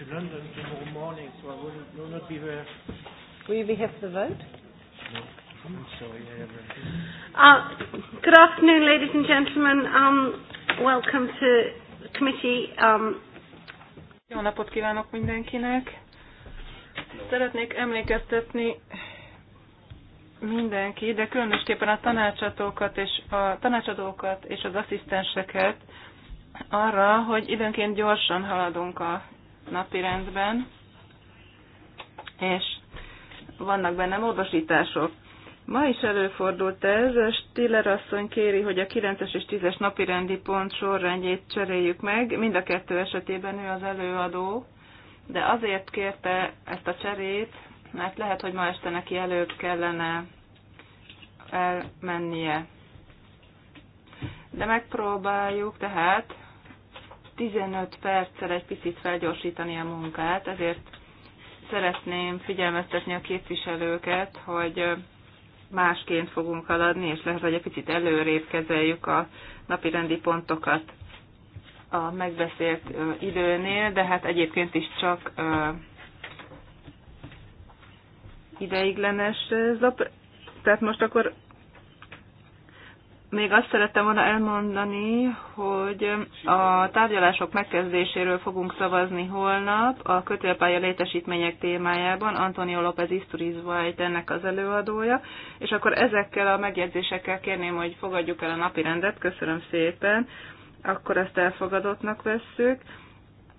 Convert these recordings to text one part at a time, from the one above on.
to London tomorrow morning, so I will, not be there. Will you be here for the vote? No. uh, Good afternoon, ladies and gentlemen. Um, welcome to the committee. Um, Jó napot kívánok mindenkinek! Szeretnék emlékeztetni mindenki, de különösképpen a tanácsadókat és a tanácsadókat és az asszisztenseket arra, hogy időnként gyorsan haladunk a napirendben, és vannak benne módosítások. Ma is előfordult ez, Stiller asszony kéri, hogy a 9-es és 10-es napirendi pont sorrendjét cseréljük meg. Mind a kettő esetében ő az előadó, de azért kérte ezt a cserét, mert lehet, hogy ma este neki előbb kellene elmennie. De megpróbáljuk tehát 15 perccel egy picit felgyorsítani a munkát, ezért szeretném figyelmeztetni a képviselőket, hogy másként fogunk haladni, és lehet, hogy egy picit előrébb kezeljük a napi rendi pontokat a megbeszélt időnél, de hát egyébként is csak ideiglenes zap. Tehát most akkor még azt szerettem volna elmondani, hogy a tárgyalások megkezdéséről fogunk szavazni holnap a kötélpálya létesítmények témájában. Antonio López Isturiz volt ennek az előadója, és akkor ezekkel a megjegyzésekkel kérném, hogy fogadjuk el a napi rendet. Köszönöm szépen. Akkor ezt elfogadottnak vesszük.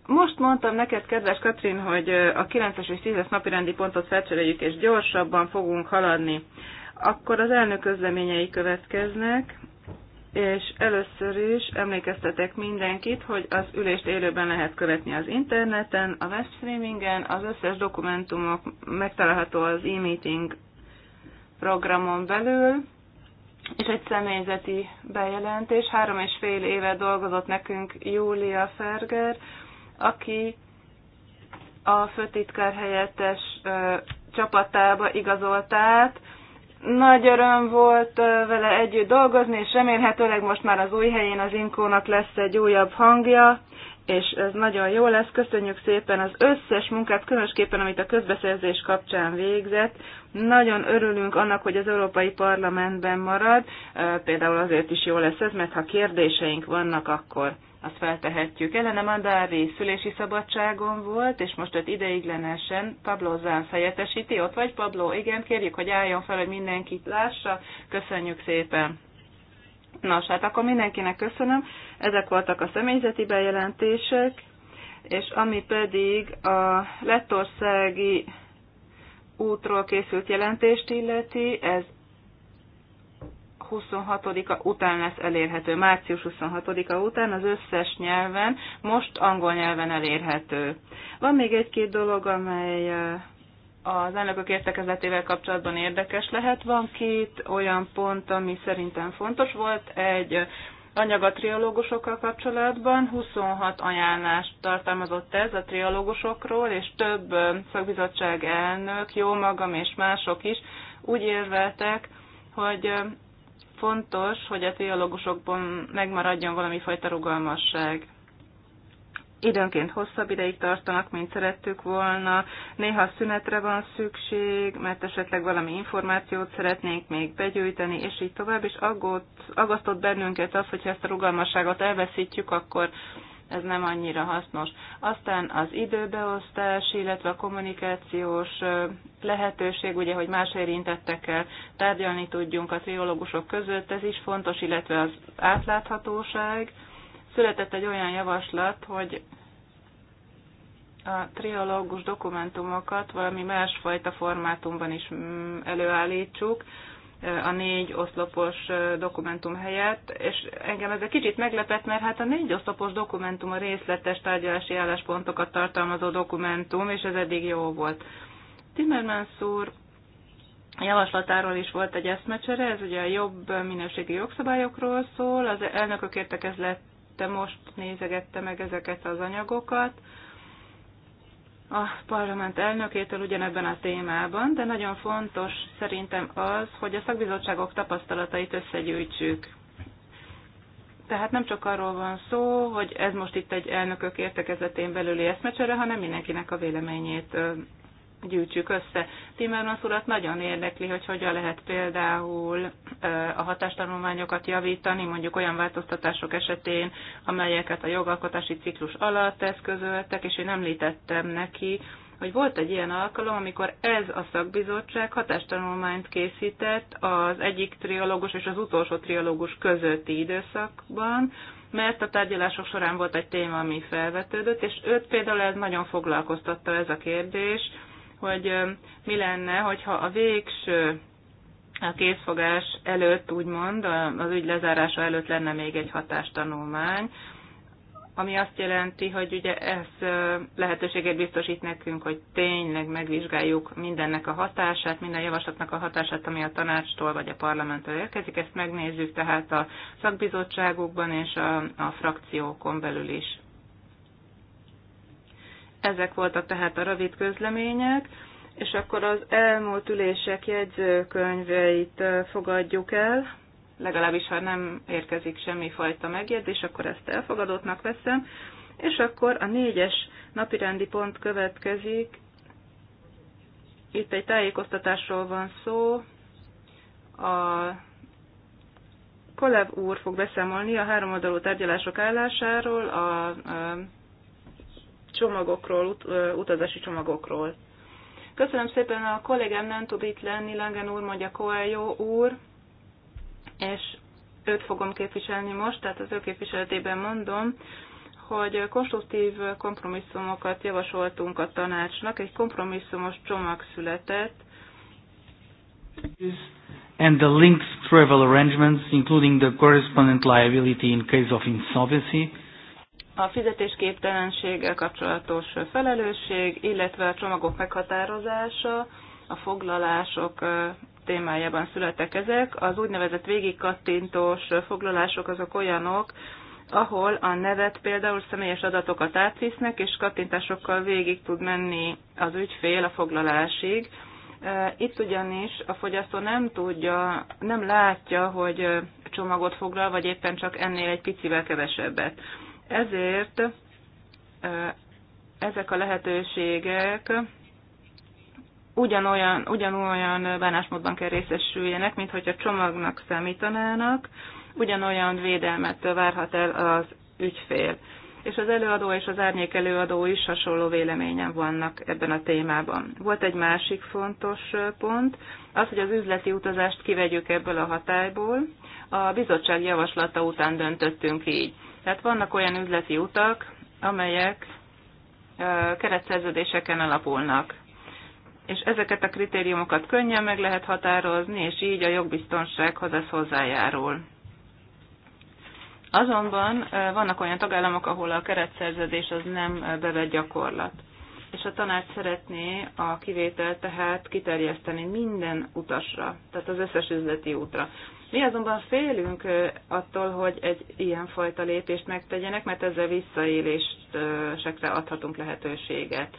Most mondtam neked, kedves Katrin, hogy a 9-es és 10-es napi rendi pontot felcseréljük, és gyorsabban fogunk haladni. Akkor az elnök közleményei következnek, és először is emlékeztetek mindenkit, hogy az ülést élőben lehet követni az interneten, a webstreamingen, az összes dokumentumok megtalálható az e-meeting programon belül, és egy személyzeti bejelentés. Három és fél éve dolgozott nekünk Júlia Ferger, aki a főtitkár helyettes ö, csapatába igazolt át, nagy öröm volt vele együtt dolgozni, és remélhetőleg most már az új helyén az Inkónak lesz egy újabb hangja, és ez nagyon jó lesz. Köszönjük szépen az összes munkát, különösképpen amit a közbeszerzés kapcsán végzett. Nagyon örülünk annak, hogy az Európai Parlamentben marad. Például azért is jó lesz ez, mert ha kérdéseink vannak, akkor azt feltehetjük. Elena Mandári részülési szabadságon volt, és most ott ideiglenesen Pablo Zán helyettesíti. Ott vagy, Pablo? Igen, kérjük, hogy álljon fel, hogy mindenkit lássa. Köszönjük szépen! Nos, hát akkor mindenkinek köszönöm. Ezek voltak a személyzeti bejelentések, és ami pedig a lettországi útról készült jelentést illeti, ez 26-a után lesz elérhető, március 26-a után az összes nyelven, most angol nyelven elérhető. Van még egy-két dolog, amely az elnökök értekezletével kapcsolatban érdekes lehet. Van két olyan pont, ami szerintem fontos volt. Egy anyag a triológusokkal kapcsolatban. 26 ajánlást tartalmazott ez a triológusokról, és több szakbizottság elnök, jó magam és mások is úgy érveltek, hogy fontos, hogy a teológusokban megmaradjon valami fajta rugalmasság. Időnként hosszabb ideig tartanak, mint szerettük volna, néha szünetre van szükség, mert esetleg valami információt szeretnénk még begyűjteni, és így tovább, és aggott, aggasztott bennünket az, hogyha ezt a rugalmasságot elveszítjük, akkor ez nem annyira hasznos. Aztán az időbeosztás, illetve a kommunikációs lehetőség, ugye, hogy más érintettekkel tárgyalni tudjunk a triológusok között, ez is fontos, illetve az átláthatóság. Született egy olyan javaslat, hogy a triológus dokumentumokat valami másfajta formátumban is mm, előállítsuk, a négy oszlopos dokumentum helyett, és engem ez egy kicsit meglepett, mert hát a négy oszlopos dokumentum a részletes tárgyalási álláspontokat tartalmazó dokumentum, és ez eddig jó volt. Timmermans úr javaslatáról is volt egy eszmecsere, ez ugye a jobb minőségi jogszabályokról szól, az elnökök értekezlete most nézegette meg ezeket az anyagokat, a parlament elnökétől ugyanebben a témában, de nagyon fontos szerintem az, hogy a szakbizottságok tapasztalatait összegyűjtsük. Tehát nem csak arról van szó, hogy ez most itt egy elnökök értekezetén belüli eszmecsere, hanem mindenkinek a véleményét gyűjtsük össze. Timmermans urat nagyon érdekli, hogy hogyan lehet például a hatástanulmányokat javítani, mondjuk olyan változtatások esetén, amelyeket a jogalkotási ciklus alatt eszközöltek, és én említettem neki, hogy volt egy ilyen alkalom, amikor ez a szakbizottság hatástanulmányt készített az egyik triológus és az utolsó triológus közötti időszakban, mert a tárgyalások során volt egy téma, ami felvetődött, és őt például ez nagyon foglalkoztatta ez a kérdés, hogy mi lenne, hogyha a végső a készfogás előtt, úgymond, az ügy lezárása előtt lenne még egy hatástanulmány, ami azt jelenti, hogy ugye ez lehetőséget biztosít nekünk, hogy tényleg megvizsgáljuk mindennek a hatását, minden javaslatnak a hatását, ami a tanácstól vagy a parlamenttől érkezik. Ezt megnézzük tehát a szakbizottságokban és a, a frakciókon belül is. Ezek voltak tehát a rövid közlemények, és akkor az elmúlt ülések jegyzőkönyveit fogadjuk el, legalábbis ha nem érkezik semmi fajta megjegyzés, akkor ezt elfogadottnak veszem, és akkor a négyes napirendi pont következik. Itt egy tájékoztatásról van szó, a Kolev úr fog beszámolni a háromoldalú tárgyalások állásáról, a, a csomagokról, ut- utazási csomagokról. Köszönöm szépen, a kollégám nem tud itt lenni, Langen úr mondja Coelho úr, és őt fogom képviselni most, tehát az ő képviseletében mondom, hogy konstruktív kompromisszumokat javasoltunk a tanácsnak, egy kompromisszumos csomag született. And the linked travel arrangements, including the correspondent liability in case of insolvency, a fizetésképtelenséggel kapcsolatos felelősség, illetve a csomagok meghatározása, a foglalások témájában születtek ezek. Az úgynevezett végigkattintós foglalások azok olyanok, ahol a nevet például személyes adatokat átvisznek, és kattintásokkal végig tud menni az ügyfél a foglalásig. Itt ugyanis a fogyasztó nem tudja, nem látja, hogy csomagot foglal, vagy éppen csak ennél egy picivel kevesebbet. Ezért ezek a lehetőségek ugyanolyan, ugyanolyan bánásmódban kell részesüljenek, mint hogyha csomagnak számítanának, ugyanolyan védelmet várhat el az ügyfél. És az előadó és az árnyék előadó is hasonló véleményen vannak ebben a témában. Volt egy másik fontos pont, az, hogy az üzleti utazást kivegyük ebből a hatályból. A bizottság javaslata után döntöttünk így. Tehát vannak olyan üzleti utak, amelyek keretszerződéseken alapulnak. És ezeket a kritériumokat könnyen meg lehet határozni, és így a jogbiztonsághoz ez hozzájárul. Azonban vannak olyan tagállamok, ahol a keretszerződés az nem bevett gyakorlat. És a tanács szeretné a kivételt tehát kiterjeszteni minden utasra, tehát az összes üzleti útra. Mi azonban félünk attól, hogy egy ilyenfajta lépést megtegyenek, mert ezzel visszaélésekre adhatunk lehetőséget.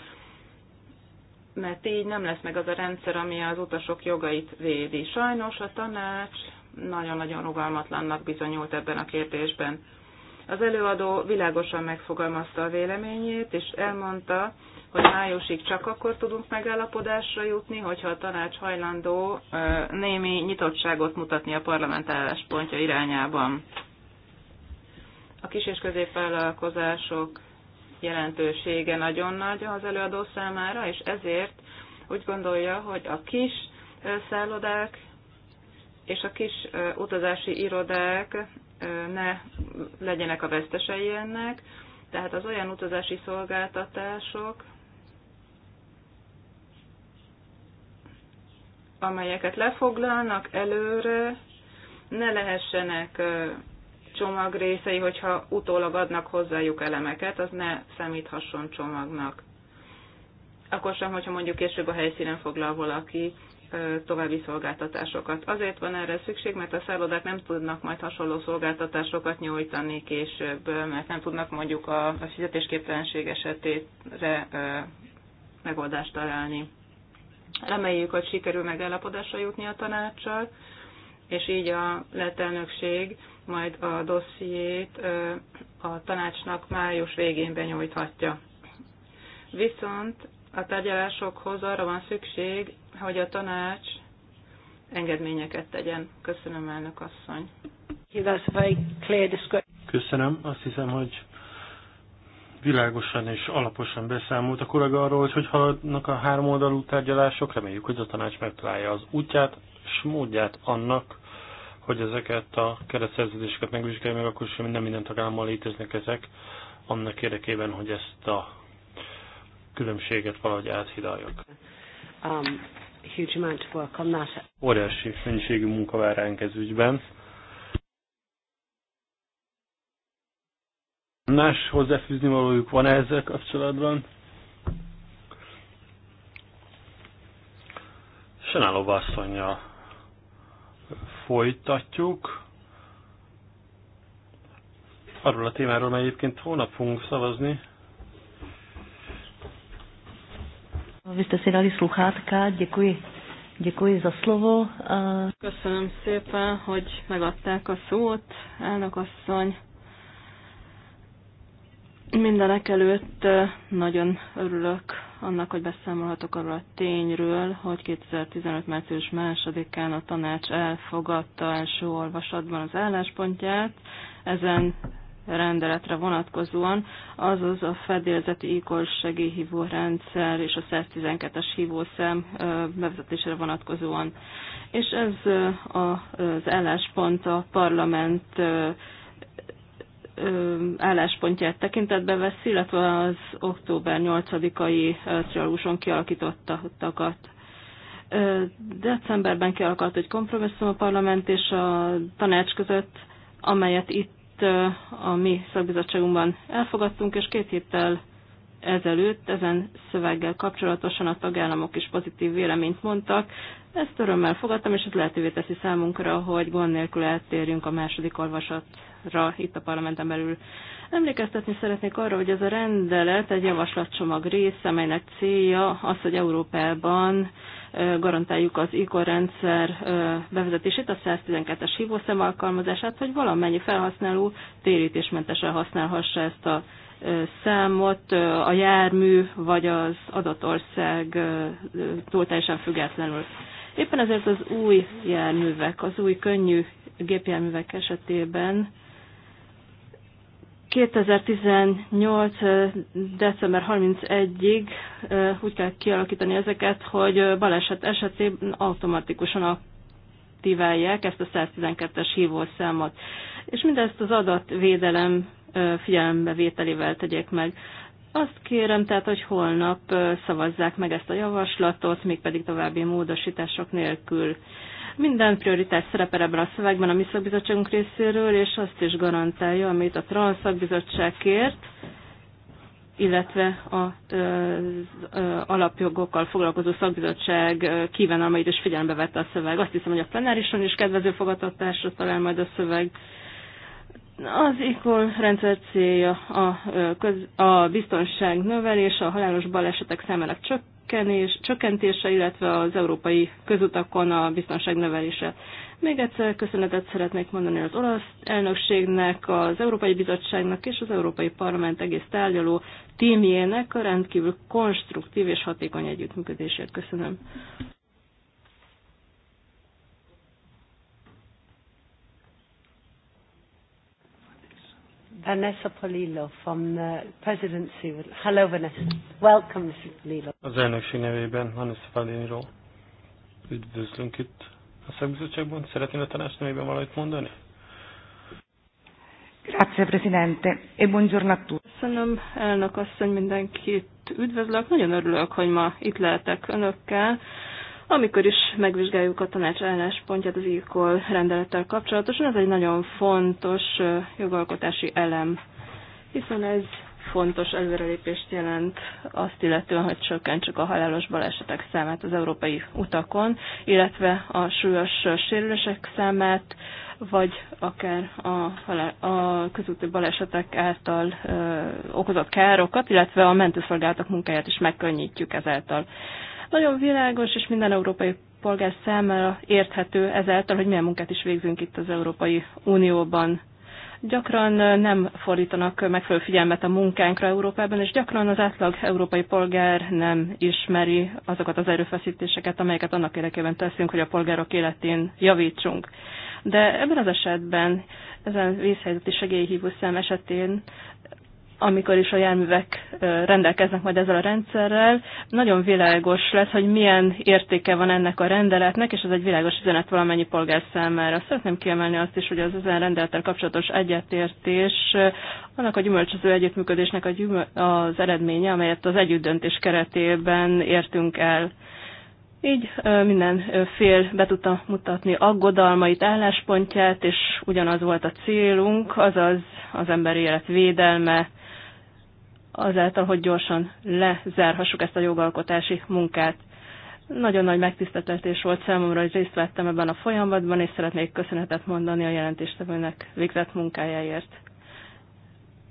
Mert így nem lesz meg az a rendszer, ami az utasok jogait védi. Sajnos a tanács nagyon-nagyon rugalmatlannak bizonyult ebben a kérdésben. Az előadó világosan megfogalmazta a véleményét, és elmondta, hogy májusig csak akkor tudunk megállapodásra jutni, hogyha a tanács hajlandó némi nyitottságot mutatni a parlament álláspontja irányában. A kis és középvállalkozások jelentősége nagyon nagy az előadó számára, és ezért úgy gondolja, hogy a kis szállodák és a kis utazási irodák ne legyenek a vesztesei ennek, tehát az olyan utazási szolgáltatások, amelyeket lefoglalnak előre, ne lehessenek csomagrészei, hogyha utólag adnak hozzájuk elemeket, az ne számíthasson csomagnak. Akkor sem, hogyha mondjuk később a helyszínen foglal valaki további szolgáltatásokat. Azért van erre szükség, mert a szállodák nem tudnak majd hasonló szolgáltatásokat nyújtani később, mert nem tudnak mondjuk a fizetésképtelenség esetére megoldást találni. Reméljük, hogy sikerül megállapodásra jutni a tanácssal, és így a letelnökség majd a dossziét a tanácsnak május végén benyújthatja. Viszont a tárgyalásokhoz arra van szükség, hogy a tanács engedményeket tegyen. Köszönöm, elnök asszony. Köszönöm, azt hiszem, hogy világosan és alaposan beszámolt a kollega arról, hogy hogy haladnak a oldalú tárgyalások. Reméljük, hogy a tanács megtalálja az útját és módját annak, hogy ezeket a keretszerződéseket megvizsgálja meg, akkor sem nem minden tagállammal léteznek ezek, annak érdekében, hogy ezt a különbséget valahogy áthidaljuk. Um, huge amount of work on that. Óriási mennyiségű munka vár ránk ez ügyben Más hozzáfűzni valójuk van -e ezzel kapcsolatban? Senáló asszonyjal folytatjuk. Arról a témáról, mely egyébként holnap fogunk szavazni. Vy jste si dali sluchátka, děkuji. Děkuji za slovo. Köszönöm szépen, hogy megadták a szót, elnök asszony. Mindenek előtt nagyon örülök annak, hogy beszámolhatok arról a tényről, hogy 2015. március 2-án a tanács elfogadta első olvasatban az álláspontját. Ezen rendeletre vonatkozóan, azaz a fedélzeti ikor segélyhívó rendszer és a 112-es hívószám bevezetésére vonatkozóan. És ez az álláspont a parlament álláspontját tekintetbe veszi, illetve az október 8-ai trialóson kialakítottakat. Decemberben kialakult egy kompromisszum a parlament és a tanács között, amelyet itt a mi szakbizottságunkban elfogadtunk, és két héttel ezelőtt ezen szöveggel kapcsolatosan a tagállamok is pozitív véleményt mondtak. Ezt örömmel fogadtam, és ez lehetővé teszi számunkra, hogy gond nélkül eltérjünk a második olvasatra itt a parlamenten belül. Emlékeztetni szeretnék arra, hogy ez a rendelet egy javaslatcsomag része, melynek célja az, hogy Európában garantáljuk az ICOR rendszer bevezetését, a 112-es hívószem alkalmazását, hogy valamennyi felhasználó térítésmentesen használhassa ezt a számot a jármű vagy az adatország túl teljesen függetlenül. Éppen ezért az új járművek, az új könnyű gépjárművek esetében 2018. december 31-ig úgy kell kialakítani ezeket, hogy baleset esetében automatikusan a aktiválják ezt a 112-es hívószámot. És mindezt az adatvédelem figyelembevételével tegyék meg. Azt kérem tehát, hogy holnap szavazzák meg ezt a javaslatot, mégpedig további módosítások nélkül. Minden prioritás szerepel ebben a szövegben a mi részéről, és azt is garantálja, amit a transzakbizottság kért, illetve az alapjogokkal foglalkozó szakbizottság kívánalmait is figyelembe vette a szöveg. Azt hiszem, hogy a plenárison is kedvező fogadtatásra talál majd a szöveg. Az ICOL rendszer célja a, köz, a biztonság növelése, a halálos balesetek számának csökkenés, csökkentése, illetve az európai közutakon a biztonság növelése. Még egyszer köszönetet szeretnék mondani az olasz elnökségnek, az Európai Bizottságnak és az Európai Parlament egész tárgyaló tímjének a rendkívül konstruktív és hatékony együttműködését. Köszönöm. Vanessa Polillo from the presidency. Hello, Vanessa. Welcome, Mr. Polillo. Az elnökség nevében Vanessa Polillo. Üdvözlünk itt a szakbizottságban? Szeretnél a tanács nevében valamit mondani? Grazie, Presidente, e buongiorno a tutti. Köszönöm, elnök asszony, mindenkit üdvözlök. Nagyon örülök, hogy ma itt lehetek önökkel, amikor is megvizsgáljuk a tanács álláspontját az IKOL rendelettel kapcsolatosan. Ez egy nagyon fontos jogalkotási elem, hiszen ez fontos előrelépést jelent azt illetően, hogy csökkentsük a halálos balesetek számát az európai utakon, illetve a súlyos sérülések számát, vagy akár a, a közúti balesetek által ö, okozott károkat, illetve a mentőszolgálatok munkáját is megkönnyítjük ezáltal. Nagyon világos, és minden európai polgár számára érthető ezáltal, hogy milyen munkát is végzünk itt az Európai Unióban gyakran nem fordítanak megfelelő figyelmet a munkánkra Európában, és gyakran az átlag európai polgár nem ismeri azokat az erőfeszítéseket, amelyeket annak érdekében teszünk, hogy a polgárok életén javítsunk. De ebben az esetben, ezen vészhelyzeti szem esetén amikor is a járművek rendelkeznek majd ezzel a rendszerrel, nagyon világos lesz, hogy milyen értéke van ennek a rendeletnek, és ez egy világos üzenet valamennyi polgár számára. Szeretném kiemelni azt is, hogy az ezen rendelettel kapcsolatos egyetértés annak a gyümölcsöző együttműködésnek a gyümöl- az eredménye, amelyet az együttdöntés keretében értünk el. Így minden fél be tudta mutatni aggodalmait, álláspontját, és ugyanaz volt a célunk, azaz az emberi élet védelme, azáltal, hogy gyorsan lezárhassuk ezt a jogalkotási munkát. Nagyon nagy megtiszteltetés volt számomra, hogy részt vettem ebben a folyamatban, és szeretnék köszönetet mondani a jelentéstevőnek végzett munkájáért.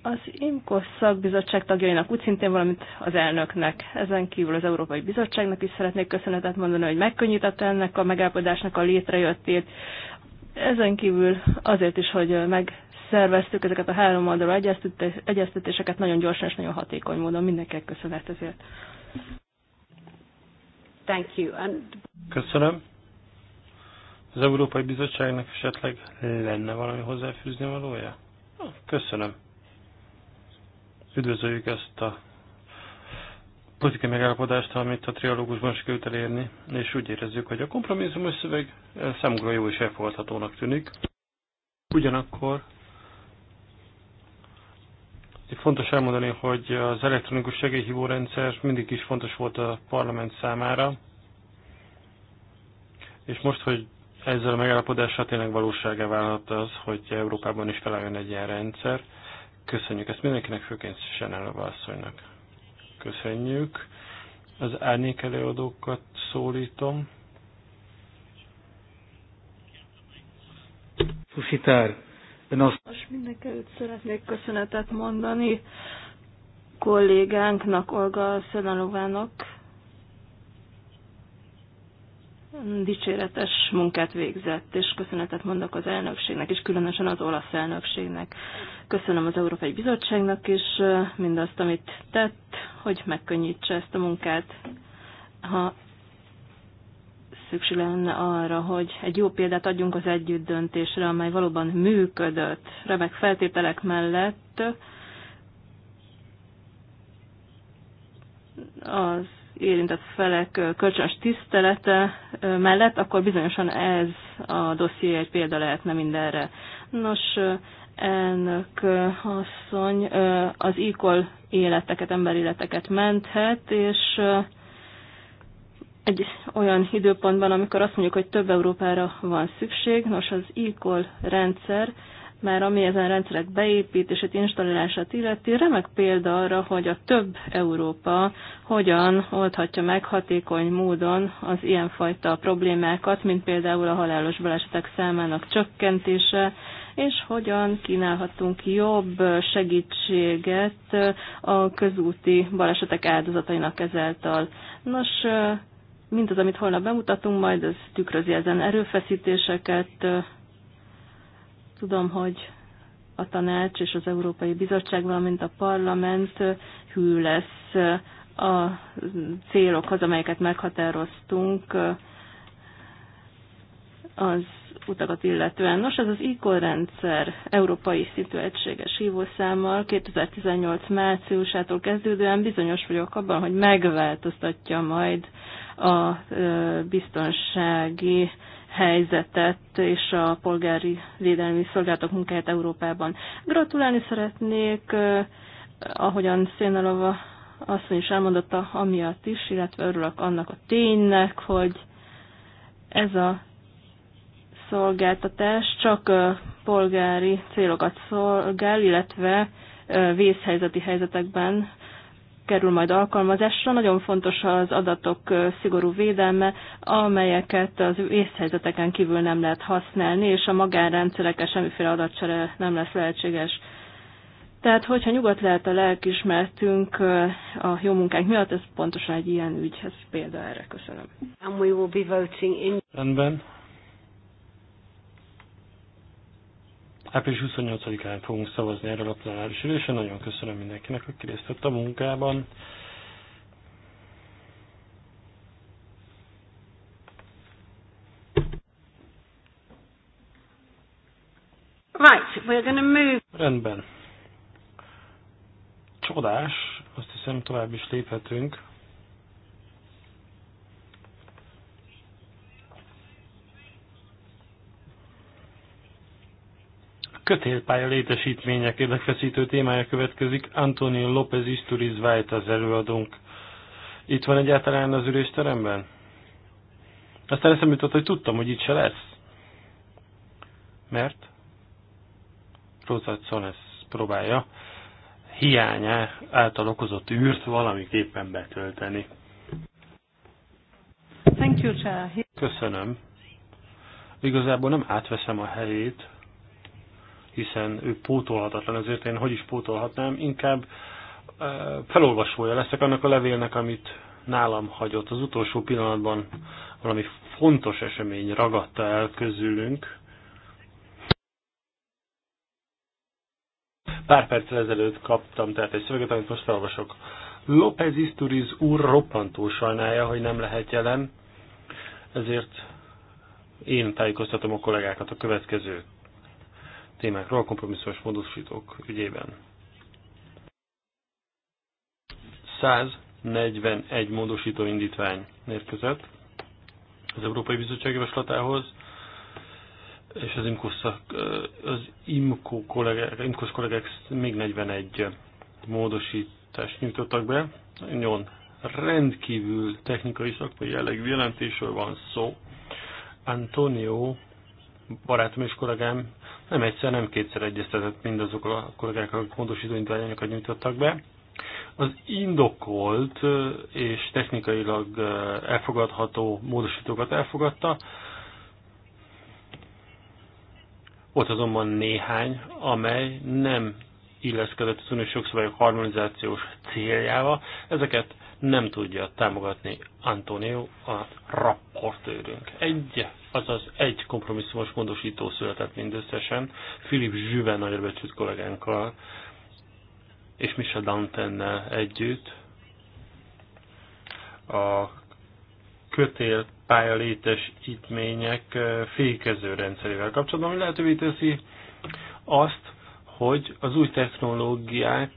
Az IMKO szakbizottság tagjainak úgy szintén, valamint az elnöknek, ezen kívül az Európai Bizottságnak is szeretnék köszönetet mondani, hogy megkönnyítette ennek a megállapodásnak a létrejöttét, ezen kívül azért is, hogy meg szerveztük ezeket a három oldalra egyeztetéseket nagyon gyorsan és nagyon hatékony módon. Mindenkinek köszönhet ezért. Thank you. And... Köszönöm. Az Európai Bizottságnak esetleg lenne valami hozzáfűzni valója? Köszönöm. Üdvözöljük ezt a politikai megállapodást, amit a trialógusban sikerült elérni, és úgy érezzük, hogy a kompromisszumos szöveg számunkra jó és elfogadhatónak tűnik. Ugyanakkor Fontos elmondani, hogy az elektronikus segélyhívó rendszer mindig is fontos volt a parlament számára, és most, hogy ezzel a megállapodással tényleg valóságá válhat az, hogy Európában is felálljon egy ilyen rendszer. Köszönjük ezt mindenkinek, főként Senelova asszonynak. Köszönjük. Az árnyék előadókat szólítom. Fusitár. Én azt... Most mindenkelőtt szeretnék köszönetet mondani kollégánknak, Olga Szenalovának. Dicséretes munkát végzett, és köszönetet mondok az elnökségnek, és különösen az olasz elnökségnek. Köszönöm az Európai Bizottságnak is eh, mindazt, amit tett, hogy megkönnyítse ezt a munkát. Ha szükség lenne arra, hogy egy jó példát adjunk az együtt döntésre, amely valóban működött, remek feltételek mellett az érintett felek kölcsönös tisztelete mellett, akkor bizonyosan ez a dosszié egy példa lehetne mindenre. Nos, elnök asszony az ikol életeket, emberéleteket menthet, és egy olyan időpontban, amikor azt mondjuk, hogy több Európára van szükség, nos az e rendszer már ami ezen rendszerek beépítését, installálását illeti, remek példa arra, hogy a több Európa hogyan oldhatja meg hatékony módon az ilyenfajta problémákat, mint például a halálos balesetek számának csökkentése, és hogyan kínálhatunk jobb segítséget a közúti balesetek áldozatainak ezáltal. Nos, Mindaz, amit holnap bemutatunk, majd ez tükrözi ezen erőfeszítéseket. Tudom, hogy a tanács és az Európai Bizottság, valamint a parlament hű lesz a célokhoz, amelyeket meghatároztunk az utakat illetően. Nos, ez az ICOL rendszer európai szintű egységes hívószámmal 2018 márciusától kezdődően bizonyos vagyok abban, hogy megváltoztatja majd a biztonsági helyzetet és a polgári védelmi szolgálatok munkáját Európában. Gratulálni szeretnék, ahogyan Szénalova asszony is elmondotta, amiatt is, illetve örülök annak a ténynek, hogy ez a szolgáltatás csak polgári célokat szolgál, illetve vészhelyzeti helyzetekben kerül majd alkalmazásra. Nagyon fontos az adatok szigorú védelme, amelyeket az észhelyzeteken kívül nem lehet használni, és a magánrendszerekkel semmiféle adatcsere nem lesz lehetséges. Tehát, hogyha nyugodt lehet a lelkismertünk a jó munkánk miatt, ez pontosan egy ilyen ügy, ez példa erre. Köszönöm. And we will be voting in... Rendben, április 28-án fogunk szavazni erről a plenáris ülésen. Nagyon köszönöm mindenkinek, aki részt vett a munkában. Right, we're gonna move. Rendben. Csodás, azt hiszem tovább is léphetünk. kötélpálya létesítmények érdekfeszítő témája következik. Antonio López Isturiz vált az előadónk. Itt van egyáltalán az ülésteremben? Aztán eszembe jutott, hogy tudtam, hogy itt se lesz. Mert Rosat ezt próbálja hiánya által okozott űrt valamiképpen betölteni. Thank you, Köszönöm. Igazából nem átveszem a helyét, hiszen ő pótolhatatlan, ezért én hogy is pótolhatnám, inkább felolvasója leszek annak a levélnek, amit nálam hagyott. Az utolsó pillanatban valami fontos esemény ragadta el közülünk. Pár perccel ezelőtt kaptam tehát egy szöveget, amit most felolvasok. López Isturiz úr roppantó sajnálja, hogy nem lehet jelen, ezért én tájékoztatom a kollégákat a következő témákról a kompromisszós módosítók ügyében. 141 módosító indítvány érkezett az Európai Bizottság javaslatához, és az IMCO, szak, az IMCO kollégák, IMCO kollégák még 41 módosítást nyújtottak be. Nagyon rendkívül technikai szakmai jellegű jelentésről van szó. Antonio barátom és kollégám nem egyszer, nem kétszer egyeztetett mindazok a kollégák, akik módosító intványokat nyújtottak be. Az indokolt és technikailag elfogadható módosítókat elfogadta, volt azonban néhány, amely nem illeszkedett az uniós jogszabályok harmonizációs céljával. Ezeket nem tudja támogatni Antonio a rapportőrünk. Egy, azaz egy kompromisszumos módosító született mindösszesen, Philip Zsüven nagybecsült kollégánkkal és Misha Dantennel együtt. A kötél pályalétes ítmények fékező rendszerével kapcsolatban, ami lehetővé teszi azt, hogy az új technológiák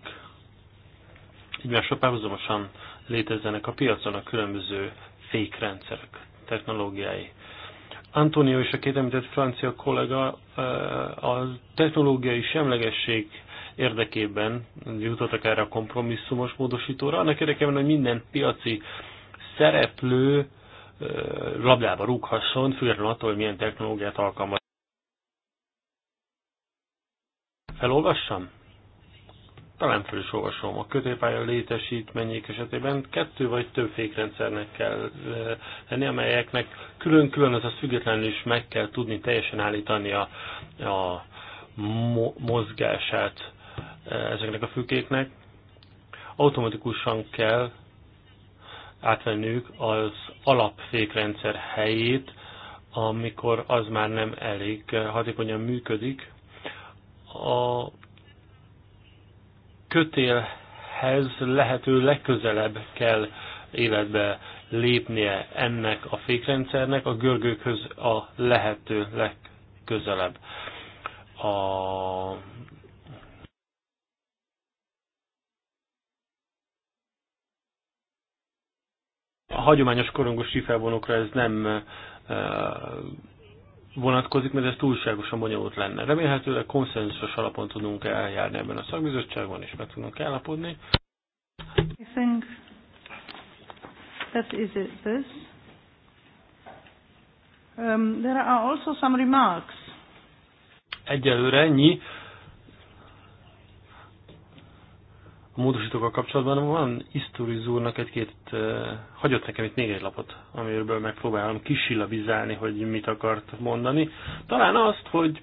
egymással párhuzamosan létezzenek a piacon a különböző fékrendszerek technológiái. Antonio és a két említett francia kollega eh, a technológiai semlegesség érdekében jutottak erre a kompromisszumos módosítóra, annak érdekében, hogy minden piaci szereplő eh, labdába rúghasson, függetlenül attól, hogy milyen technológiát alkalmaz. Felolvassam? talán föl is olvasom, a kötélpálya létesítmények esetében kettő vagy több fékrendszernek kell lenni, amelyeknek külön-külön, azaz függetlenül is meg kell tudni teljesen állítani a, a mo mozgását ezeknek a fükéknek. Automatikusan kell átvennük az alapfékrendszer helyét, amikor az már nem elég hatékonyan működik. A kötélhez lehető legközelebb kell életbe lépnie ennek a fékrendszernek, a görgőkhöz a lehető legközelebb. A a hagyományos korongos sífelvonókra ez nem vonatkozik, mert ez túlságosan bonyolult lenne. Remélhetőleg konszenzusos alapon tudunk eljárni ebben a szakbizottságban, és meg tudunk állapodni. I think that is it, this. Um, there are also some remarks. Egyelőre ennyi. a módosítókkal kapcsolatban van Isturiz úrnak egy-két, eh, hagyott nekem itt még egy lapot, amiről megpróbálom kisillabizálni, hogy mit akart mondani. Talán azt, hogy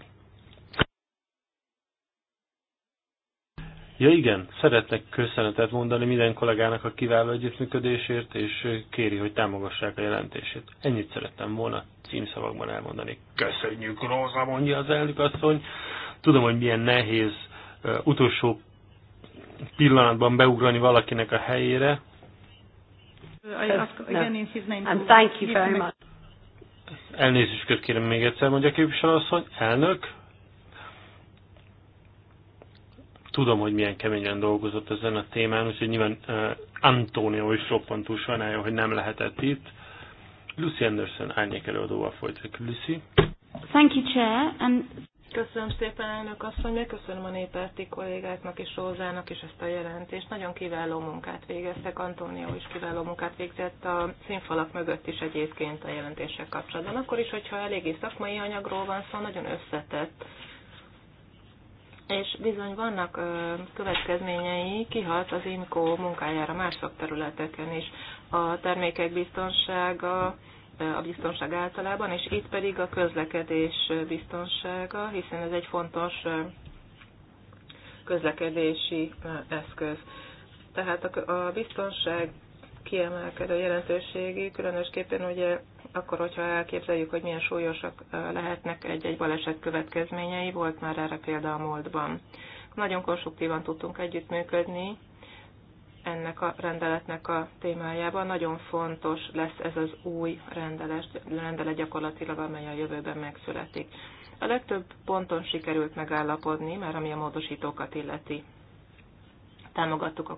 Ja igen, szeretnek köszönetet mondani minden kollégának a kiváló együttműködésért, és kéri, hogy támogassák a jelentését. Ennyit szerettem volna címszavakban elmondani. Köszönjük, Róza, mondja az elnök asszony. Tudom, hogy milyen nehéz utolsó pillanatban beugrani valakinek a helyére. Elnézést kérem még egyszer, mondja képviselőasszony. Elnök, tudom, hogy milyen keményen dolgozott ezen a témán, úgyhogy nyilván uh, Antonio is roppantú sajnálja, hogy nem lehetett itt. Lucy Anderson árnyék előadóval folytatjuk. Lucy. Thank you, Chair. And... Köszönöm szépen elnök asszony, köszönöm a néperti kollégáknak és Rózának is ezt a jelentést. Nagyon kiváló munkát végeztek, Antónia is kiváló munkát végzett a színfalak mögött is egyébként a jelentések kapcsolatban. Akkor is, hogyha eléggé szakmai anyagról van szó, nagyon összetett. És bizony vannak ö, következményei, kihat az IMCO munkájára más szakterületeken is. A termékek biztonsága, a biztonság általában, és itt pedig a közlekedés biztonsága, hiszen ez egy fontos közlekedési eszköz. Tehát a biztonság kiemelkedő jelentőségi, különösképpen ugye akkor, hogyha elképzeljük, hogy milyen súlyosak lehetnek egy-egy baleset következményei, volt már erre példa a múltban. Nagyon konstruktívan tudtunk együttműködni ennek a rendeletnek a témájában. Nagyon fontos lesz ez az új rendelet, rendelet gyakorlatilag, amely a jövőben megszületik. A legtöbb ponton sikerült megállapodni, mert ami a módosítókat illeti. Támogattuk a,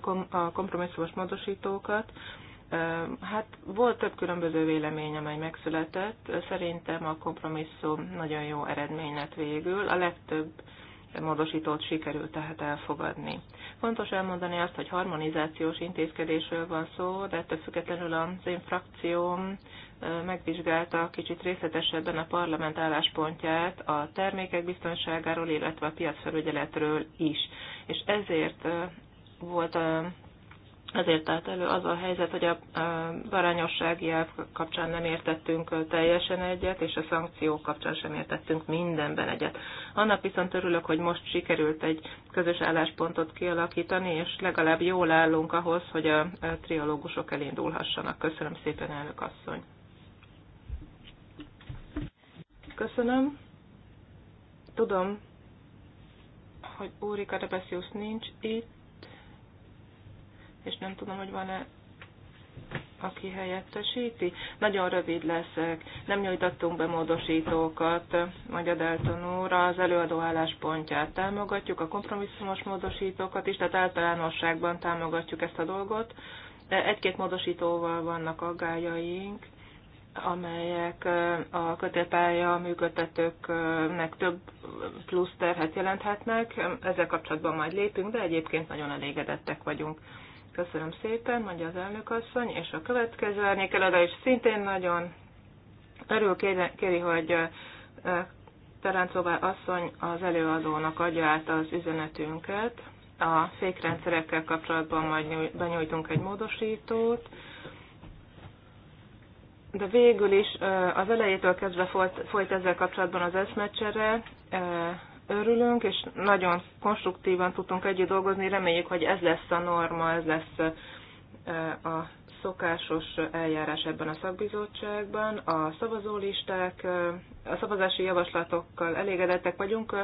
kom, a kompromisszumos módosítókat. Hát volt több különböző vélemény, amely megszületett. Szerintem a kompromisszum nagyon jó eredmény lett végül. A legtöbb módosítót sikerült tehát elfogadni. Fontos elmondani azt, hogy harmonizációs intézkedésről van szó, de ettől függetlenül az én frakcióm megvizsgálta kicsit részletesebben a parlament álláspontját a termékek biztonságáról, illetve a piacfelügyeletről is. És ezért volt ezért állt elő az a helyzet, hogy a barányossági elv kapcsán nem értettünk teljesen egyet, és a szankciók kapcsán sem értettünk mindenben egyet. Annak viszont örülök, hogy most sikerült egy közös álláspontot kialakítani, és legalább jól állunk ahhoz, hogy a triológusok elindulhassanak. Köszönöm szépen, elnök asszony. Köszönöm. Tudom, hogy Úrika Rebeszius nincs itt, és nem tudom, hogy van-e aki helyettesíti. Nagyon rövid leszek. Nem nyújtattunk be módosítókat, Magyar Delton úr, az előadó álláspontját támogatjuk, a kompromisszumos módosítókat is, tehát általánosságban támogatjuk ezt a dolgot. Egy-két módosítóval vannak aggájaink, amelyek a kötélpálya működtetőknek több plusz terhet jelenthetnek. Ezzel kapcsolatban majd lépünk, de egyébként nagyon elégedettek vagyunk. Köszönöm szépen, mondja az elnök asszony, és a következő árnyékelőre is szintén nagyon örül kéri, hogy Taráncová asszony az előadónak adja át az üzenetünket. A fékrendszerekkel kapcsolatban majd benyújtunk egy módosítót, de végül is az elejétől kezdve folyt, folyt ezzel kapcsolatban az eszmecsere, örülünk, és nagyon konstruktívan tudtunk együtt dolgozni. Reméljük, hogy ez lesz a norma, ez lesz a szokásos eljárás ebben a szakbizottságban. A szavazólisták, a szavazási javaslatokkal elégedettek vagyunk.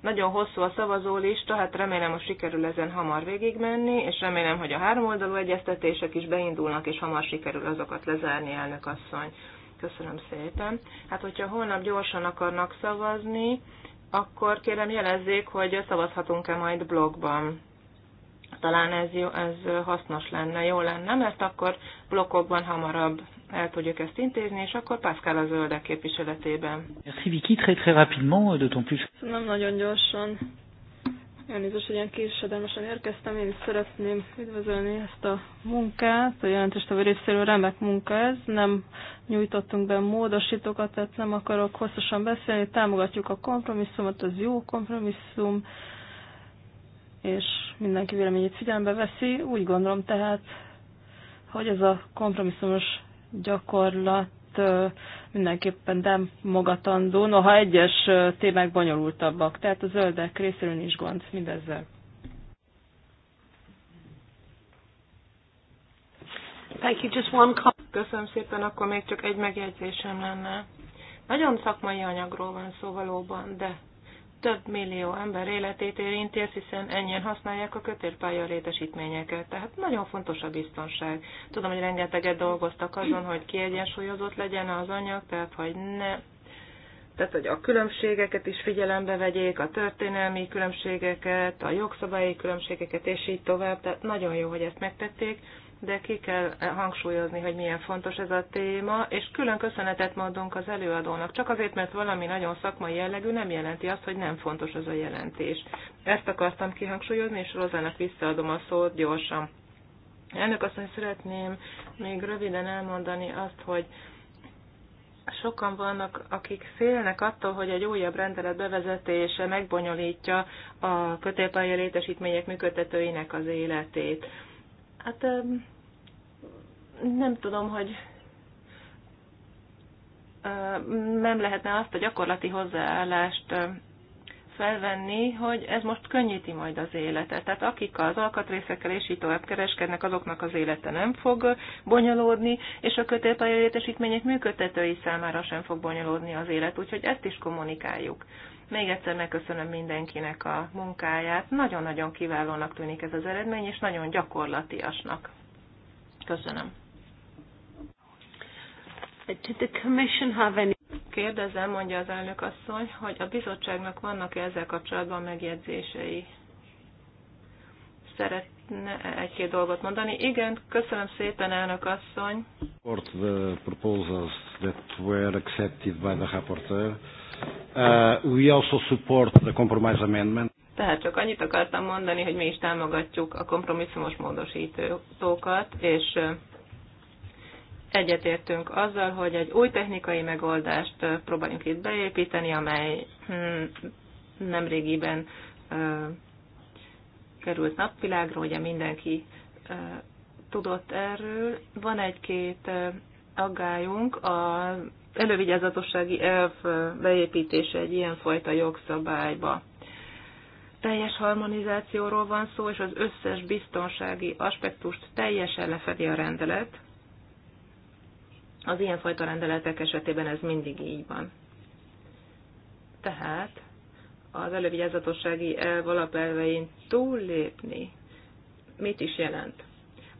Nagyon hosszú a szavazólista, hát remélem, hogy sikerül ezen hamar végigmenni, és remélem, hogy a háromoldalú egyeztetések is beindulnak, és hamar sikerül azokat lezárni, elnök asszony. Köszönöm szépen. Hát, hogyha holnap gyorsan akarnak szavazni, akkor kérem jelezzék, hogy szavazhatunk-e majd blogban. Talán ez, jó, ez hasznos lenne, jó lenne, mert akkor blokkokban hamarabb el tudjuk ezt intézni, és akkor Pascal a zöldek képviseletében. Merci Vicky, très très rapidement, d'autant plus. Nem nagyon gyorsan Elnézést, hogy ilyen késedelmesen érkeztem, én is szeretném üdvözölni ezt a munkát, a jelentéstevő részéről remek munka ez, nem nyújtottunk be módosítókat, tehát nem akarok hosszasan beszélni, támogatjuk a kompromisszumot, az jó kompromisszum, és mindenki véleményét figyelembe veszi, úgy gondolom tehát, hogy ez a kompromisszumos gyakorlat mindenképpen magatandó, noha egyes témák bonyolultabbak. Tehát a zöldek részéről nincs gond mindezzel. Thank you, just one Köszönöm szépen, akkor még csak egy megjegyzésem lenne. Nagyon szakmai anyagról van szó valóban, de több millió ember életét érinti hiszen ennyien használják a kötélpálya létesítményeket. Tehát nagyon fontos a biztonság. Tudom, hogy rengeteget dolgoztak azon, hogy kiegyensúlyozott legyen az anyag, tehát hogy ne tehát, hogy a különbségeket is figyelembe vegyék, a történelmi különbségeket, a jogszabályi különbségeket, és így tovább. Tehát nagyon jó, hogy ezt megtették de ki kell hangsúlyozni, hogy milyen fontos ez a téma, és külön köszönetet mondunk az előadónak, csak azért, mert valami nagyon szakmai jellegű nem jelenti azt, hogy nem fontos ez a jelentés. Ezt akartam kihangsúlyozni, és Rozának visszaadom a szót gyorsan. Ennek azt szeretném még röviden elmondani azt, hogy sokan vannak, akik félnek attól, hogy egy újabb rendelet bevezetése megbonyolítja a kötélpálya létesítmények működtetőinek az életét. Hát nem tudom, hogy nem lehetne azt a gyakorlati hozzáállást felvenni, hogy ez most könnyíti majd az életet. Tehát akik az alkatrészekkel és így tovább kereskednek, azoknak az élete nem fog bonyolódni, és a létesítmények működtetői számára sem fog bonyolódni az élet, úgyhogy ezt is kommunikáljuk. Még egyszer megköszönöm mindenkinek a munkáját. Nagyon-nagyon kiválónak tűnik ez az eredmény, és nagyon gyakorlatiasnak. Köszönöm. Did the commission have any... Kérdezem, mondja az elnök asszony, hogy a bizottságnak vannak-e ezzel kapcsolatban megjegyzései? Szeretne e, egy-két dolgot mondani? Igen, köszönöm szépen, elnök asszony. The proposals that were accepted by the rapporteur. Uh, we also support the compromise amendment. Tehát csak annyit akartam mondani, hogy mi is támogatjuk a kompromisszumos módosítókat, és egyetértünk azzal, hogy egy új technikai megoldást próbáljunk itt beépíteni, amely hmm, nemrégiben került napvilágra, ugye mindenki tudott erről. Van egy-két aggályunk, az elővigyázatossági elv beépítése egy ilyenfajta jogszabályba teljes harmonizációról van szó, és az összes biztonsági aspektust teljesen lefedi a rendelet, az ilyenfajta rendeletek esetében ez mindig így van. Tehát az elővigyázatossági elv alapelvein túllépni mit is jelent?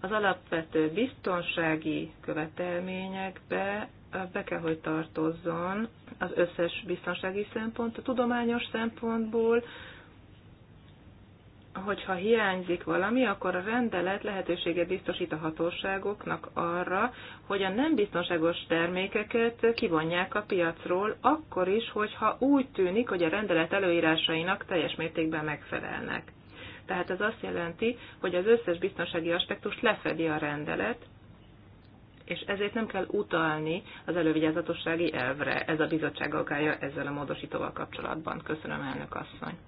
Az alapvető biztonsági követelményekbe be kell, hogy tartozzon az összes biztonsági szempont, a tudományos szempontból, hogyha hiányzik valami, akkor a rendelet lehetőséget biztosít a hatóságoknak arra, hogy a nem biztonságos termékeket kivonják a piacról, akkor is, hogyha úgy tűnik, hogy a rendelet előírásainak teljes mértékben megfelelnek. Tehát ez azt jelenti, hogy az összes biztonsági aspektus lefedi a rendelet, és ezért nem kell utalni az elővigyázatossági elvre. Ez a bizottság aggája ezzel a módosítóval kapcsolatban. Köszönöm, elnök asszony.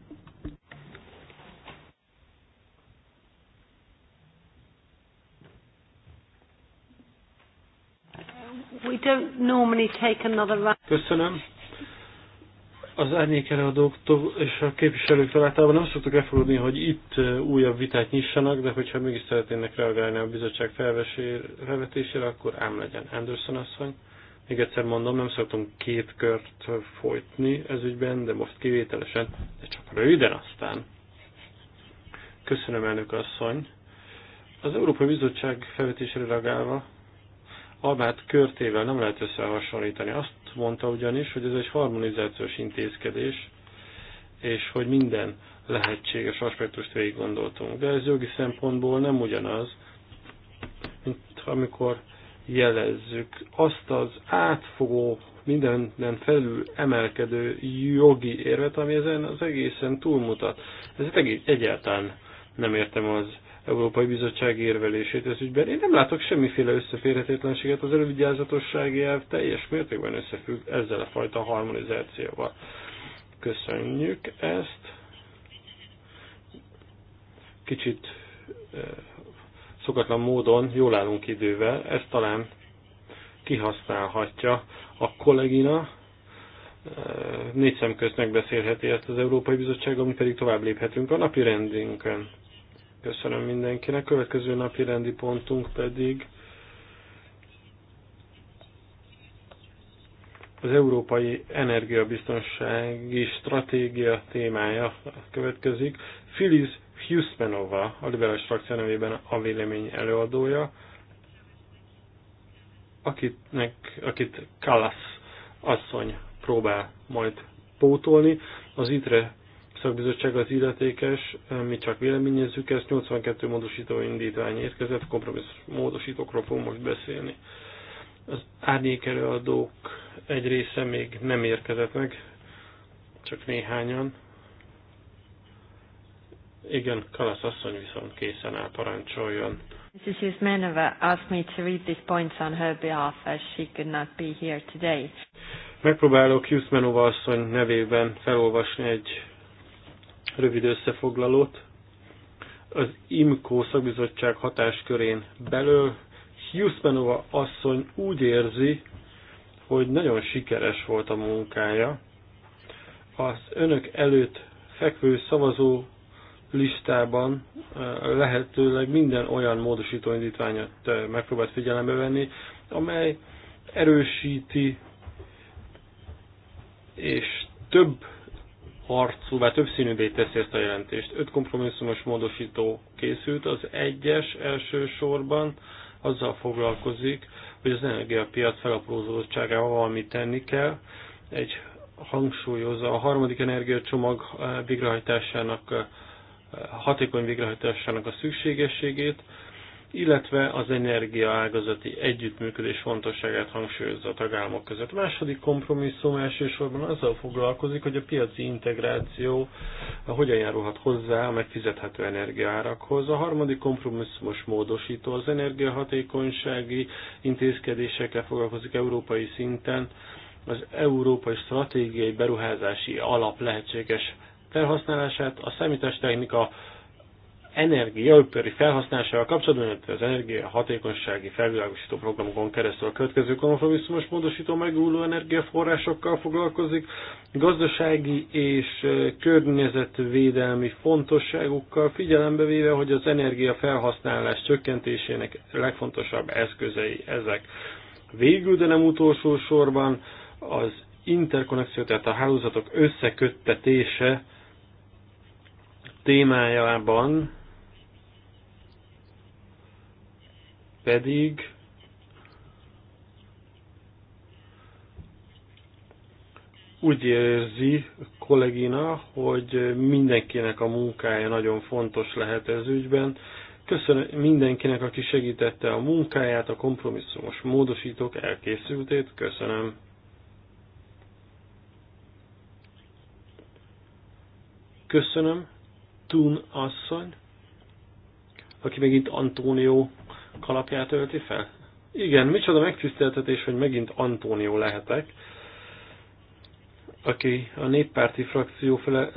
We don't normally take another round. Köszönöm. Az árnyékelőadók és a képviselők általában nem szoktuk elfogadni, hogy itt újabb vitát nyissanak, de hogyha mégis szeretnének reagálni a bizottság felvetésére, akkor ám legyen. Anderson asszony. Még egyszer mondom, nem szoktunk két kört folytni ez ügyben, de most kivételesen, de csak röviden aztán. Köszönöm, elnök asszony. Az Európai Bizottság felvetésére reagálva Albát körtével nem lehet összehasonlítani. Azt mondta ugyanis, hogy ez egy harmonizációs intézkedés, és hogy minden lehetséges aspektust végig gondoltunk. De ez jogi szempontból nem ugyanaz, mint amikor jelezzük azt az átfogó, mindenen felül emelkedő jogi érvet, ami ezen az egészen túlmutat. Ez egy, egyáltalán nem értem az Európai Bizottság érvelését ez ügyben. Én nem látok semmiféle összeférhetetlenséget, az elővigyázatossági elv teljes mértékben összefügg ezzel a fajta harmonizációval. Köszönjük ezt. Kicsit eh, szokatlan módon jól állunk idővel, ezt talán kihasználhatja a kollégina, eh, négy szem közt megbeszélheti ezt az Európai Bizottság, ami pedig tovább léphetünk a napi rendünkön. Köszönöm mindenkinek. Következő napi rendi pontunk pedig az Európai Energiabiztonsági Stratégia témája következik. Filiz Huszmanova, a liberális frakció nevében a vélemény előadója, akitnek, akit Kalasz asszony próbál majd pótolni. Az ITRE szakbizottság az illetékes, eh, mi csak véleményezzük ezt, 82 módosító indítvány érkezett, kompromisszus módosítókról fogunk most beszélni. Az árnyék előadók egy része még nem érkezett meg, csak néhányan. Igen, Kalasz asszony viszont készen áll, parancsoljon. Mrs. Yusmanova asked me to read these points on her behalf as she could not be here today. Megpróbálok Yusmanova asszony nevében felolvasni egy rövid összefoglalót. Az IMCO szakbizottság hatáskörén belül Hughes asszony úgy érzi, hogy nagyon sikeres volt a munkája. Az önök előtt fekvő szavazó listában lehetőleg minden olyan módosító indítványot megpróbált figyelembe venni, amely erősíti és több több színűvé teszi ezt a jelentést. Öt kompromisszumos módosító készült, az egyes elsősorban azzal foglalkozik, hogy az energiapiac felaprózódottságával valamit tenni kell. Egy hangsúlyozza a harmadik energiacsomag eh, végrehajtásának, eh, hatékony végrehajtásának a szükségességét, illetve az energiaágazati együttműködés fontosságát hangsúlyozza a tagállamok között. A második kompromisszum elsősorban azzal foglalkozik, hogy a piaci integráció hogyan járulhat hozzá a megfizethető energiaárakhoz. A harmadik kompromisszumos módosító az energiahatékonysági intézkedésekkel foglalkozik európai szinten, az európai stratégiai beruházási alap lehetséges felhasználását, a számítástechnika energiaipari felhasználásával kapcsolatban, illetve az energia hatékonysági felvilágosító programokon keresztül a következő kompromisszumos módosító megújuló energiaforrásokkal foglalkozik, gazdasági és eh, környezetvédelmi fontosságukkal figyelembe véve, hogy az energia felhasználás csökkentésének legfontosabb eszközei ezek. Végül, de nem utolsó sorban az interkonnekció, tehát a hálózatok összeköttetése témájában pedig úgy érzi kollégina, hogy mindenkinek a munkája nagyon fontos lehet ez ügyben. Köszönöm mindenkinek, aki segítette a munkáját, a kompromisszumos módosítók elkészültét. Köszönöm. Köszönöm. Tun asszony, aki megint Antónió kalapját ölti fel? Igen, micsoda megtiszteltetés, hogy megint Antónió lehetek, aki a néppárti frakció fele,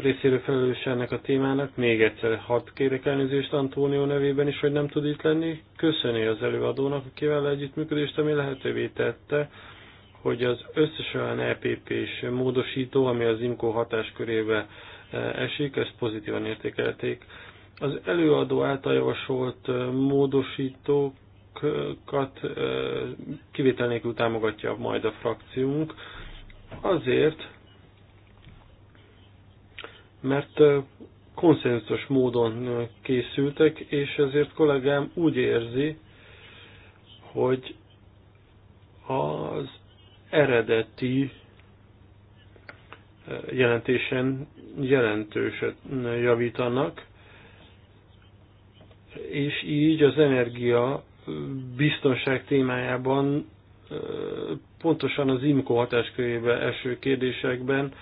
részéről felelős ennek a témának. Még egyszer hadd kérek elnézést Antónió nevében is, hogy nem tud itt lenni. Köszöni az előadónak, akivel együttműködést, ami lehetővé tette, hogy az összes olyan epp és módosító, ami az IMCO hatáskörébe eh, esik, ezt pozitívan értékelték az előadó által javasolt módosítókat kivétel nélkül támogatja majd a frakciónk, azért, mert konszenzus módon készültek, és ezért kollégám úgy érzi, hogy az eredeti jelentésen jelentősen javítanak, és így az energia biztonság témájában pontosan az IMCO hatáskörébe eső kérdésekben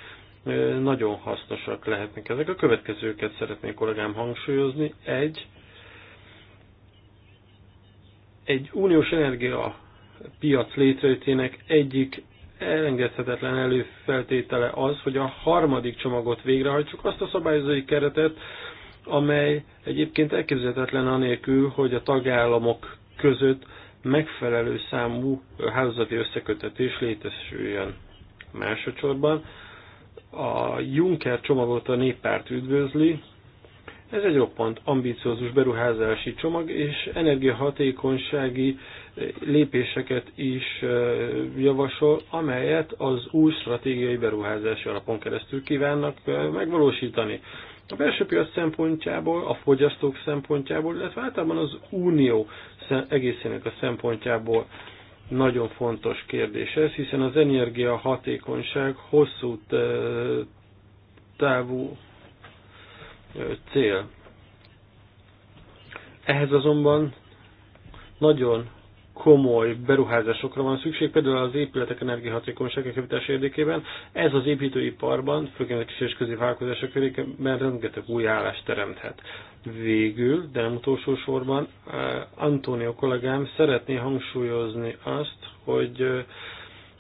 nagyon hasznosak lehetnek ezek. A következőket szeretnék kollégám hangsúlyozni. Egy, egy uniós energia piac létrejöttének egyik elengedhetetlen előfeltétele az, hogy a harmadik csomagot végrehajtsuk, azt a szabályozói keretet, amely egyébként elképzelhetetlen anélkül, hogy a tagállamok között megfelelő számú hálózati összekötetés létesüljön. Másodszorban a Juncker csomagot a néppárt üdvözli, ez egy roppant ambiciózus beruházási csomag, és energiahatékonysági lépéseket is javasol, amelyet az új stratégiai beruházási alapon keresztül kívánnak megvalósítani. A belső piac szempontjából, a fogyasztók szempontjából, illetve általában az unió egészének a szempontjából nagyon fontos kérdés ez, hiszen az energia hatékonyság hosszú eh, távú eh, cél. Ehhez azonban nagyon komoly beruházásokra van szükség, például az épületek energiahatékonysága kevítás érdekében. Ez az építőiparban, főként a kis és középvállalkozások körében rengeteg új állást teremthet. Végül, de nem utolsó sorban, eh, Antonio kollégám szeretné hangsúlyozni azt, hogy eh,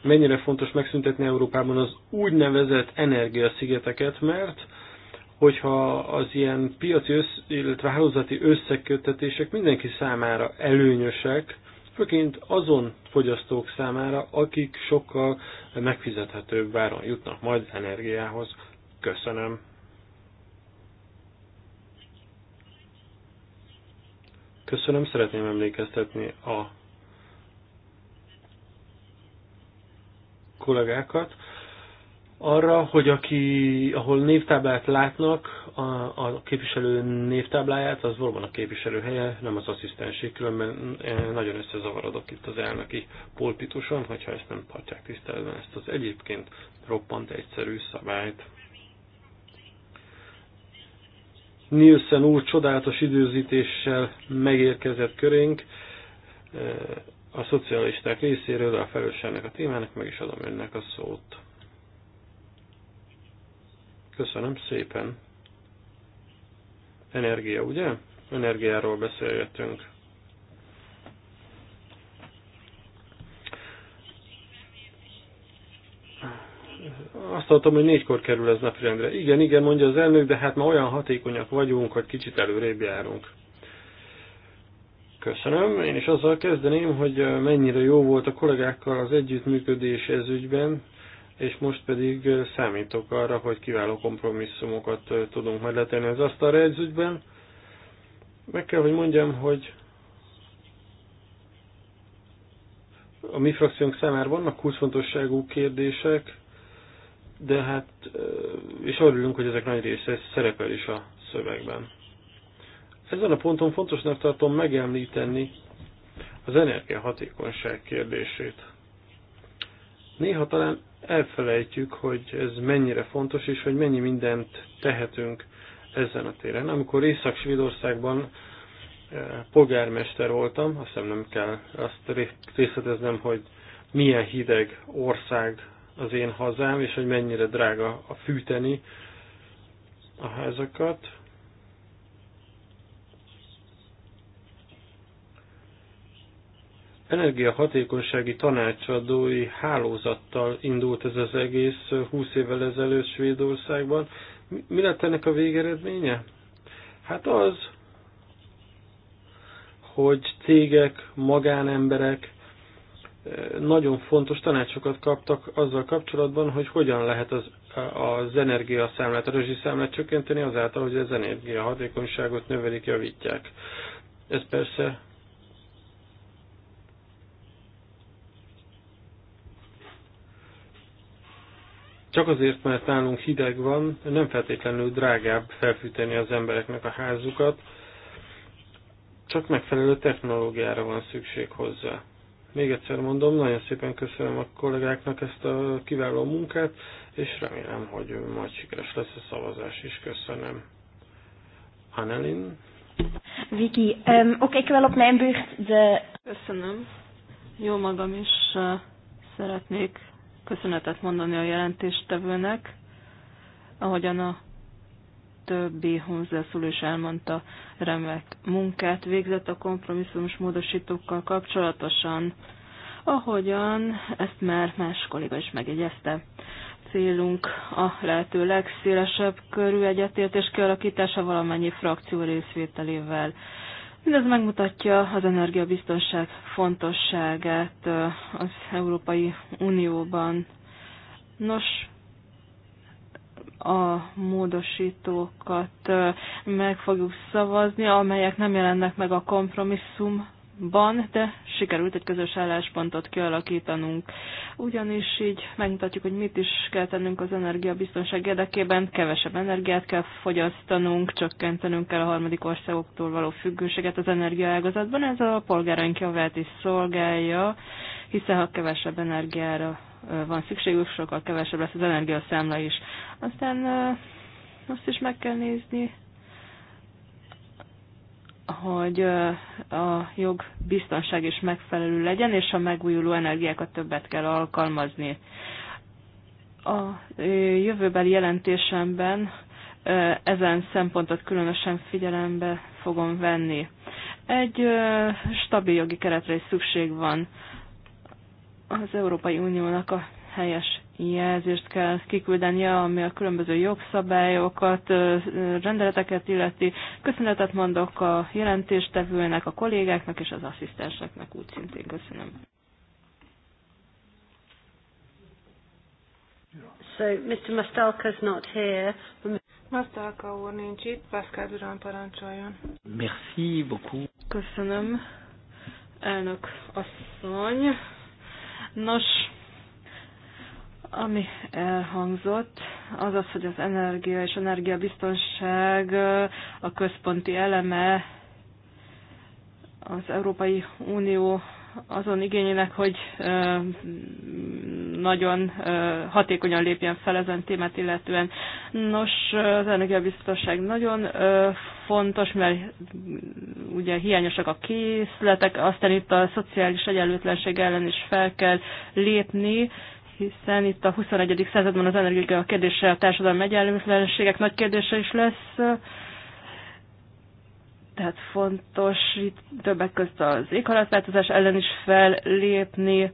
mennyire fontos megszüntetni Európában az úgynevezett energiaszigeteket, mert hogyha az ilyen piaci, össz, illetve hálózati összekötetések mindenki számára előnyösek, főként azon fogyasztók számára, akik sokkal megfizethetőbb áron jutnak majd energiához. Köszönöm. Köszönöm, szeretném emlékeztetni a kollégákat, arra, hogy aki, ahol névtáblát látnak, a, a képviselő névtábláját, az valóban a képviselő helye, nem az asszisztensé, különben eh, nagyon összezavarodok itt az elnöki pulpituson, hogyha ezt nem tartják tiszteletben, ezt az egyébként roppant egyszerű szabályt. Nielsen úr csodálatos időzítéssel megérkezett körénk, eh, a szocialisták részéről, a felelős a témának, meg is adom önnek a szót. Köszönöm szépen. Energia, ugye? Energiáról beszélgetünk. Azt hallottam, hogy négykor kerül ez napirendre. Igen, igen, mondja az elnök, de hát ma olyan hatékonyak vagyunk, hogy kicsit előrébb járunk. Köszönöm. Én is azzal kezdeném, hogy mennyire jó volt a kollégákkal az együttműködés ez ügyben és most pedig számítok arra, hogy kiváló kompromisszumokat tudunk majd letenni az asztalra egy ügyben. Meg kell, hogy mondjam, hogy a mi frakciónk számára vannak kulcsfontosságú kérdések, de hát, és örülünk, hogy ezek nagy része szerepel is a szövegben. Ezen a ponton fontosnak tartom megemlíteni az energiahatékonyság kérdését. Néha talán elfelejtjük, hogy ez mennyire fontos, és hogy mennyi mindent tehetünk ezen a téren. Amikor Észak-Svédországban eh, polgármester voltam, azt hiszem nem kell azt részleteznem, hogy milyen hideg ország az én hazám, és hogy mennyire drága a fűteni a házakat. energiahatékonysági tanácsadói hálózattal indult ez az egész 20 évvel ezelőtt Svédországban. Mi lett ennek a végeredménye? Hát az, hogy cégek, magánemberek eh, nagyon fontos tanácsokat kaptak azzal kapcsolatban, hogy hogyan lehet az, az energiaszámlát, a rezsiszámlát csökkenteni azáltal, hogy az energiahatékonyságot növelik, javítják. Ez persze Csak azért, mert nálunk hideg van, nem feltétlenül drágább felfűteni az embereknek a házukat, csak megfelelő technológiára van szükség hozzá. Még egyszer mondom, nagyon szépen köszönöm a kollégáknak ezt a kiváló munkát, és remélem, hogy majd sikeres lesz a szavazás is. Köszönöm. Annelin? Viki, um, oké, okay, wil nem mijn de... Köszönöm. Jó magam is uh, szeretnék köszönetet mondani a jelentéstevőnek, ahogyan a többi hozzászóló is elmondta, remek munkát végzett a kompromisszumos módosítókkal kapcsolatosan, ahogyan ezt már más kolléga is megjegyezte. Célunk a lehető legszélesebb körű egyetértés kialakítása valamennyi frakció részvételével. Mindez megmutatja az energiabiztonság fontosságát az Európai Unióban. Nos, a módosítókat meg fogjuk szavazni, amelyek nem jelennek meg a kompromisszum ban, de sikerült egy közös álláspontot kialakítanunk. Ugyanis így megmutatjuk, hogy mit is kell tennünk az energiabiztonság érdekében, kevesebb energiát kell fogyasztanunk, csökkentenünk kell a harmadik országoktól való függőséget az energiaágazatban. Ez a polgáraink javát is szolgálja, hiszen ha kevesebb energiára van szükségük, sokkal kevesebb lesz az energiaszámla is. Aztán azt is meg kell nézni, hogy a jog biztonság is megfelelő legyen, és a megújuló energiákat többet kell alkalmazni. A jövőbeli jelentésemben ezen szempontot különösen figyelembe fogom venni. Egy stabil jogi keretre is szükség van az Európai Uniónak a helyes jelzést kell kiküldenie, ami a különböző jogszabályokat, rendeleteket illeti. Köszönetet mondok a jelentéstevőnek, a kollégáknak és az asszisztenseknek úgy szintén köszönöm. So Mr. Mastalka's not here. Mastalka úr nincs itt, Pascal Durán parancsoljon. Merci beaucoup. Köszönöm, elnök asszony. Nos, ami elhangzott, az az, hogy az energia és energiabiztonság a központi eleme az Európai Unió azon igényének, hogy nagyon hatékonyan lépjen fel ezen témát illetően. Nos, az energiabiztonság nagyon fontos, mert ugye hiányosak a készletek, aztán itt a szociális egyenlőtlenség ellen is fel kell lépni, hiszen itt a 21. században az energia kérdése a társadalmi egyenlőtlenségek nagy kérdése is lesz. Tehát fontos itt többek között az éghajlatváltozás ellen is fellépni,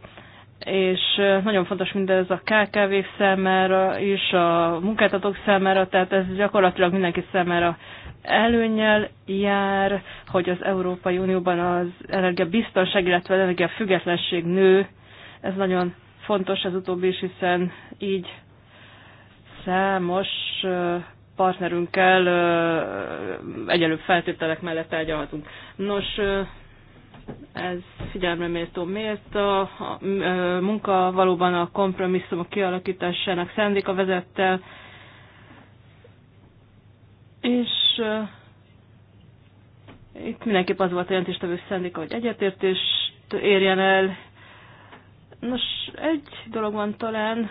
és nagyon fontos mindez a kkv számára is, a munkáltatók számára, tehát ez gyakorlatilag mindenki számára előnyel jár, hogy az Európai Unióban az energia biztonság, illetve az energia függetlenség nő. Ez nagyon Fontos az utóbbi is, hiszen így számos partnerünkkel egyelőbb feltételek mellett tárgyalhatunk. Nos, ez figyelemre méltó miért a, a, a munka valóban a kompromisszumok kialakításának szándéka vezette, és e, itt mindenképp az volt a jelentéstevő szándéka, hogy egyetértést érjen el, Nos, egy dolog van talán,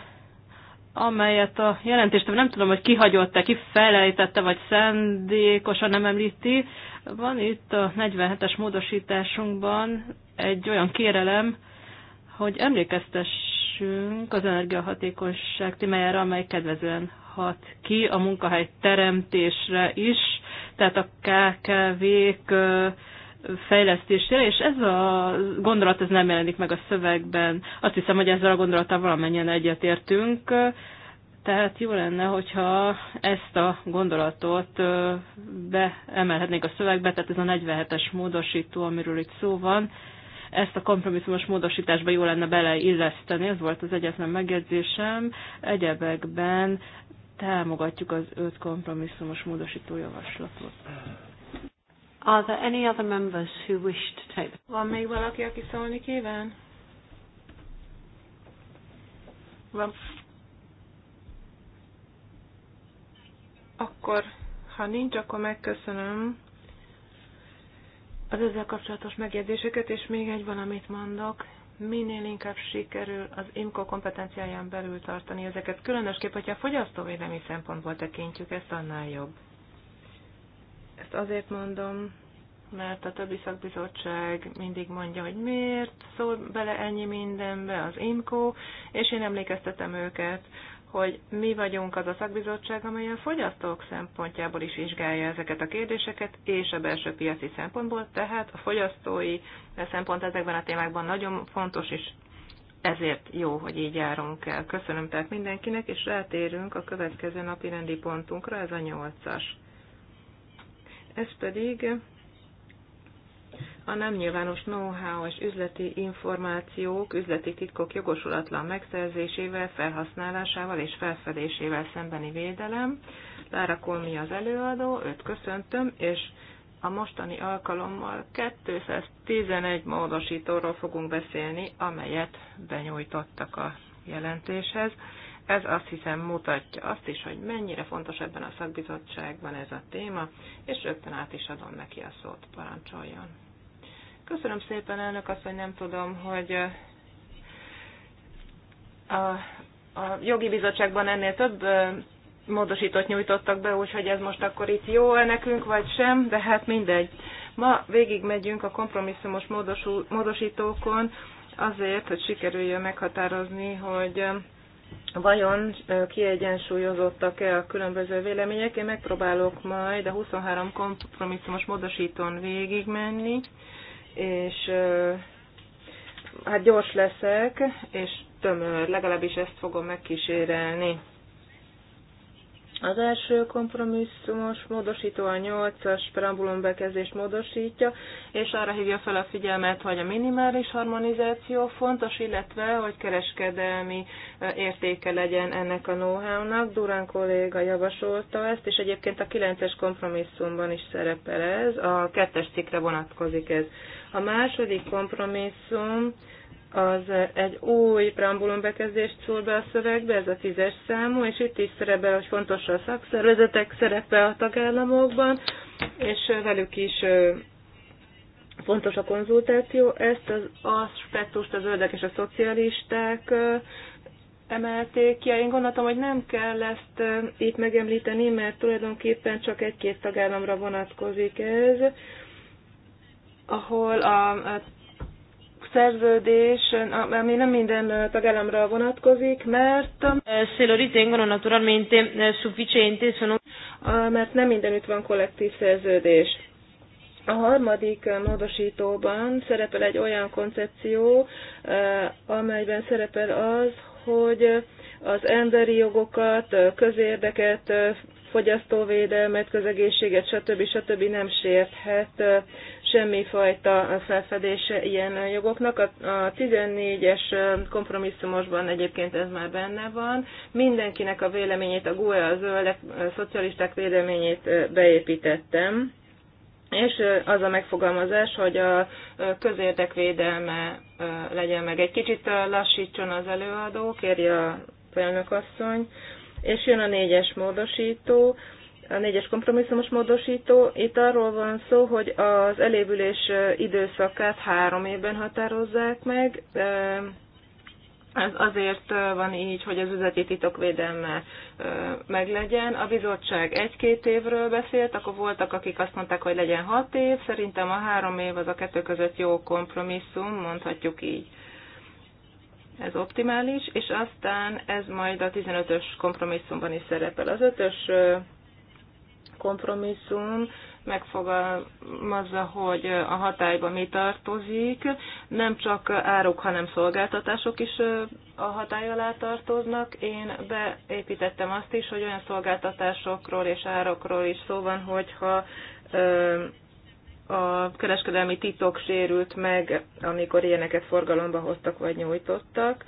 amelyet a jelentést, nem tudom, hogy kihagyott-e, kifelejtette, vagy szendékosan nem említi. Van itt a 47-es módosításunkban egy olyan kérelem, hogy emlékeztessünk az energiahatékonyság témájára, amely kedvezően hat ki a munkahely teremtésre is, tehát a KKV-k fejlesztésére, és ez a gondolat ez nem jelenik meg a szövegben. Azt hiszem, hogy ezzel a gondolattal valamennyien egyetértünk, tehát jó lenne, hogyha ezt a gondolatot beemelhetnénk a szövegbe, tehát ez a 47-es módosító, amiről itt szó van, ezt a kompromisszumos módosításba jó lenne beleilleszteni, ez volt az egyetlen megjegyzésem. Egyebekben támogatjuk az öt kompromisszumos módosító javaslatot. Are there any other members who wish to take the... Van még valaki, aki szólni kíván? Van. Akkor, ha nincs, akkor megköszönöm az ezzel kapcsolatos megjegyzéseket, és még egy valamit mondok. Minél inkább sikerül az IMCO kompetenciáján belül tartani ezeket, különösképp, hogyha a fogyasztóvédelmi szempontból tekintjük, ezt annál jobb. Ezt azért mondom, mert a többi szakbizottság mindig mondja, hogy miért szól bele ennyi mindenbe az IMCO, és én emlékeztetem őket, hogy mi vagyunk az a szakbizottság, amely a fogyasztók szempontjából is vizsgálja ezeket a kérdéseket, és a belső piaci szempontból, tehát a fogyasztói szempont ezekben a témákban nagyon fontos, és ezért jó, hogy így járunk el. Köszönöm tehát mindenkinek, és rátérünk a következő napi rendi pontunkra, ez a nyolcas ez pedig a nem nyilvános know-how és üzleti információk, üzleti titkok jogosulatlan megszerzésével, felhasználásával és felfedésével szembeni védelem. Lára Kolmi az előadó, őt köszöntöm, és a mostani alkalommal 211 módosítóról fogunk beszélni, amelyet benyújtottak a jelentéshez. Ez azt hiszem mutatja azt is, hogy mennyire fontos ebben a szakbizottságban ez a téma, és rögtön át is adom neki a szót, parancsoljon. Köszönöm szépen, elnök azt, hogy nem tudom, hogy a, a jogi bizottságban ennél több módosítót nyújtottak be, úgyhogy ez most akkor itt jó-e nekünk, vagy sem, de hát mindegy. Ma végigmegyünk a kompromisszumos módosítókon azért, hogy sikerüljön meghatározni, hogy vajon kiegyensúlyozottak-e a különböző vélemények. Én megpróbálok majd a 23 kompromisszumos módosítón végigmenni, és hát gyors leszek, és tömör, legalábbis ezt fogom megkísérelni. Az első kompromisszumos módosító a 8-as preambulum bekezdést módosítja, és arra hívja fel a figyelmet, hogy a minimális harmonizáció fontos, illetve hogy kereskedelmi értéke legyen ennek a know-how-nak. Durán kolléga javasolta ezt, és egyébként a 9-es kompromisszumban is szerepel ez, a 2-es cikkre vonatkozik ez. A második kompromisszum az egy új preambulum bekezdést szól be a szövegbe, ez a tízes számú, és itt is szerepel, hogy fontos a szakszervezetek szerepe a tagállamokban, és velük is fontos a konzultáció. Ezt az aspektust az zöldek és a szocialisták emelték ki. Én gondoltam, hogy nem kell ezt itt megemlíteni, mert tulajdonképpen csak egy-két tagállamra vonatkozik ez, ahol a szerződés, ami nem minden tagállamra vonatkozik, mert eh, se lo ritengono naturalmente eh, sufficiente, sono... mert nem mindenütt van kollektív szerződés. A harmadik módosítóban szerepel egy olyan koncepció, eh, amelyben szerepel az, hogy az emberi jogokat, közérdeket, fogyasztóvédelmet, közegészséget, stb. stb. nem sérthet semmifajta felfedése ilyen jogoknak. A 14-es kompromisszumosban egyébként ez már benne van. Mindenkinek a véleményét, a GUE, a zöldek, a szocialisták véleményét beépítettem. És az a megfogalmazás, hogy a közérdek védelme legyen meg. Egy kicsit lassítson az előadó, kérje a felnök asszony. És jön a négyes módosító, a négyes kompromisszumos módosító. Itt arról van szó, hogy az elévülés időszakát három évben határozzák meg. Ez azért van így, hogy az üzleti titokvédelme meglegyen. A bizottság egy-két évről beszélt, akkor voltak, akik azt mondták, hogy legyen hat év. Szerintem a három év az a kettő között jó kompromisszum, mondhatjuk így. Ez optimális, és aztán ez majd a 15-ös kompromisszumban is szerepel. Az 5-ös kompromisszum megfogalmazza, hogy a hatályba mi tartozik. Nem csak áruk, hanem szolgáltatások is a hatály alá tartoznak. Én beépítettem azt is, hogy olyan szolgáltatásokról és árokról is szó van, hogyha a kereskedelmi titok sérült meg, amikor ilyeneket forgalomba hoztak vagy nyújtottak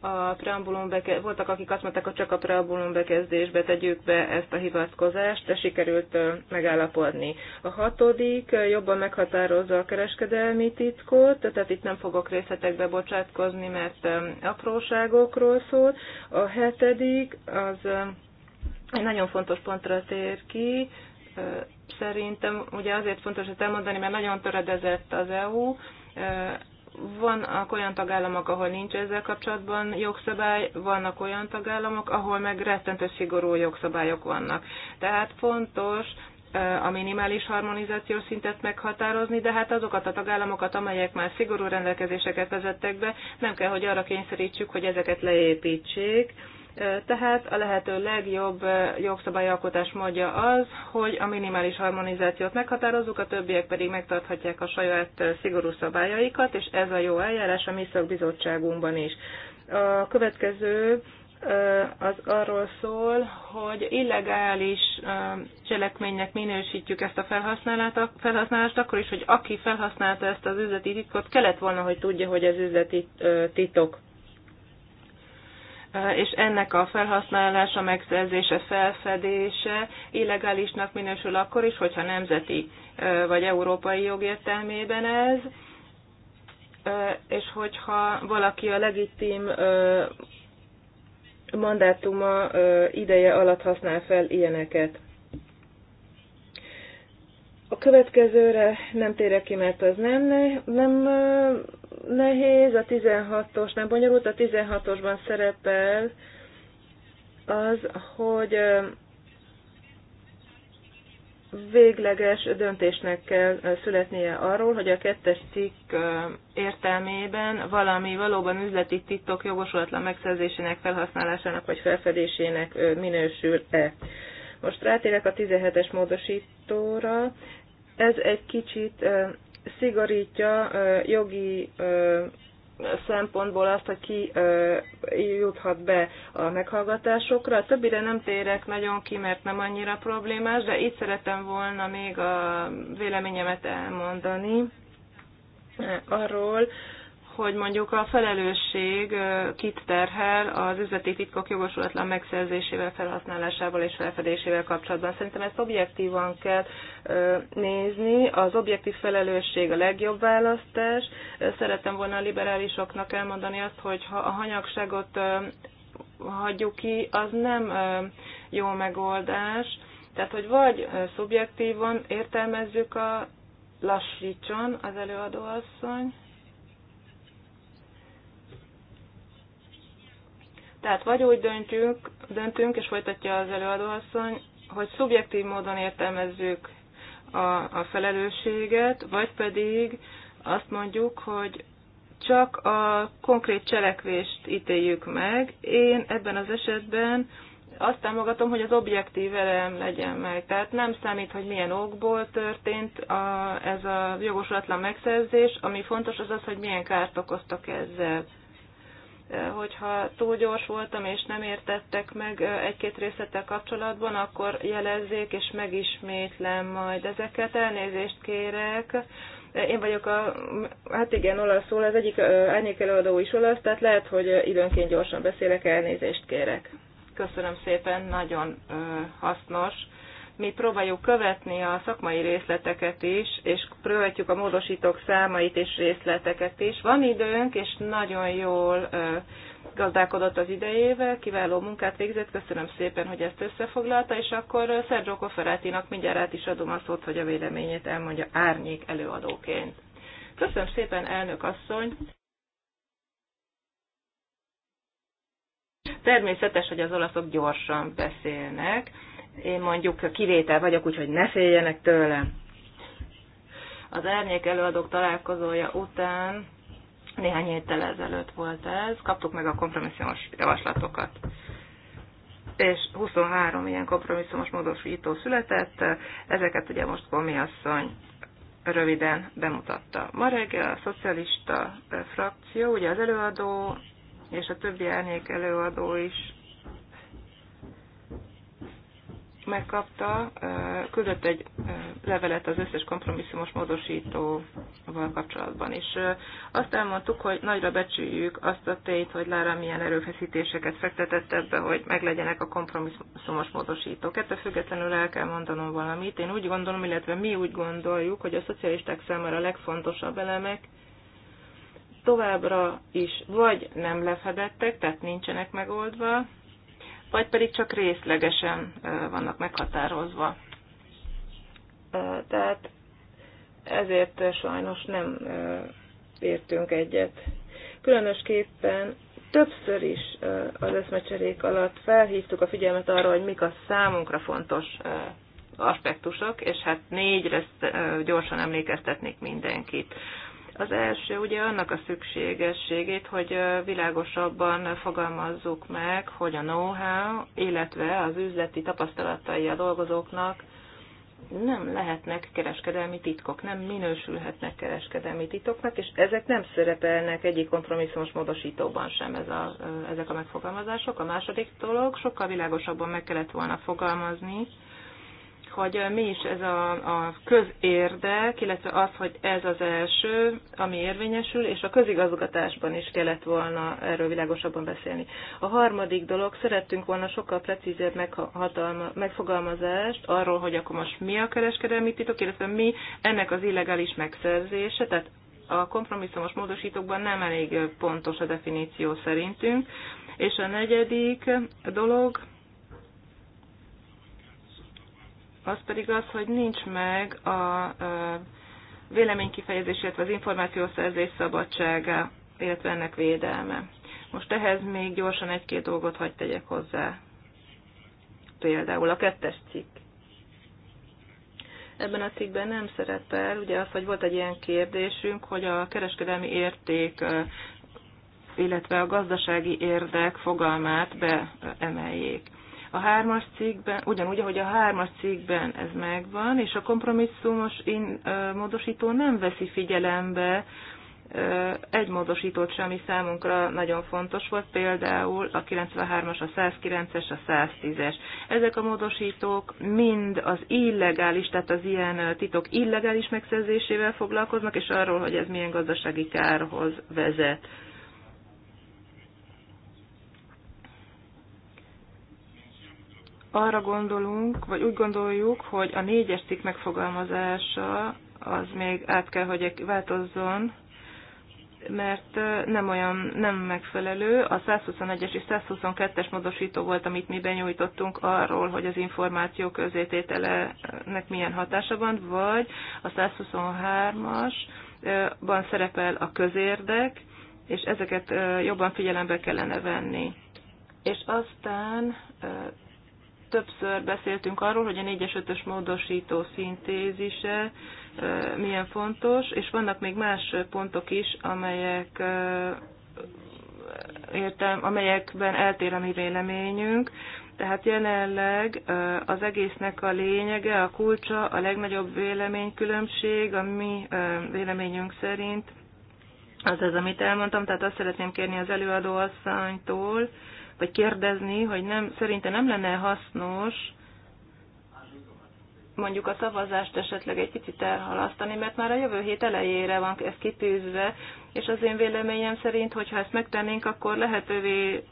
a preambulum beke- voltak, akik azt mondták, hogy csak a preambulum bekezdésbe tegyük be ezt a hivatkozást, de sikerült megállapodni. A hatodik jobban meghatározza a kereskedelmi titkot, tehát itt nem fogok részletekbe bocsátkozni, mert apróságokról szól. A hetedik az egy nagyon fontos pontra tér ki, szerintem ugye azért fontos ezt elmondani, mert nagyon töredezett az EU, vannak olyan tagállamok, ahol nincs ezzel kapcsolatban jogszabály, vannak olyan tagállamok, ahol meg rettentő szigorú jogszabályok vannak. Tehát fontos, a minimális harmonizációs szintet meghatározni, de hát azokat a tagállamokat, amelyek már szigorú rendelkezéseket vezettek be, nem kell, hogy arra kényszerítsük, hogy ezeket leépítsék, tehát a lehető legjobb jogszabályalkotás módja az, hogy a minimális harmonizációt meghatározzuk, a többiek pedig megtarthatják a saját szigorú szabályaikat, és ez a jó eljárás a mi szakbizottságunkban is. A következő az arról szól, hogy illegális cselekménynek minősítjük ezt a felhasználást, akkor is, hogy aki felhasználta ezt az üzleti titkot, kellett volna, hogy tudja, hogy ez üzleti titok és ennek a felhasználása, megszerzése, felfedése illegálisnak minősül akkor is, hogyha nemzeti vagy európai jogértelmében ez, és hogyha valaki a legitim mandátuma ideje alatt használ fel ilyeneket. A következőre nem térek ki, mert az nem, nem nehéz, a 16-os nem bonyolult, a 16-osban szerepel az, hogy végleges döntésnek kell születnie arról, hogy a kettes cikk értelmében valami valóban üzleti titok jogosulatlan megszerzésének, felhasználásának vagy felfedésének minősül-e. Most rátérek a 17-es módosítóra. Ez egy kicsit szigorítja jogi szempontból azt, hogy ki juthat be a meghallgatásokra. A többire nem térek nagyon ki, mert nem annyira problémás, de itt szeretem volna még a véleményemet elmondani arról, hogy mondjuk a felelősség kit terhel az üzleti titkok jogosulatlan megszerzésével, felhasználásával és felfedésével kapcsolatban. Szerintem ezt objektívan kell nézni. Az objektív felelősség a legjobb választás. Szerettem volna a liberálisoknak elmondani azt, hogy ha a hanyagságot hagyjuk ki, az nem jó megoldás. Tehát, hogy vagy szubjektívan értelmezzük a lassítson az előadóasszony, Tehát vagy úgy döntünk, döntünk és folytatja az előadóasszony, hogy szubjektív módon értelmezzük a, a felelősséget, vagy pedig azt mondjuk, hogy csak a konkrét cselekvést ítéljük meg. Én ebben az esetben azt támogatom, hogy az objektív elem legyen meg. Tehát nem számít, hogy milyen okból történt a, ez a jogosulatlan megszerzés. Ami fontos az az, hogy milyen kárt okoztak ezzel hogyha túl gyors voltam és nem értettek meg egy-két részlettel kapcsolatban, akkor jelezzék és megismétlem majd ezeket. Elnézést kérek. Én vagyok a, hát igen, olaszul, az egyik árnyék előadó is olasz, tehát lehet, hogy időnként gyorsan beszélek, elnézést kérek. Köszönöm szépen, nagyon hasznos mi próbáljuk követni a szakmai részleteket is, és próbáljuk a módosítók számait és részleteket is. Van időnk, és nagyon jól gazdálkodott az idejével, kiváló munkát végzett, köszönöm szépen, hogy ezt összefoglalta, és akkor Szerzsó Koferátinak mindjárt át is adom a szót, hogy a véleményét elmondja árnyék előadóként. Köszönöm szépen, elnök asszony! Természetes, hogy az olaszok gyorsan beszélnek, én mondjuk kivétel vagyok, úgyhogy ne féljenek tőlem. Az árnyék előadók találkozója után néhány héttel ezelőtt volt ez, kaptuk meg a kompromisszumos javaslatokat. És 23 ilyen kompromisszumos módosító született, ezeket ugye most Komi asszony röviden bemutatta. Ma reggel a szocialista frakció, ugye az előadó és a többi árnyék előadó is megkapta, küldött egy levelet az összes kompromisszumos módosítóval kapcsolatban, és azt elmondtuk, hogy nagyra becsüljük azt a tényt, hogy Lára milyen erőfeszítéseket fektetett ebbe, hogy meglegyenek a kompromisszumos módosítók. Ettől függetlenül el kell mondanom valamit. Én úgy gondolom, illetve mi úgy gondoljuk, hogy a szocialisták számára a legfontosabb elemek továbbra is vagy nem lefedettek, tehát nincsenek megoldva, vagy pedig csak részlegesen vannak meghatározva. Tehát ezért sajnos nem értünk egyet. Különösképpen többször is az eszmecserék alatt felhívtuk a figyelmet arra, hogy mik a számunkra fontos aspektusok, és hát négyre gyorsan emlékeztetnék mindenkit. Az első ugye annak a szükségességét, hogy világosabban fogalmazzuk meg, hogy a know-how, illetve az üzleti tapasztalatai a dolgozóknak nem lehetnek kereskedelmi titkok, nem minősülhetnek kereskedelmi titoknak, és ezek nem szerepelnek egyik kompromisszumos módosítóban sem ez a, ezek a megfogalmazások. A második dolog sokkal világosabban meg kellett volna fogalmazni, hogy mi is ez a, a közérdek, illetve az, hogy ez az első, ami érvényesül, és a közigazgatásban is kellett volna erről világosabban beszélni. A harmadik dolog, szerettünk volna sokkal precízebb megfogalmazást arról, hogy akkor most mi a kereskedelmi titok, illetve mi ennek az illegális megszerzése, tehát a kompromisszumos módosítókban nem elég pontos a definíció szerintünk. És a negyedik dolog, Az pedig az, hogy nincs meg a véleménykifejezés, illetve az információszerzés szabadsága, illetve ennek védelme. Most ehhez még gyorsan egy-két dolgot hagyd tegyek hozzá. Például a kettes cikk. Ebben a cikkben nem szerepel, ugye az, hogy volt egy ilyen kérdésünk, hogy a kereskedelmi érték, illetve a gazdasági érdek fogalmát beemeljék a hármas cikkben, ugyanúgy, ahogy a hármas cikkben ez megvan, és a kompromisszumos in, ö, módosító nem veszi figyelembe ö, egy módosítót sem, ami számunkra nagyon fontos volt, például a 93-as, a 109-es, a 110-es. Ezek a módosítók mind az illegális, tehát az ilyen titok illegális megszerzésével foglalkoznak, és arról, hogy ez milyen gazdasági kárhoz vezet arra gondolunk, vagy úgy gondoljuk, hogy a négyes cikk megfogalmazása az még át kell, hogy változzon, mert nem olyan nem megfelelő. A 121-es és 122-es módosító volt, amit mi benyújtottunk arról, hogy az információ közétételenek milyen hatása van, vagy a 123-asban szerepel a közérdek, és ezeket jobban figyelembe kellene venni. És aztán többször beszéltünk arról, hogy a 4-es 5-ös módosító szintézise milyen fontos, és vannak még más pontok is, amelyek értem, amelyekben eltér a mi véleményünk. Tehát jelenleg az egésznek a lényege, a kulcsa, a legnagyobb véleménykülönbség, a mi véleményünk szerint, az ez, amit elmondtam, tehát azt szeretném kérni az előadó asszonytól, vagy kérdezni, hogy nem, szerinte nem lenne hasznos mondjuk a szavazást esetleg egy picit elhalasztani, mert már a jövő hét elejére van ez kitűzve, és az én véleményem szerint, hogyha ezt megtennénk, akkor lehetővé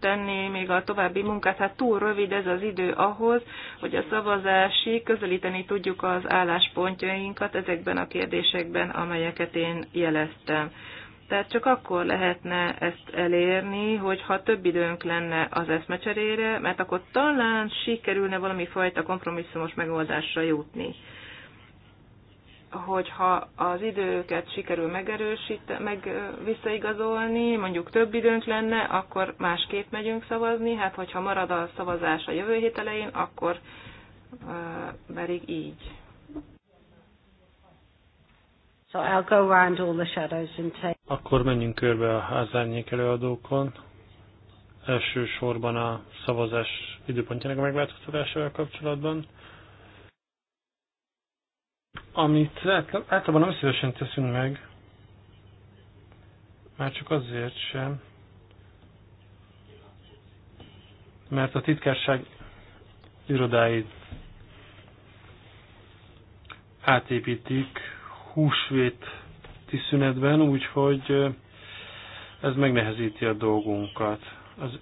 tenni még a további munkát. Hát túl rövid ez az idő ahhoz, hogy a szavazásig közelíteni tudjuk az álláspontjainkat ezekben a kérdésekben, amelyeket én jeleztem. Tehát csak akkor lehetne ezt elérni, hogyha több időnk lenne az eszmecserére, mert akkor talán sikerülne valami fajta kompromisszumos megoldásra jutni. Hogyha az időket sikerül megerősít, meg visszaigazolni, mondjuk több időnk lenne, akkor másképp megyünk szavazni, hát hogyha marad a szavazás a jövő hét elején, akkor uh, így. So I'll go round all the shadows and take... Akkor menjünk körbe a házárnyék előadókon. Elsősorban a szavazás időpontjának a megváltoztatásával kapcsolatban. Amit általában nem szívesen teszünk meg, már csak azért sem, mert a titkárság irodáit átépítik húsvéti szünetben, úgyhogy ez megnehezíti a dolgunkat. Az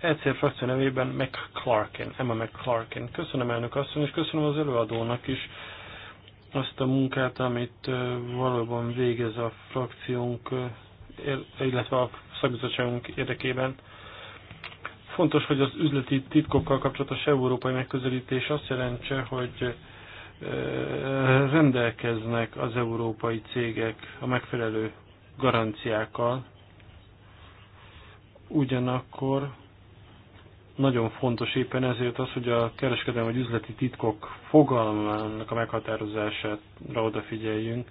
ECR frakció nevében McClarkin, Emma McClarkin. Köszönöm elnök asszony, és köszönöm az előadónak is azt a munkát, amit valóban végez a frakciónk, illetve a szakbizottságunk érdekében. Fontos, hogy az üzleti titkokkal kapcsolatos európai megközelítés azt jelentse, hogy rendelkeznek az európai cégek a megfelelő garanciákkal, ugyanakkor nagyon fontos éppen ezért az, hogy a kereskedelmi vagy üzleti titkok fogalmának a meghatározására odafigyeljünk.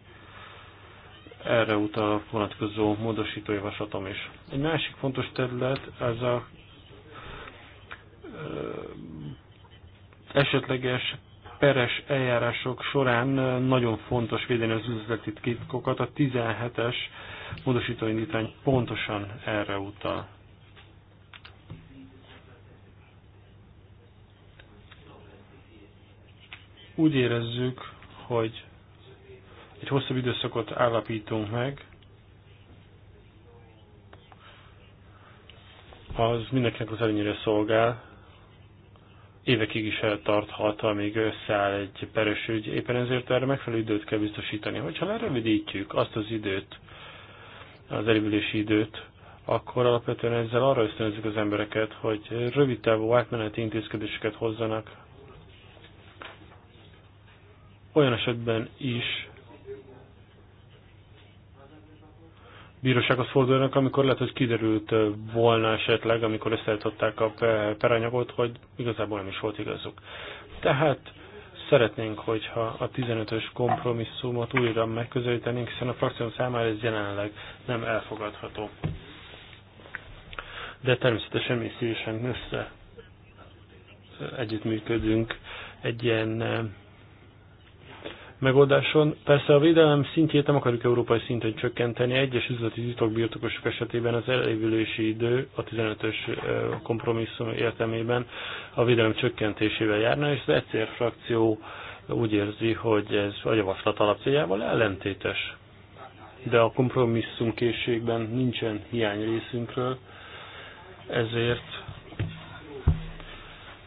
Erre utal a vonatkozó módosítójavaslatom is. Egy másik fontos terület ez a esetleges peres eljárások során nagyon fontos védeni az üzleti titkokat. A 17-es módosítóindítvány pontosan erre utal. Úgy érezzük, hogy egy hosszabb időszakot állapítunk meg, az mindenkinek az előnyére szolgál, évekig is eltarthat, amíg összeáll egy peres ügy. Éppen ezért erre megfelelő időt kell biztosítani. Hogyha lerövidítjük azt az időt, az elévülési időt, akkor alapvetően ezzel arra ösztönözzük az embereket, hogy rövid távú átmeneti intézkedéseket hozzanak. Olyan esetben is, bírósághoz fordulnak, amikor lehet, hogy kiderült volna esetleg, amikor összeállították a peranyagot, hogy igazából nem is volt igazuk. Tehát szeretnénk, hogyha a 15-ös kompromisszumot újra megközelítenénk, hiszen a frakció számára ez jelenleg nem elfogadható. De természetesen mi szívesen össze együttműködünk egy ilyen megoldáson. Persze a védelem szintjét nem akarjuk európai szinten csökkenteni, egyes üzleti titokbirtokosok esetében az elévülési idő a 15-ös kompromisszum értelmében a védelem csökkentésével járna, és az ECR frakció úgy érzi, hogy ez a javaslat alapjával ellentétes. De a kompromisszum készségben nincsen hiány részünkről, ezért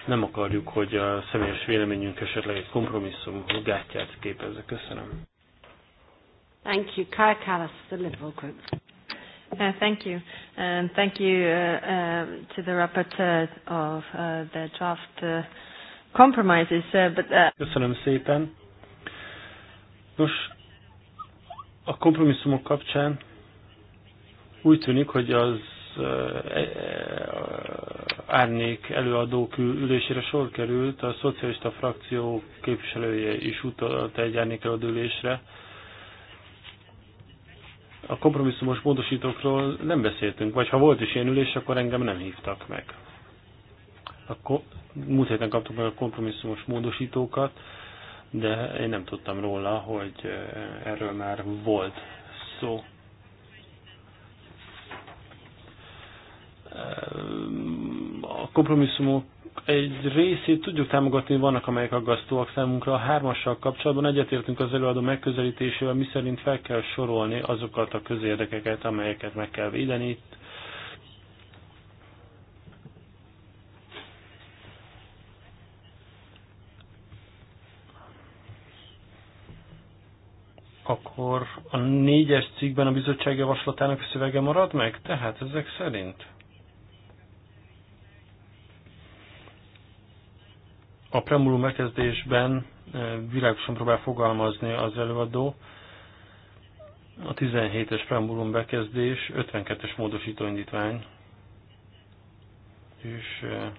nem akarjuk, hogy a személyes véleményünk esetleg egy kompromisszum gátját képezze. Köszönöm. Thank you. Kai Callas, the Liberal Group. Uh, thank you. And thank you uh, uh, to the rapporteur of uh, the draft uh, compromises. Uh, but, uh... Köszönöm szépen. Nos, a kompromisszumok kapcsán úgy tűnik, hogy az E, e, árnék előadók ülésére sor került, a szocialista frakció képviselője is utalt egy árnék előadó ülésre. A kompromisszumos módosítókról nem beszéltünk, vagy ha volt is ilyen ülés, akkor engem nem hívtak meg. Akkor múlt héten kaptuk meg a kompromisszumos módosítókat, de én nem tudtam róla, hogy erről már volt szó. A kompromisszumok egy részét tudjuk támogatni, vannak amelyek aggasztóak számunkra. A hármassal kapcsolatban egyetértünk az előadó megközelítésével, miszerint fel kell sorolni azokat a közérdekeket, amelyeket meg kell védeni. Itt akkor a négyes cikkben a bizottság javaslatának szövege marad meg? Tehát ezek szerint? A premulum megkezdésben eh, világosan próbál fogalmazni az előadó, a 17-es preambulum bekezdés, 52-es módosítóindítvány, és eh,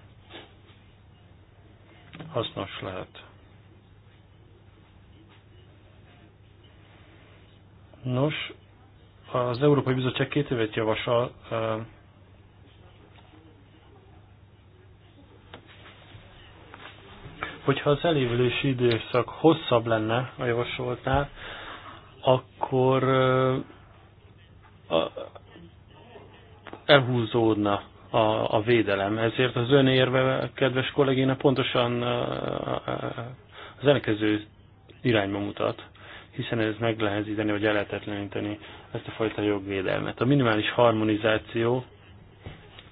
hasznos lehet. Nos, az Európai Bizottság két évet javasol eh, Hogyha az elévülési időszak hosszabb lenne a javasoltnál, akkor elhúzódna a, a védelem. Ezért az ön érve, kedves kollégéna, pontosan az elkező irányba mutat, hiszen ez meg meglehezíteni vagy elhetetleníteni ezt a fajta jogvédelmet. A minimális harmonizáció,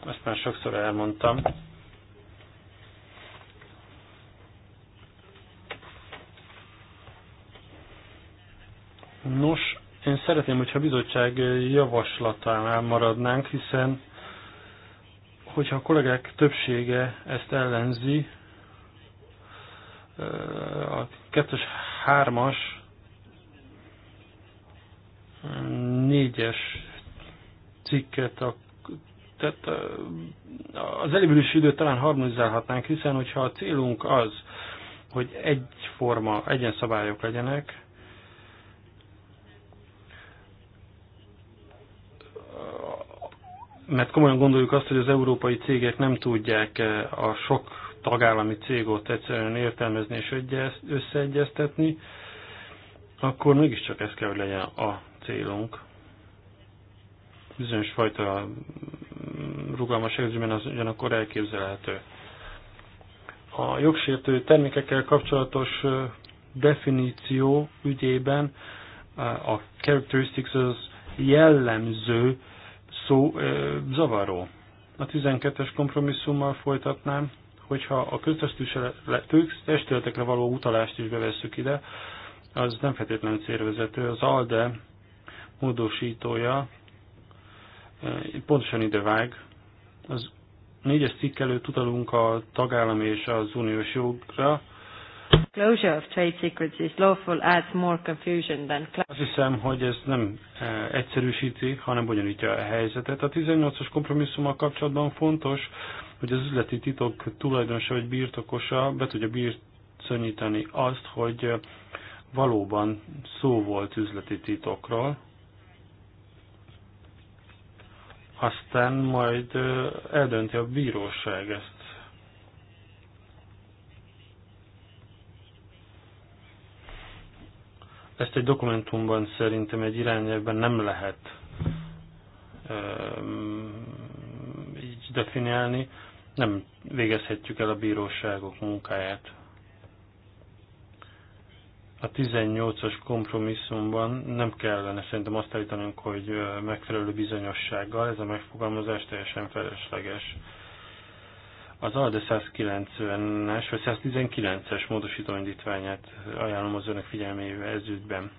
ezt már sokszor elmondtam, Nos, én szeretném, hogyha a bizottság javaslatánál maradnánk, hiszen hogyha a kollégák többsége ezt ellenzi, a 2-es, 3-as, 4-es cikket, a, tehát az elévülési időt talán harmonizálhatnánk, hiszen hogyha a célunk az, hogy egyforma, egyen szabályok legyenek, mert komolyan gondoljuk azt, hogy az európai cégek nem tudják eh, a sok tagállami cégot egyszerűen értelmezni és összeegyeztetni, akkor mégiscsak ez kell, hogy legyen a célunk. Bizonyos fajta mm, rugalmas érzőben az ugyanakkor elképzelhető. A jogsértő termékekkel kapcsolatos eh, definíció ügyében eh, a characteristics az jellemző szó zavaró. A 12-es kompromisszummal folytatnám, hogyha a köztestületekre való utalást is bevesszük ide, az nem feltétlenül célvezető. Az ALDE módosítója pontosan ide vág. Az négyes cikk előtt utalunk a tagállami és az uniós jogra, disclosure of trade secrets is lawful adds more confusion than... Azt hiszem, hogy ez nem e, egyszerűsíti, hanem bonyolítja a helyzetet. A 18-as kompromisszummal kapcsolatban fontos, hogy az üzleti titok tulajdonosa vagy birtokosa be tudja bizonyítani azt, hogy e, valóban szó volt üzleti titokról, aztán majd e, eldönti a bíróság ezt Ezt egy dokumentumban szerintem egy irányelvben nem lehet ehm, így definiálni, nem végezhetjük el a bíróságok munkáját. A 18-as kompromisszumban nem kellene szerintem azt állítanunk, hogy megfelelő bizonyossággal, ez a megfogalmazás teljesen felesleges. Az ALDE 190-es vagy 119-es módosító indítványát ajánlom az önök figyelmébe ezügyben.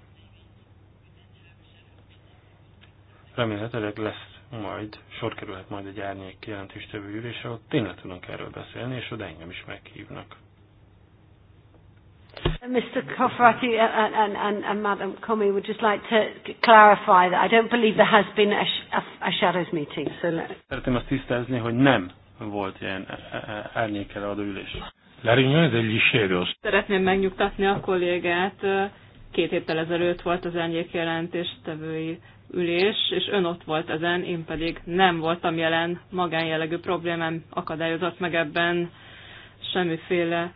Remélhetőleg lesz majd, sor kerülhet majd egy árnyék jelentéstevő ülésre, ott tényleg tudunk erről beszélni, és oda engem is meghívnak. Mr. Kofrati and, and, and, and Madam Comey would just like to clarify that I don't believe there has been a, a, a shadows meeting. So let... Szeretném azt tisztázni, hogy nem volt ilyen e, e, e, árnyékeladó ülés. La riunione degli shadows. Szeretném megnyugtatni a kollégát. Két héttel ezelőtt volt az árnyék tevői ülés, és ön ott volt ezen, én pedig nem voltam jelen, magánjellegű problémám akadályozott meg ebben, semmiféle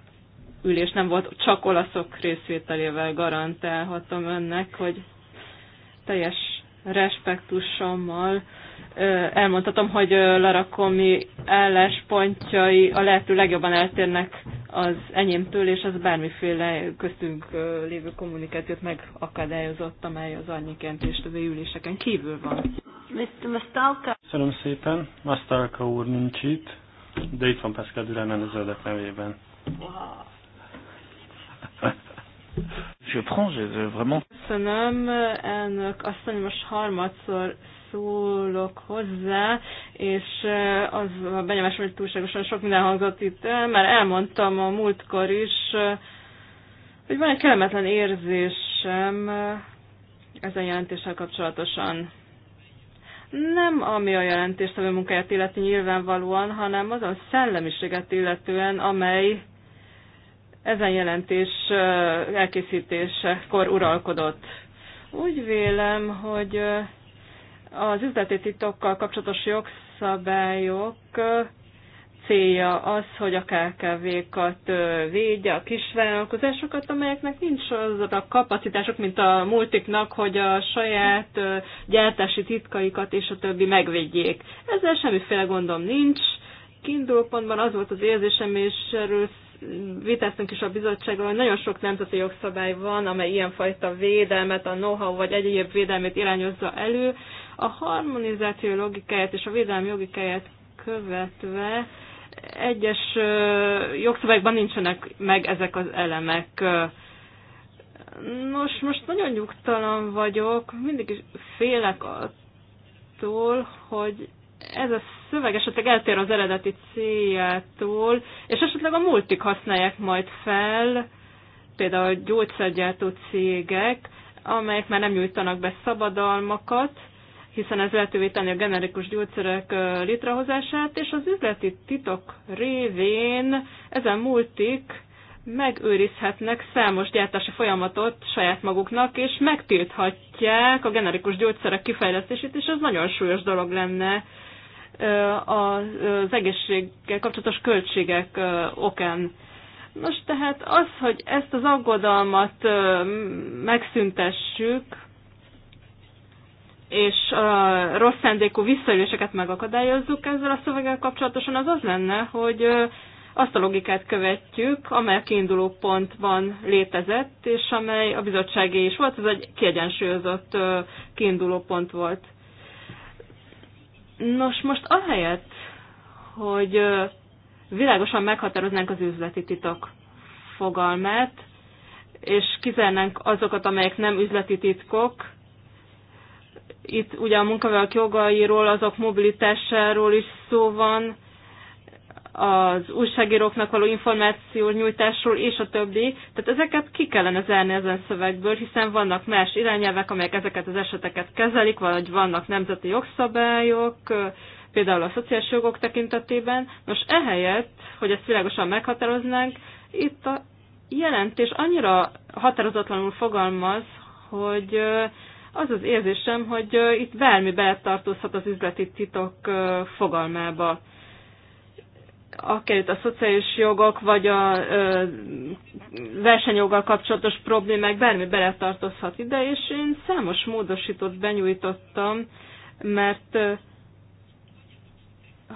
ülés nem volt, csak olaszok részvételével garantálhatom önnek, hogy teljes respektusommal elmondhatom, hogy Larakomi álláspontjai a lehető legjobban eltérnek az enyémtől, és az bármiféle köztünk lévő kommunikációt megakadályozott, amely az és az üléseken kívül van. Mr. Mastalka. Köszönöm szépen. Mastalka úr nincs itt, de itt van Pascal Dürán az ördek nevében. Wow. Je vraiment. Köszönöm, elnök. Azt mondom, most harmadszor szólok hozzá, és eh, az a benyomásom, hogy túlságosan sok minden hangzott itt, már elmondtam a múltkor is, eh, hogy van egy kellemetlen érzésem eh, ezen jelentéssel kapcsolatosan. Nem ami a jelentéstevő munkáját illeti nyilvánvalóan, hanem az a szellemiséget illetően, amely ezen jelentés elkészítésekor uralkodott. Úgy vélem, hogy az üzleti titokkal kapcsolatos jogszabályok célja az, hogy a KKV-kat védje, a kisvállalkozásokat, amelyeknek nincs az a kapacitások, mint a multiknak, hogy a saját gyártási titkaikat és a többi megvédjék. Ezzel semmiféle gondom nincs. Kiindulópontban az volt az érzésem, és erről vitáztunk is a bizottsággal, hogy nagyon sok nemzeti jogszabály van, amely ilyenfajta védelmet, a know-how vagy egyéb védelmet irányozza elő, a harmonizáció logikáját és a védelmi logikáját követve egyes jogszabályokban nincsenek meg ezek az elemek. Nos, most nagyon nyugtalan vagyok, mindig is félek attól, hogy ez a szöveg esetleg eltér az eredeti céljától, és esetleg a multik használják majd fel, például gyógyszergyártó cégek, amelyek már nem nyújtanak be szabadalmakat, hiszen ez lehetővé tenni a generikus gyógyszerek létrehozását, és az üzleti titok révén ezen multik megőrizhetnek számos gyártási folyamatot saját maguknak, és megtilthatják a generikus gyógyszerek kifejlesztését, és ez nagyon súlyos dolog lenne az egészséggel kapcsolatos költségek okán. Nos, tehát az, hogy ezt az aggodalmat megszüntessük, és a rossz szándékú visszaéléseket megakadályozzuk ezzel a szöveggel kapcsolatosan, az az lenne, hogy azt a logikát követjük, amely a kiinduló pontban létezett, és amely a bizottságé is volt, ez egy kiegyensúlyozott kiinduló pont volt. Nos, most ahelyett, hogy világosan meghatároznánk az üzleti titok fogalmát, és kizárnánk azokat, amelyek nem üzleti titkok, itt ugye a munkavállalók jogairól, azok mobilitásáról is szó van, az újságíróknak való információ nyújtásról és a többi. Tehát ezeket ki kellene zárni ezen szövegből, hiszen vannak más irányelvek, amelyek ezeket az eseteket kezelik, vagy vannak nemzeti jogszabályok, például a szociális jogok tekintetében. Nos, ehelyett, hogy ezt világosan meghatároznánk, itt a jelentés annyira határozatlanul fogalmaz, hogy az az érzésem, hogy itt bármi beletartozhat az üzleti titok fogalmába akár itt a szociális jogok, vagy a versenyjoggal kapcsolatos problémák, bármi beletartozhat ide, és én számos módosítót benyújtottam, mert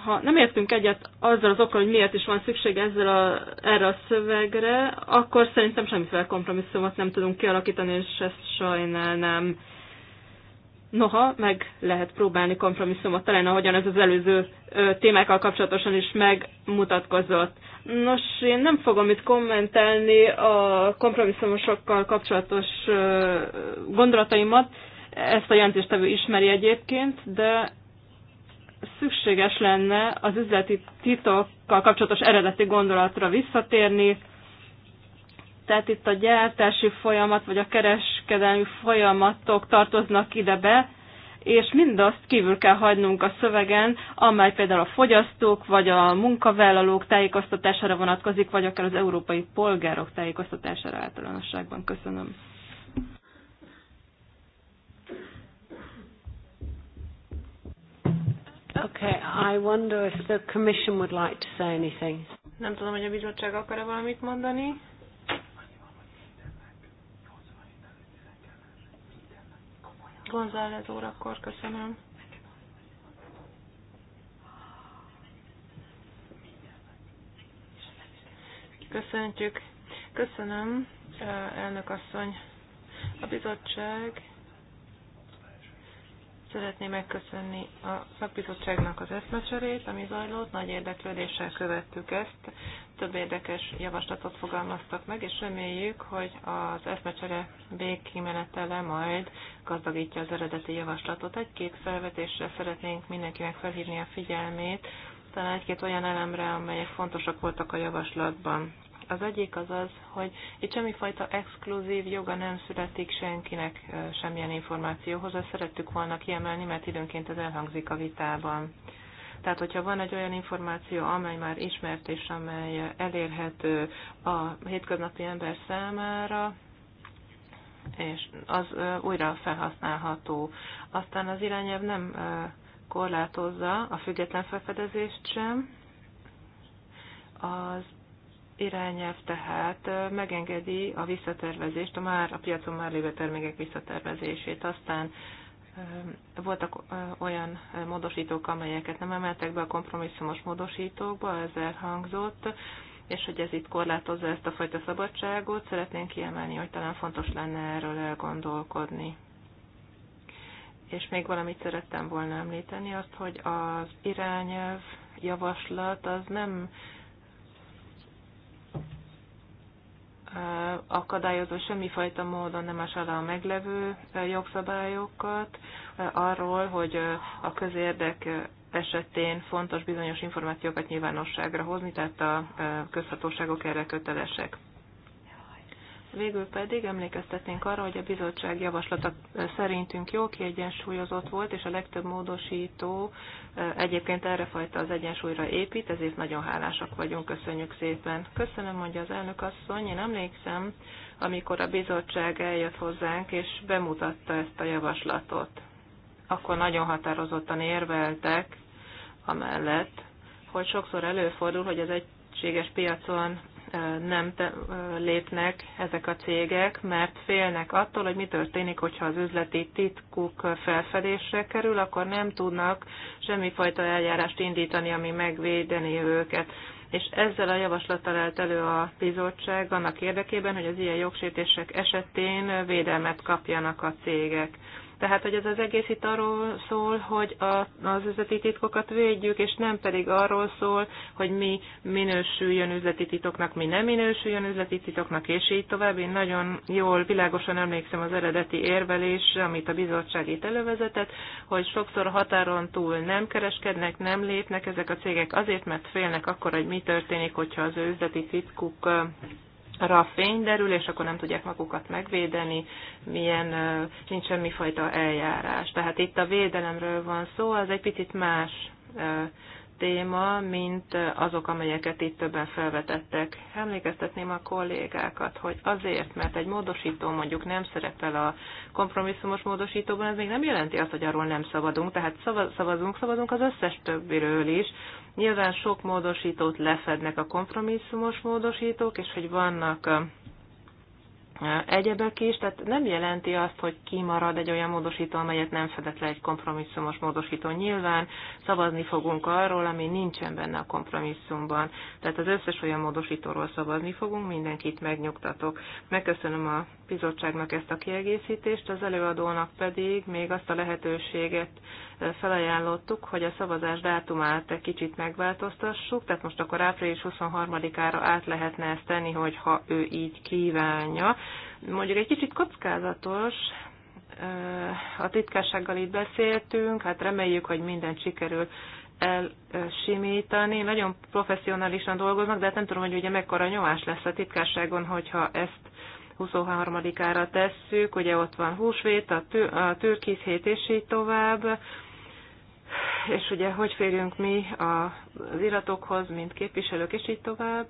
ha nem értünk egyet azzal az okkal, hogy miért is van szükség ezzel a, erre a szövegre, akkor szerintem semmiféle kompromisszumot nem tudunk kialakítani, és ezt sajnálnám. nem Noha, meg lehet próbálni kompromisszumot találni, ahogyan ez az előző témákkal kapcsolatosan is megmutatkozott. Nos, én nem fogom itt kommentálni a kompromisszumosokkal kapcsolatos gondolataimat, ezt a jelentéstevő ismeri egyébként, de szükséges lenne az üzleti titokkal kapcsolatos eredeti gondolatra visszatérni, tehát itt a gyártási folyamat, vagy a keres kereskedelmi folyamatok tartoznak ide be, és mindazt kívül kell hagynunk a szövegen, amely például a fogyasztók vagy a munkavállalók tájékoztatására vonatkozik, vagy akár az európai polgárok tájékoztatására általánosságban. Köszönöm. Okay, I wonder if the commission would like to say anything. Nem tudom, hogy a bizottság akar-e valamit mondani. González úr, akkor köszönöm. Köszöntjük. Köszönöm, elnök asszony. A bizottság Szeretném megköszönni a szakbizottságnak az eszmecserét, ami zajlott, nagy érdeklődéssel követtük ezt, több érdekes javaslatot fogalmaztak meg, és reméljük, hogy az eszmecsere végkimenetele majd gazdagítja az eredeti javaslatot. Egy-két felvetésre szeretnénk mindenkinek felhívni a figyelmét, talán egy-két olyan elemre, amelyek fontosak voltak a javaslatban. Az egyik az az, hogy itt semmifajta exkluzív joga nem születik senkinek semmilyen információhoz, ezt szerettük volna kiemelni, mert időnként ez elhangzik a vitában. Tehát, hogyha van egy olyan információ, amely már ismert és amely elérhető a hétköznapi ember számára, és az újra felhasználható. Aztán az irányelv nem korlátozza a független felfedezést sem, az irányelv tehát megengedi a visszatervezést, a már a piacon már lévő termékek visszatervezését. Aztán voltak olyan módosítók, amelyeket nem emeltek be a kompromisszumos módosítókba, ez elhangzott, és hogy ez itt korlátozza ezt a fajta szabadságot, szeretnénk kiemelni, hogy talán fontos lenne erről elgondolkodni. És még valamit szerettem volna említeni, azt, hogy az irányelv javaslat az nem akadályozó semmifajta módon nem más alá a meglevő jogszabályokat arról, hogy a közérdek esetén fontos bizonyos információkat nyilvánosságra hozni, tehát a közhatóságok erre kötelesek. Végül pedig emlékeztetnénk arra, hogy a bizottság javaslata szerintünk jó kiegyensúlyozott volt, és a legtöbb módosító egyébként erre fajta az egyensúlyra épít, ezért nagyon hálásak vagyunk, köszönjük szépen. Köszönöm, mondja az elnök asszony, én emlékszem, amikor a bizottság eljött hozzánk, és bemutatta ezt a javaslatot. Akkor nagyon határozottan érveltek amellett, hogy sokszor előfordul, hogy az egy piacon nem lépnek ezek a cégek, mert félnek attól, hogy mi történik, hogyha az üzleti titkuk felfedésre kerül, akkor nem tudnak semmifajta eljárást indítani, ami megvédeni őket és ezzel a javaslattal állt elő a bizottság annak érdekében, hogy az ilyen jogsértések esetén védelmet kapjanak a cégek. Tehát, hogy ez az egész itt arról szól, hogy a, az üzleti titkokat védjük, és nem pedig arról szól, hogy mi minősüljön üzleti titoknak, mi nem minősüljön üzleti titoknak, és így tovább. Én nagyon jól, világosan emlékszem az eredeti érvelésre, amit a bizottság itt elővezetett, hogy sokszor határon túl nem kereskednek, nem lépnek ezek a cégek azért, mert félnek akkor, hogy mi történik, hogyha az ő üzleti titkuk a fény derül, és akkor nem tudják magukat megvédeni, milyen, nincs semmifajta eljárás. Tehát itt a védelemről van szó, az egy picit más téma, mint azok, amelyeket itt többen felvetettek. Emlékeztetném a kollégákat, hogy azért, mert egy módosító mondjuk nem szerepel a kompromisszumos módosítóban, ez még nem jelenti azt, hogy arról nem szabadunk, tehát szavazunk, szavazunk az összes többiről is, Nyilván sok módosítót lefednek a kompromisszumos módosítók, és hogy vannak egyebek is, tehát nem jelenti azt, hogy kimarad egy olyan módosító, amelyet nem fedett le egy kompromisszumos módosító. Nyilván szavazni fogunk arról, ami nincsen benne a kompromisszumban. Tehát az összes olyan módosítóról szavazni fogunk, mindenkit megnyugtatok. Megköszönöm a bizottságnak ezt a kiegészítést, az előadónak pedig még azt a lehetőséget felajánlottuk, hogy a szavazás dátumát kicsit megváltoztassuk, tehát most akkor április 23-ára át lehetne ezt tenni, hogyha ő így kívánja. Mondjuk egy kicsit kockázatos, a titkársággal itt beszéltünk, hát reméljük, hogy minden sikerül elsimítani. Nagyon professzionálisan dolgoznak, de hát nem tudom, hogy ugye mekkora nyomás lesz a titkárságon, hogyha ezt 23-ára tesszük, ugye ott van húsvét, a, tő, a türkisz hét és így tovább, és ugye hogy férjünk mi az iratokhoz, mint képviselők, és így tovább.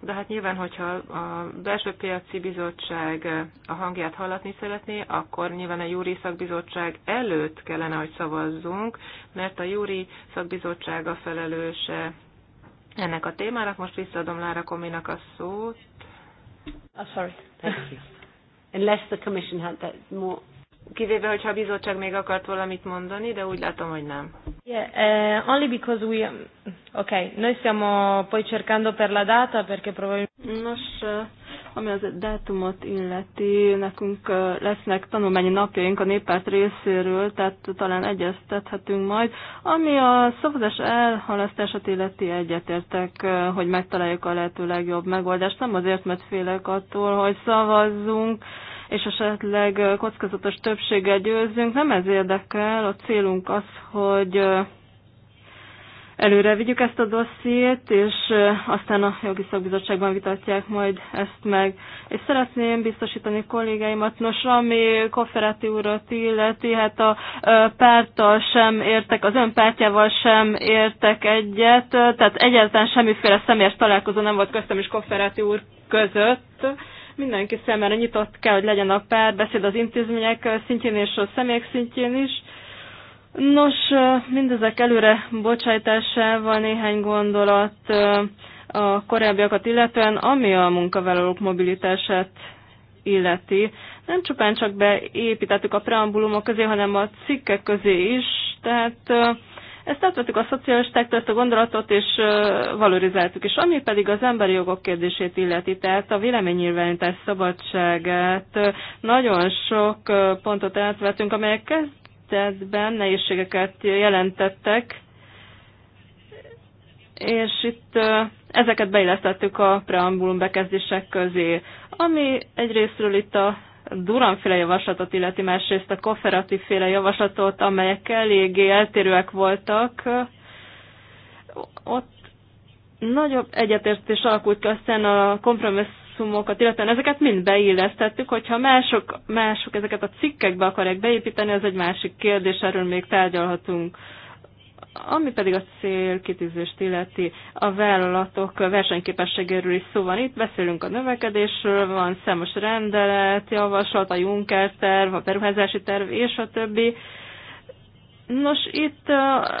De hát nyilván, hogyha a belső piaci bizottság a hangját hallatni szeretné, akkor nyilván a júri szakbizottság előtt kellene, hogy szavazzunk, mert a júri szakbizottság a felelőse ennek a témának. Most visszaadom Lára Kominak a szót. Oh, sorry. Thank you. Unless the Commission had that more Kivéve, hogyha a bizottság még akart valamit mondani, de úgy látom, hogy nem. Yeah, uh, only because we... Um, ok, noi stiamo poi cercando per la data, perché probabilmente... Nos, uh, ami az dátumot illeti, nekünk uh, lesznek tanulmányi napjaink a néppárt részéről, tehát talán egyeztethetünk majd. Ami a szavazás elhalasztását illeti, egyetértek, uh, hogy megtaláljuk a lehető legjobb megoldást. Nem azért, mert félek attól, hogy szavazzunk, és esetleg kockázatos többséggel győzzünk. Nem ez érdekel, a célunk az, hogy előre vigyük ezt a dossziét, és aztán a jogi szakbizottságban vitatják majd ezt meg. És szeretném biztosítani kollégáimat, nos, ami Kofferati urat illeti, hát a párttal sem értek, az ön pártjával sem értek egyet, tehát egyáltalán semmiféle személyes találkozó nem volt köztem és Kofferati úr között mindenki szemére nyitott kell, hogy legyen a párbeszéd az intézmények szintjén és a személyek szintjén is. Nos, mindezek előre bocsájtásával néhány gondolat a korábbiakat illetően, ami a munkavállalók mobilitását illeti. Nem csupán csak beépítettük a preambulumok közé, hanem a cikkek közé is, tehát ezt átvettük a szocialistáktól, ezt a gondolatot, és valorizáltuk. És ami pedig az emberi jogok kérdését illeti, tehát a véleménynyilvánítás szabadságát, nagyon sok pontot átvettünk, amelyek kezdetben nehézségeket jelentettek, és itt ezeket beillesztettük a preambulum bekezdések közé, ami egyrésztről itt a Durán-féle javaslatot illeti, másrészt a kooperatív féle javaslatot, amelyek eléggé eltérőek voltak, ott nagyobb egyetértés alakult ki aztán a kompromisszumokat, illetve ezeket mind beillesztettük, hogyha mások, mások ezeket a cikkekbe akarják beépíteni, az egy másik kérdés, erről még tárgyalhatunk. Ami pedig a célkitűzést illeti, a vállalatok versenyképességéről is szó van. Itt beszélünk a növekedésről, van számos rendelet, javaslat, a Juncker terv, a beruházási terv és a többi. Nos, itt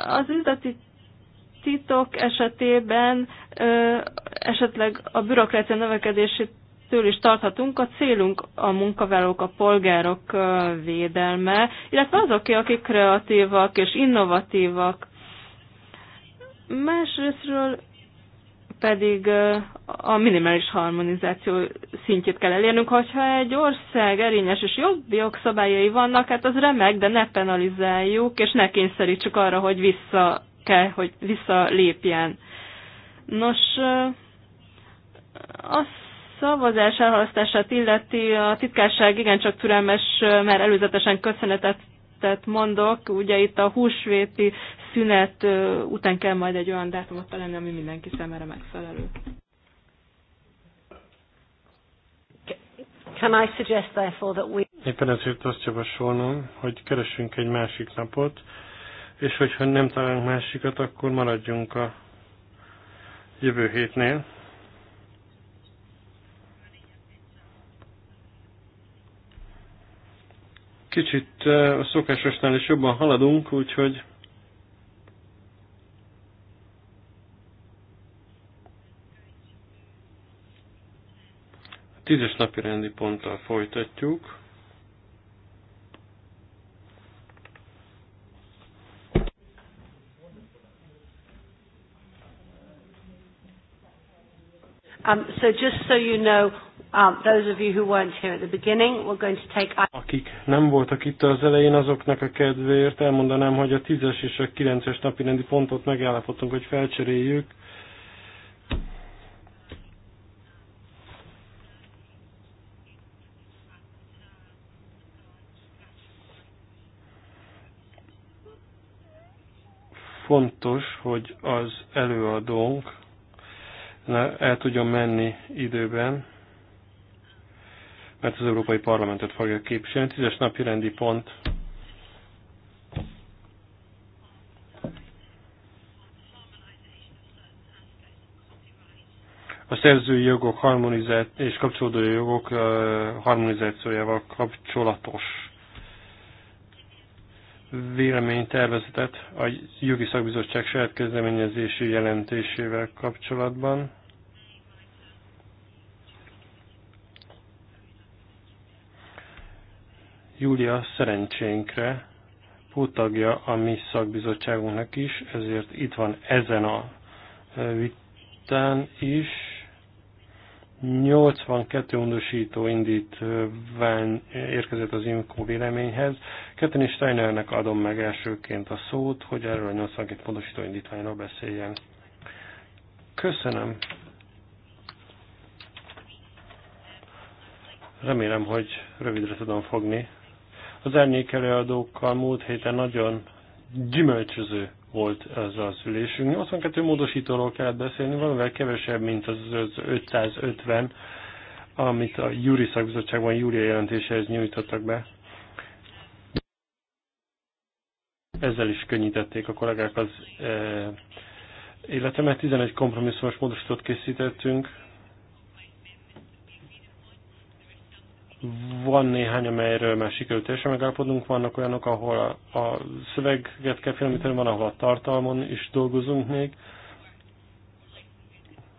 az üzleti titok esetében esetleg a bürokrácia növekedését től is tarthatunk. A célunk a munkavállalók, a polgárok védelme, illetve azok, akik kreatívak és innovatívak, Másrésztről pedig a minimális harmonizáció szintjét kell elérnünk. Hogyha egy ország erényes és jobb jogszabályai vannak, hát az remek, de ne penalizáljuk, és ne kényszerítsük arra, hogy vissza kell, hogy visszalépjen. Nos, a szavazás elhalasztását illeti a titkárság igencsak türelmes, mert előzetesen köszönetet tett mondok, ugye itt a húsvéti szünet után kell majd egy olyan dátumot találni, ami mindenki számára megfelelő. Can I suggest therefore that we... Éppen ezért azt javasolnom, hogy keresünk egy másik napot, és hogyha nem találunk másikat, akkor maradjunk a jövő hétnél. Kicsit a szokásosnál is jobban haladunk, úgyhogy Tízes napi rendi ponttal folytatjuk. Um, so just so you know, um, those of you who weren't here at the beginning, we're going to take... Akik nem voltak itt az elején, azoknak a kedvéért elmondanám, hogy a tízes és a kilences napi rendi pontot megállapodtunk, hogy felcseréljük. Fontos, hogy az előadónk el tudjon menni időben, mert az Európai Parlamentet fogja képviselni. Tízes napi rendi pont. A szerzői jogok harmonizált és kapcsolódó jogok harmonizációjával kapcsolatos véleménytervezetet a Jogi Szakbizottság saját kezdeményezési jelentésével kapcsolatban. Júlia szerencsénkre pótagja a mi szakbizottságunknak is, ezért itt van ezen a vitán is. 82 undosító indítvány érkezett az IMCO véleményhez. Ketteni Steinernek adom meg elsőként a szót, hogy erről a 82 pontosító indítványról beszéljen. Köszönöm. Remélem, hogy rövidre tudom fogni. Az árnyék előadókkal múlt héten nagyon gyümölcsöző volt az a szülésünk. 82 módosítóról kellett beszélni, valamivel kevesebb, mint az 550, amit a Júri szakbizottságban Júri jelentéséhez nyújtottak be. Ezzel is könnyítették a kollégák az eh, életemet. 11 kompromisszumos módosítót készítettünk, Van néhány, amelyről már sikerült teljesen megállapodnunk, vannak olyanok, ahol a, a szöveget kell filmíteni, van, ahol a tartalmon is dolgozunk még.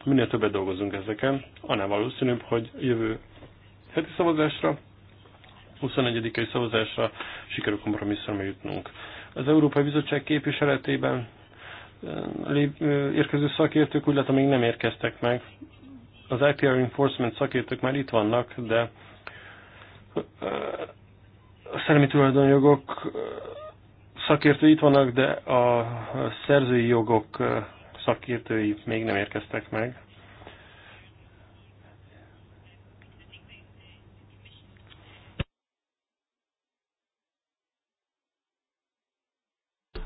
Minél többet dolgozunk ezeken, annál valószínűbb, hogy jövő heti szavazásra, 21-i szavazásra sikerül kompromisszumra jutnunk. Az Európai Bizottság képviseletében eh, eh, érkező szakértők úgy látom még nem érkeztek meg. Az IPR Enforcement szakértők már itt vannak, de a szellemi tulajdonjogok szakértői itt vannak, de a szerzői jogok szakértői még nem érkeztek meg.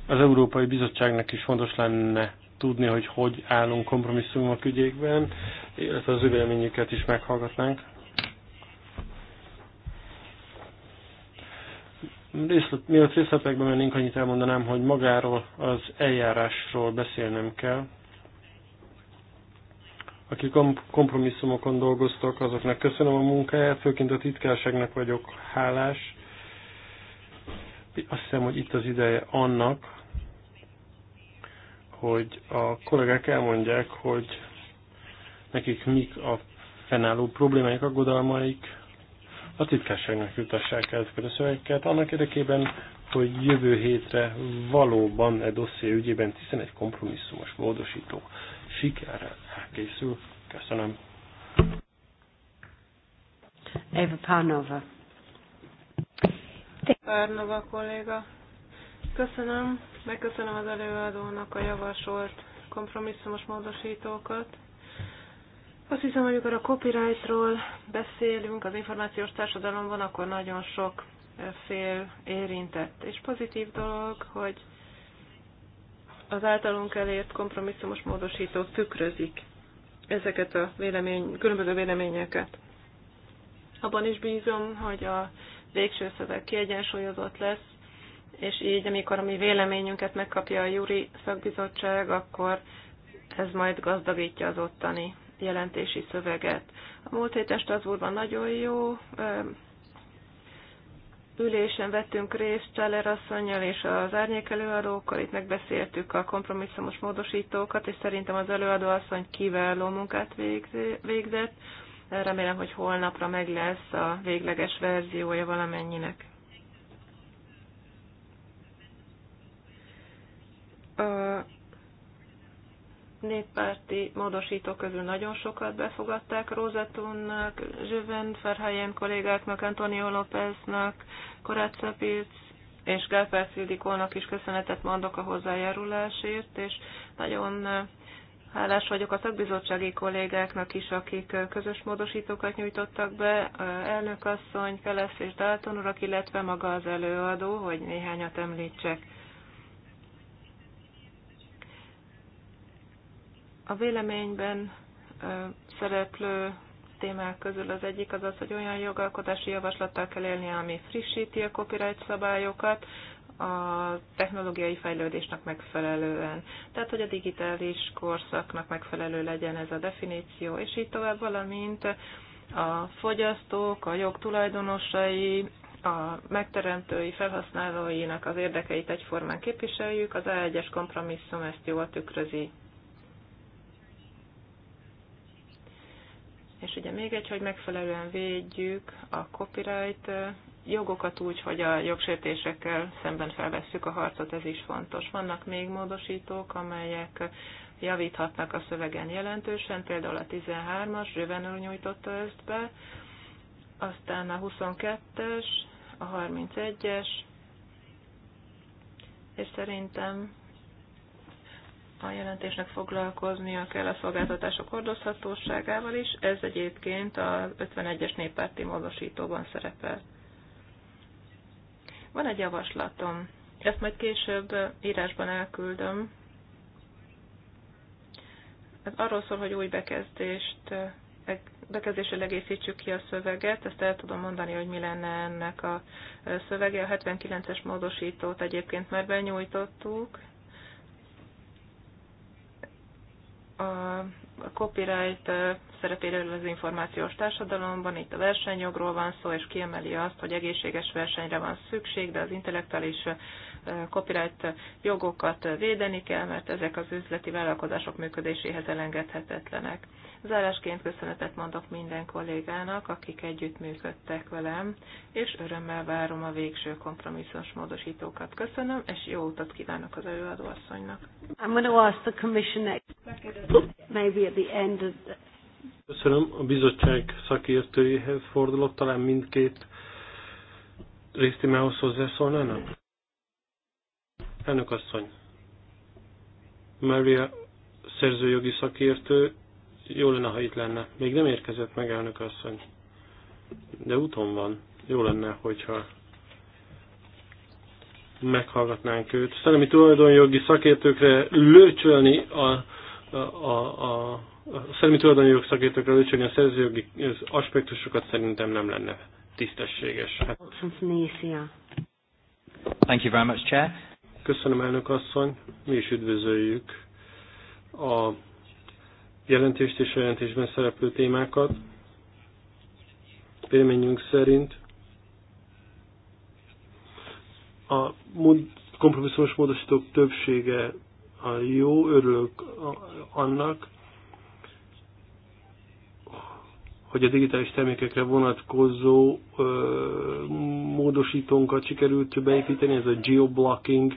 Az Európai Bizottságnak is fontos lenne tudni, hogy hogy állunk kompromisszumok ügyékben, illetve az ő is meghallgatnánk. részlet, mielőtt részletekbe mennénk, annyit elmondanám, hogy magáról az eljárásról beszélnem kell. Akik kompromisszumokon dolgoztak, azoknak köszönöm a munkáját, főként a titkárságnak vagyok hálás. Azt hiszem, hogy itt az ideje annak, hogy a kollégák elmondják, hogy nekik mik a fennálló problémáik, aggodalmaik, a titkárságnak jutassák ezeket a szövegeket, annak érdekében, hogy jövő hétre valóban e dosszé ügyében 11 kompromisszumos módosító sikerrel elkészül. Köszönöm. Eva Pánova. Párnova kolléga. Köszönöm, megköszönöm az előadónak a javasolt kompromisszumos módosítókat. Azt hiszem, amikor a copyrightról beszélünk az információs társadalomban, akkor nagyon sok fél érintett. És pozitív dolog, hogy az általunk elért kompromisszumos módosító tükrözik ezeket a vélemény, különböző véleményeket. Abban is bízom, hogy a végső szöveg kiegyensúlyozott lesz, és így, amikor a mi véleményünket megkapja a Júri szakbizottság, akkor ez majd gazdagítja az ottani jelentési szöveget. A múlt héten Strasbourgban nagyon jó ülésen vettünk részt Cseller asszonynal és az árnyék előadókkal, itt megbeszéltük a kompromisszumos módosítókat, és szerintem az előadó asszony kiváló munkát végzett. Remélem, hogy holnapra meg lesz a végleges verziója valamennyinek. A néppárti módosítók közül nagyon sokat befogadták Rózetunnak, Zsüven Ferhelyen kollégáknak, Antonio Lópeznak, Korácsa és Gálpár Szildikónak is köszönetet mondok a hozzájárulásért, és nagyon eh, Hálás vagyok a szakbizottsági kollégáknak is, akik eh, közös módosítókat nyújtottak be, eh, elnökasszony, Kelesz és Dalton urak, illetve maga az előadó, hogy néhányat említsek. A véleményben szereplő témák közül az egyik az az, hogy olyan jogalkotási javaslattal kell élni, ami frissíti a copyright szabályokat, a technológiai fejlődésnek megfelelően. Tehát, hogy a digitális korszaknak megfelelő legyen ez a definíció, és így tovább, valamint a fogyasztók, a jogtulajdonosai, a megteremtői felhasználóinak az érdekeit egyformán képviseljük, az A1-es kompromisszum ezt jól tükrözi. És ugye még egy, hogy megfelelően védjük a copyright jogokat úgy, hogy a jogsértésekkel szemben felvesszük a harcot, ez is fontos. Vannak még módosítók, amelyek javíthatnak a szövegen jelentősen, például a 13-as, Zsöven nyújtotta ezt be, aztán a 22-es, a 31-es, és szerintem a jelentésnek foglalkoznia kell a szolgáltatások hordozhatóságával is, ez egyébként a 51-es néppárti módosítóban szerepel. Van egy javaslatom, ezt majd később írásban elküldöm. Ez arról szól, hogy új bekezdést, bekezdéssel egészítsük ki a szöveget, ezt el tudom mondani, hogy mi lenne ennek a szövege. A 79-es módosítót egyébként már benyújtottuk, a copyright szerepéről az információs társadalomban, itt a versenyjogról van szó, és kiemeli azt, hogy egészséges versenyre van szükség, de az intellektuális copyright jogokat védeni kell, mert ezek az üzleti vállalkozások működéséhez elengedhetetlenek. Zárásként köszönetet mondok minden kollégának, akik együttműködtek velem, és örömmel várom a végső kompromisszos módosítókat. Köszönöm, és jó utat kívánok az előadóasszonynak. I'm Köszönöm. A bizottság szakértőjéhez fordulok, talán mindkét résztimához hozzászólnának? Elnök asszony, Maria szerzőjogi szakértő, jó lenne, ha itt lenne. Még nem érkezett meg elnök asszony, de úton van. Jó lenne, hogyha meghallgatnánk őt. Szeremi tulajdonjogi szakértőkre lőcsölni a, a, a, a szellemi tulajdonjogi szakértőkre lőcsölni a szerzőjogi aspektusokat szerintem nem lenne tisztességes. Thank you very much, Chair. Köszönöm, elnök asszony. Mi is üdvözöljük a jelentést és a jelentésben szereplő témákat. Véleményünk szerint a kompromisszumos módosítók többsége a jó, örülök annak, hogy a digitális termékekre vonatkozó ö, módosítónkat sikerült beépíteni, ez a geoblocking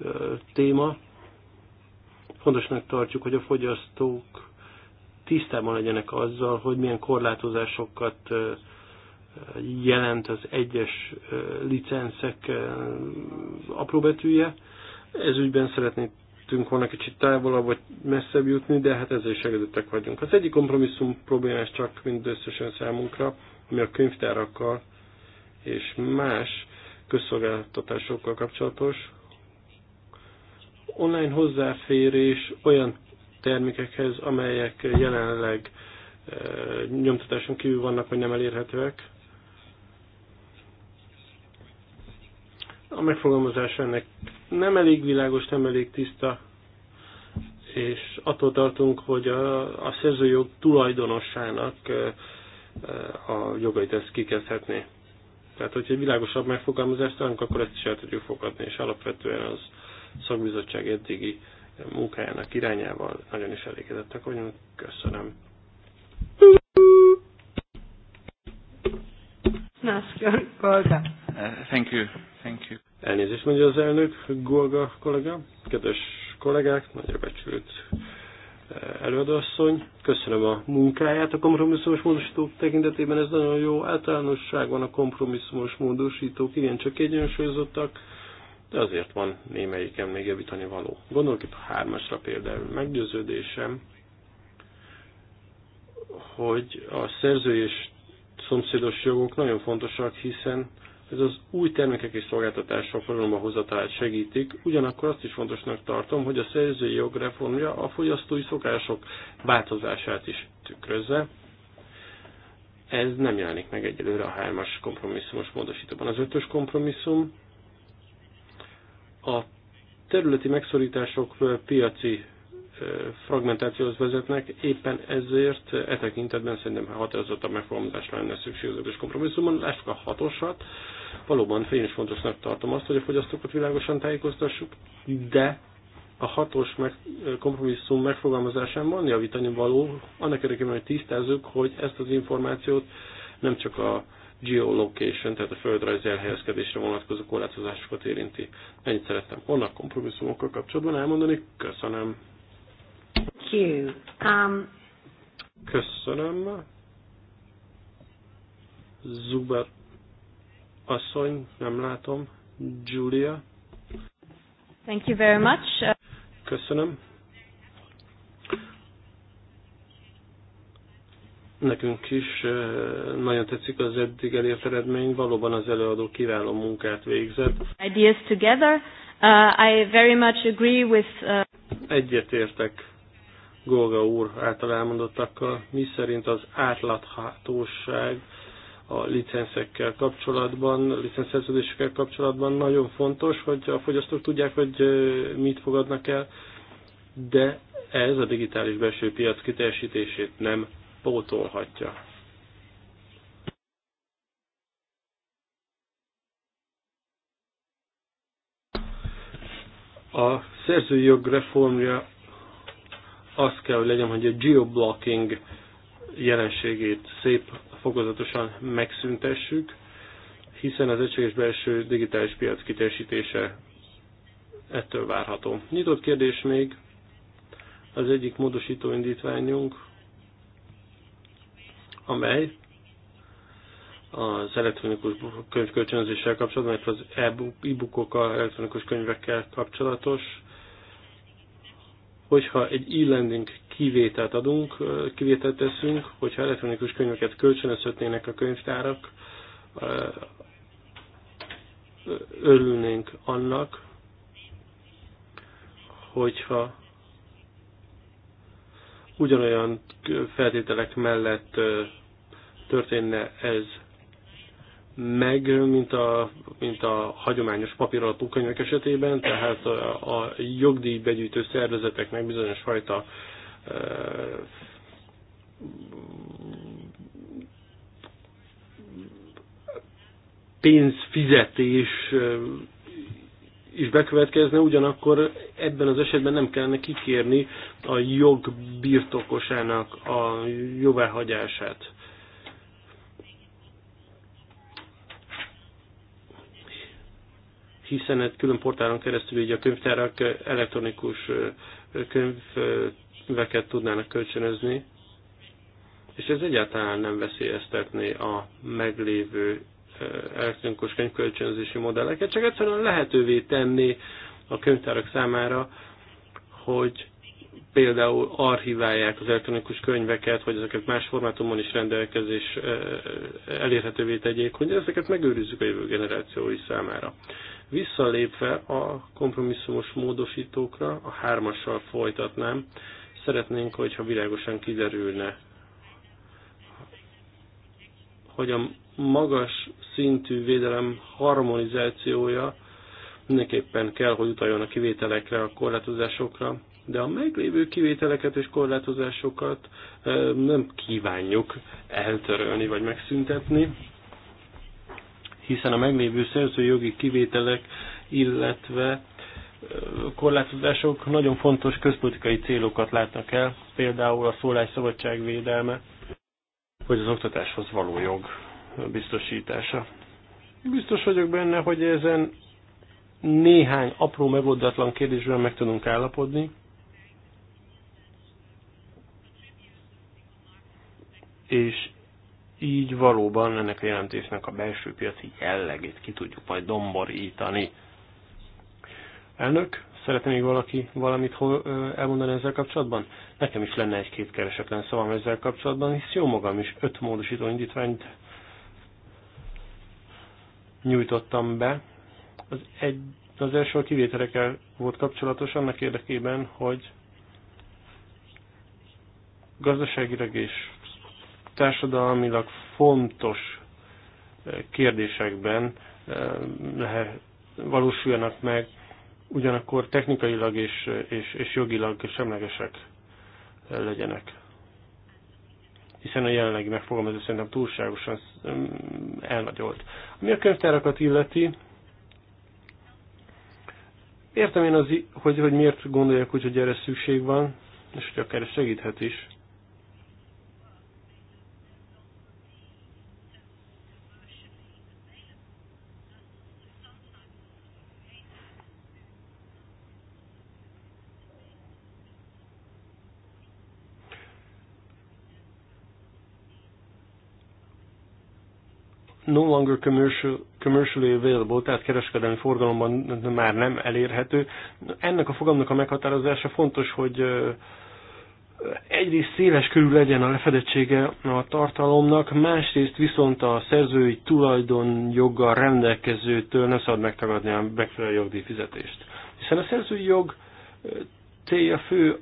ö, téma. Fontosnak tartjuk, hogy a fogyasztók tisztában legyenek azzal, hogy milyen korlátozásokat ö, jelent az egyes licenszek apróbetűje. Ez ügyben szeretnék szerettünk volna kicsit távolabb vagy messzebb jutni, de hát ezzel is elégedettek vagyunk. Az egyik kompromisszum problémás csak mindösszesen számunkra, ami a könyvtárakkal és más közszolgáltatásokkal kapcsolatos. Online hozzáférés olyan termékekhez, amelyek jelenleg eh, nyomtatáson kívül vannak, vagy nem elérhetőek. A megfogalmazás ennek nem elég világos, nem elég tiszta, és attól tartunk, hogy a, a szerzőjog tulajdonossának a jogait ezt kikezhetné. Tehát, hogyha egy világosabb megfogalmazást találunk, akkor ezt is el tudjuk fogadni, és alapvetően az szakbizottság eddigi munkájának irányával nagyon is elégedettek vagyunk. Köszönöm. Na Golda. Uh, thank you. Thank you. Elnézést mondja az elnök, Golga kollega, kedves kollégák, nagyra becsült eh, előadóasszony. Köszönöm a munkáját a kompromisszumos módosítók tekintetében, ez nagyon jó. van a kompromisszumos módosítók csak egyensúlyozottak, de azért van némelyiken még javítani való. Gondolok itt a hármasra például meggyőződésem, hogy a szerző és szomszédos jogok nagyon fontosak, hiszen ez az új termékek és szolgáltatások forgalomba hozatalát segítik, ugyanakkor azt is fontosnak tartom, hogy a szerzői jog reformja a fogyasztói szokások változását is tükrözze. Ez nem jelenik meg egyelőre a hármas kompromisszumos módosítóban. Az ötös kompromisszum a területi megszorítások piaci fragmentációhoz vezetnek, éppen ezért e tekintetben szerintem határozottabb megfogalmazásra lenne szükséges ötös kompromisszumon. Lássuk a hatosat. Valóban én is fontosnak tartom azt, hogy a fogyasztókat világosan tájékoztassuk, de a hatos meg, kompromisszum megfogalmazásán van javítani való, annak érdekében, hogy tisztázzuk, hogy ezt az információt nem csak a geolocation, tehát a földrajzi elhelyezkedésre vonatkozó korlátozásokat érinti. Ennyit szerettem volna kompromisszumokkal kapcsolatban elmondani. Köszönöm you. Um, Köszönöm. Zuber asszony, nem látom. Julia. Thank you very much. Köszönöm. Nekünk is eh, nagyon tetszik az eddig elért eredmény, valóban az előadó kiváló munkát végzett. Ideas together. Uh, I very much agree with... Uh... Egyetértek Golga úr által elmondottakkal, mi szerint az átláthatóság a licenszekkel kapcsolatban, licenszerződésekkel kapcsolatban nagyon fontos, hogy a fogyasztók tudják, hogy mit fogadnak el, de ez a digitális belső piac kiteljesítését nem pótolhatja. A szerzői jog reformja az kell, hogy legyen, hogy a geoblocking jelenségét szép fokozatosan megszüntessük, hiszen az egységes belső digitális piac kitérsítése ettől várható. Nyitott kérdés még, az egyik módosító indítványunk, amely az elektronikus könyvkölcsönzéssel kapcsolatban, mert az e-bookokkal, elektronikus könyvekkel kapcsolatos hogyha egy e-lending kivételt adunk, kivételt teszünk, hogyha elektronikus könyveket kölcsönözhetnének a könyvtárak, örülnénk annak, hogyha ugyanolyan feltételek mellett történne ez meg, mint a, mint a hagyományos alapú könyvek esetében, tehát a, a jogdíjbegyűjtő szervezeteknek bizonyos fajta e, pénzfizetés is bekövetkezne, ugyanakkor ebben az esetben nem kellene kikérni a jog birtokosának a jóváhagyását. hiszen egy külön portálon keresztül így a könyvtárak elektronikus könyveket tudnának kölcsönözni, és ez egyáltalán nem veszélyeztetné a meglévő elektronikus könyvkölcsönzési modelleket, csak egyszerűen lehetővé tenni a könyvtárak számára, hogy például archiválják az elektronikus könyveket, hogy ezeket más formátumon is rendelkezés elérhetővé tegyék, hogy ezeket megőrizzük a jövő generációi számára. Visszalépve a kompromisszumos módosítókra, a hármassal folytatnám, szeretnénk, hogyha világosan kiderülne, hogy a magas szintű védelem harmonizációja mindenképpen kell, hogy utaljon a kivételekre, a korlátozásokra, de a meglévő kivételeket és korlátozásokat nem kívánjuk eltörölni vagy megszüntetni, hiszen a meglévő szerzőjogi kivételek, illetve korlátozások nagyon fontos közpolitikai célokat látnak el, például a szólásszabadság védelme, vagy az oktatáshoz való jog biztosítása. Biztos vagyok benne, hogy ezen néhány apró megoldatlan kérdésben meg tudunk állapodni, és így valóban ennek a jelentésnek a belső piaci jellegét ki tudjuk majd domborítani. Elnök, szeretne még valaki valamit elmondani ezzel kapcsolatban? Nekem is lenne egy-két keresetlen szavam ezzel kapcsolatban, hisz jó magam is öt módosító indítványt nyújtottam be. Az, egy, az első kivételekkel volt kapcsolatos annak érdekében, hogy gazdaságilag és társadalmilag fontos eh, kérdésekben eh, lehet valósuljanak meg, ugyanakkor technikailag és, és, és jogilag semlegesek eh, legyenek. Hiszen a jelenlegi megfogalmazás szerintem túlságosan mm, elnagyolt. Ami a könyvtárakat illeti, értem én, az, hogy, hogy miért gondolják úgy, hogy erre szükség van, és hogy akár segíthet is. no longer commercial, commercially available, tehát kereskedelmi forgalomban már nem elérhető. Ennek a fogalmnak a meghatározása fontos, hogy egyrészt széles körül legyen a lefedettsége a tartalomnak, másrészt viszont a szerzői tulajdonjoggal rendelkezőtől nem szabad megtagadni a megfelelő jogdíj fizetést. Hiszen a szerzői jog célja fő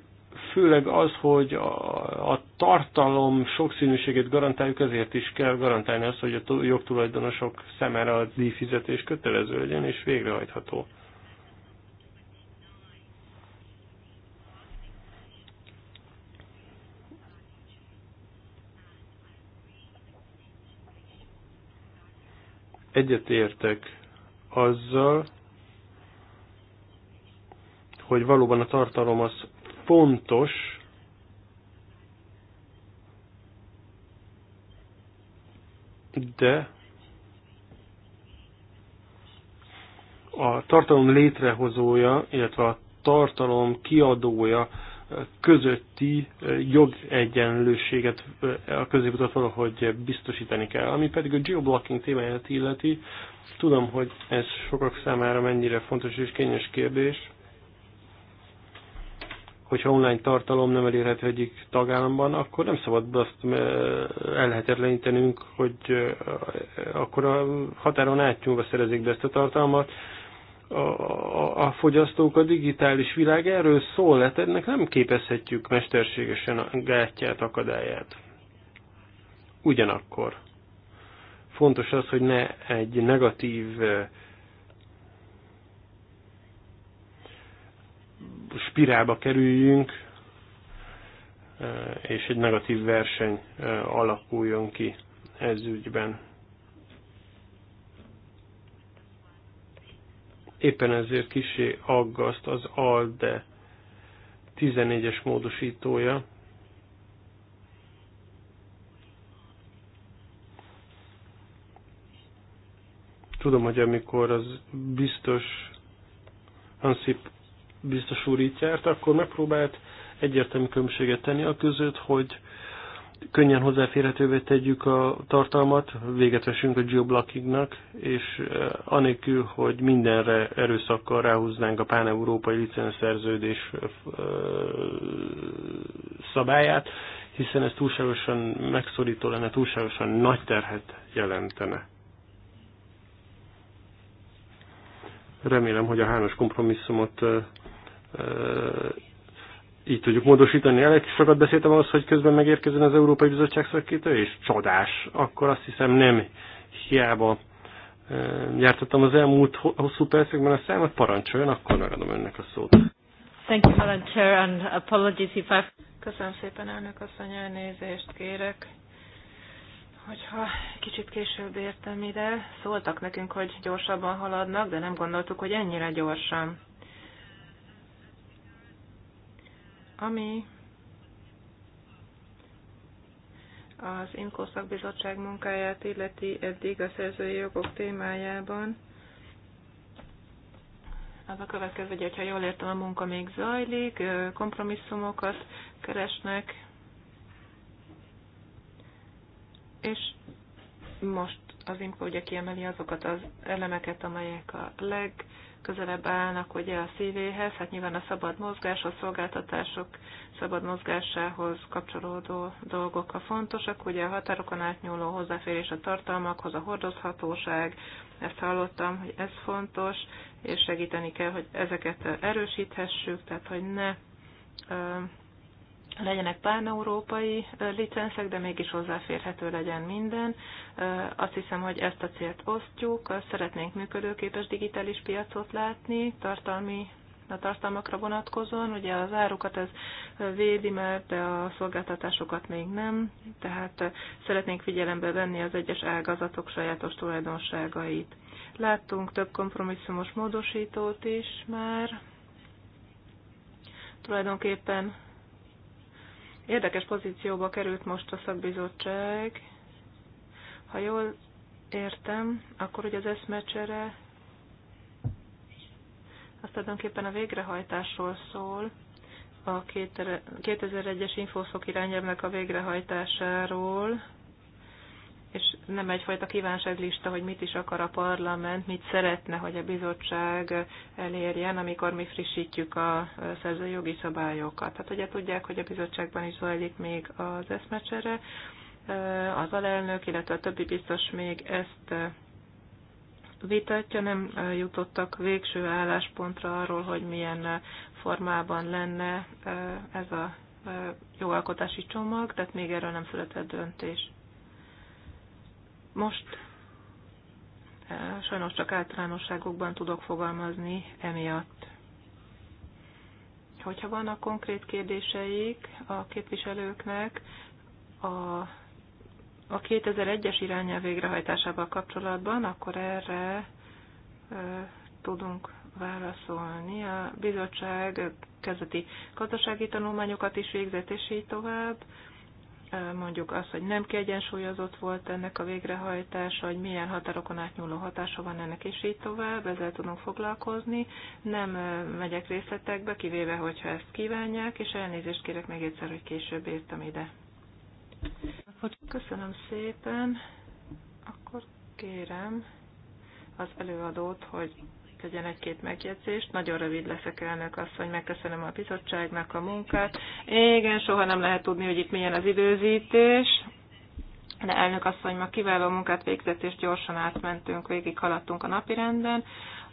főleg az, hogy a, a tartalom sokszínűségét garantáljuk, ezért is kell garantálni azt, hogy a jogtulajdonosok szemére a díjfizetés kötelező legyen és végrehajtható. Egyetértek azzal, hogy valóban a tartalom az fontos de a tartalom létrehozója, illetve a tartalom kiadója közötti jogegyenlőséget eh, a középutat valahogy biztosítani kell. Ami pedig a geoblocking témáját illeti, tudom, hogy ez sokak számára mennyire fontos és kényes kérdés hogyha online tartalom nem elérhető egyik tagállamban, akkor nem szabad azt eh, ellehetetlenítenünk, hogy eh, akkor a határon átnyúlva szerezik be ezt a tartalmat. A, a, a fogyasztók, a digitális világ erről szól, hát ennek nem képezhetjük mesterségesen a gátját, akadályát. Ugyanakkor fontos az, hogy ne egy negatív eh, spirálba kerüljünk, e, és egy negatív verseny e, alakuljon ki ez ügyben. Éppen ezért kisé aggaszt az ALDE 14-es módosítója, Tudom, hogy amikor az biztos Hansip biztos úr itt járt, akkor megpróbált egyértelmű különbséget tenni a között, hogy könnyen hozzáférhetővé tegyük a tartalmat, véget vessünk a geoblockingnak, és eh, anélkül, hogy mindenre erőszakkal ráhúznánk a pán-európai licenszerződés eh, szabályát, hiszen ez túlságosan megszorító lenne, túlságosan nagy terhet jelentene. Remélem, hogy a hános kompromisszumot eh, így tudjuk módosítani. Elég sokat beszéltem ahhoz, hogy közben megérkezzen az Európai Bizottság szakítő, és csodás. Akkor azt hiszem nem hiába jártattam az elmúlt hosszú percekben a számot, parancsoljon, akkor megadom önnek a szót. Thank you, Madam Chair, and apologies if I... Köszönöm szépen, elnök asszony, elnézést kérek, hogyha kicsit később értem ide. Szóltak nekünk, hogy gyorsabban haladnak, de nem gondoltuk, hogy ennyire gyorsan. Ami az IMKO szakbizottság munkáját illeti eddig a szerzői jogok témájában, az a következő, hogy ha jól értem, a munka még zajlik, kompromisszumokat keresnek, és most az IMCO ugye kiemeli azokat az elemeket, amelyek a leg közelebb állnak ugye a szívéhez, hát nyilván a szabad mozgás, a szolgáltatások szabad mozgásához kapcsolódó dolgok a fontosak, ugye a határokon átnyúló hozzáférés a tartalmakhoz, a hordozhatóság, ezt hallottam, hogy ez fontos, és segíteni kell, hogy ezeket erősíthessük, tehát hogy ne legyenek páneurópai licenszek, de mégis hozzáférhető legyen minden. Azt hiszem, hogy ezt a célt osztjuk. Szeretnénk működőképes digitális piacot látni, tartalmi a tartalmakra vonatkozóan. Ugye az árukat ez védi, mert de a szolgáltatásokat még nem, tehát szeretnénk figyelembe venni az egyes ágazatok sajátos tulajdonságait. Láttunk több kompromisszumos módosítót is már. Tulajdonképpen Érdekes pozícióba került most a szakbizottság. Ha jól értem, akkor ugye az eszmecsere az tulajdonképpen a végrehajtásról szól, a 2001-es infoszok irányelvnek a végrehajtásáról, és nem egyfajta kívánságlista, hogy mit is akar a parlament, mit szeretne, hogy a bizottság elérjen, amikor mi frissítjük a szerzőjogi szabályokat. Hát ugye tudják, hogy a bizottságban is zajlik még az eszmecsere, az alelnök, illetve a többi biztos még ezt vitatja, nem jutottak végső álláspontra arról, hogy milyen formában lenne ez a jogalkotási csomag, tehát még erről nem született döntés. Most eh, sajnos csak általánosságokban tudok fogalmazni emiatt. Hogyha vannak konkrét kérdéseik a képviselőknek a, a 2001-es irányelv végrehajtásával kapcsolatban, akkor erre e, tudunk válaszolni. A bizottság kezdeti gazdasági tanulmányokat is végzett, és így tovább. E, mondjuk az, hogy nem kiegyensúlyozott volt ennek a végrehajtása, hogy milyen határokon átnyúló hatása van ennek, és így tovább, ezzel tudunk foglalkozni. Nem megyek részletekbe, kivéve, hogyha ezt kívánják, és elnézést kérek még egyszer, hogy később értem ide. Köszönöm szépen. Akkor kérem az előadót, hogy egy két megjegyzést. Nagyon rövid leszek elnök azt, hogy megköszönöm a bizottságnak a munkát. Igen, soha nem lehet tudni, hogy itt milyen az időzítés. De elnök asszony ma kiváló munkát végzett, és gyorsan átmentünk, végig haladtunk a renden.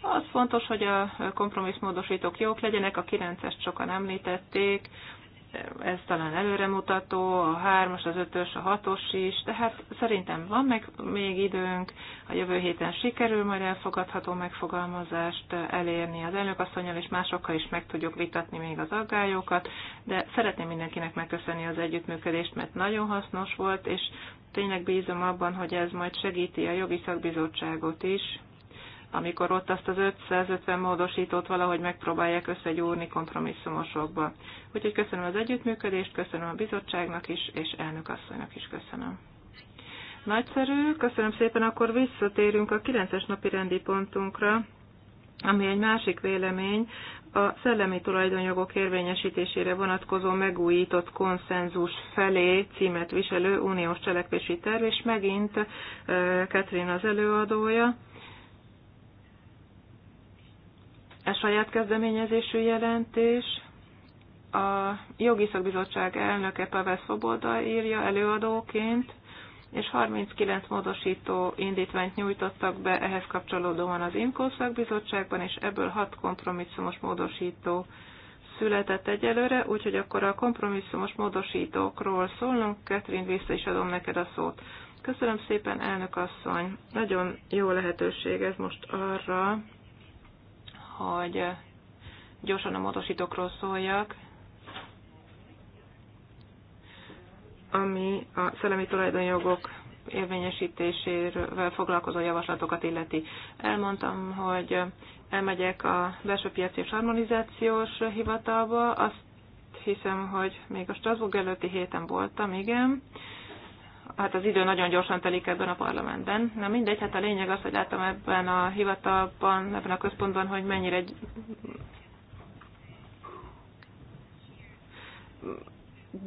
Az fontos, hogy a kompromisszmódosítók jók legyenek, a 9-est sokan említették, ez talán előremutató, a hármas, az ötös, a hatos is, tehát szerintem van meg még időnk, a jövő héten sikerül majd elfogadható megfogalmazást elérni az elnökasszonyjal, és másokkal is meg tudjuk vitatni még az aggályokat, de szeretném mindenkinek megköszönni az együttműködést, mert nagyon hasznos volt, és tényleg bízom abban, hogy ez majd segíti a jogi szakbizottságot is, amikor ott azt az 550 módosítót valahogy megpróbálják összegyúrni kompromisszumosokba. Úgyhogy köszönöm az együttműködést, köszönöm a bizottságnak is, és elnök asszonynak is köszönöm. Nagyszerű, köszönöm szépen, akkor visszatérünk a 9-es napi rendi pontunkra, ami egy másik vélemény, a szellemi tulajdonjogok érvényesítésére vonatkozó megújított konszenzus felé címet viselő uniós cselekvési terv, és megint Katrin eh, az előadója. e saját kezdeményezésű jelentés. A jogi szakbizottság elnöke Pavel Szoboda írja előadóként, és 39 módosító indítványt nyújtottak be ehhez kapcsolódóan az INKO szakbizottságban, és ebből 6 kompromisszumos módosító született egyelőre, úgyhogy akkor a kompromisszumos módosítókról szólnunk. Ketrin vissza is adom neked a szót. Köszönöm szépen, elnök asszony. Nagyon jó lehetőség ez most arra, hogy gyorsan a módosítókról szóljak, ami a szellemi tulajdonjogok érvényesítésével foglalkozó javaslatokat illeti. Elmondtam, hogy elmegyek a belső piaci és harmonizációs hivatalba, azt hiszem, hogy még a Strasbourg előtti héten voltam, igen, hát az idő nagyon gyorsan telik ebben a parlamentben. Na mindegy, hát a lényeg az, hogy láttam ebben a hivatalban, ebben a központban, hogy mennyire egy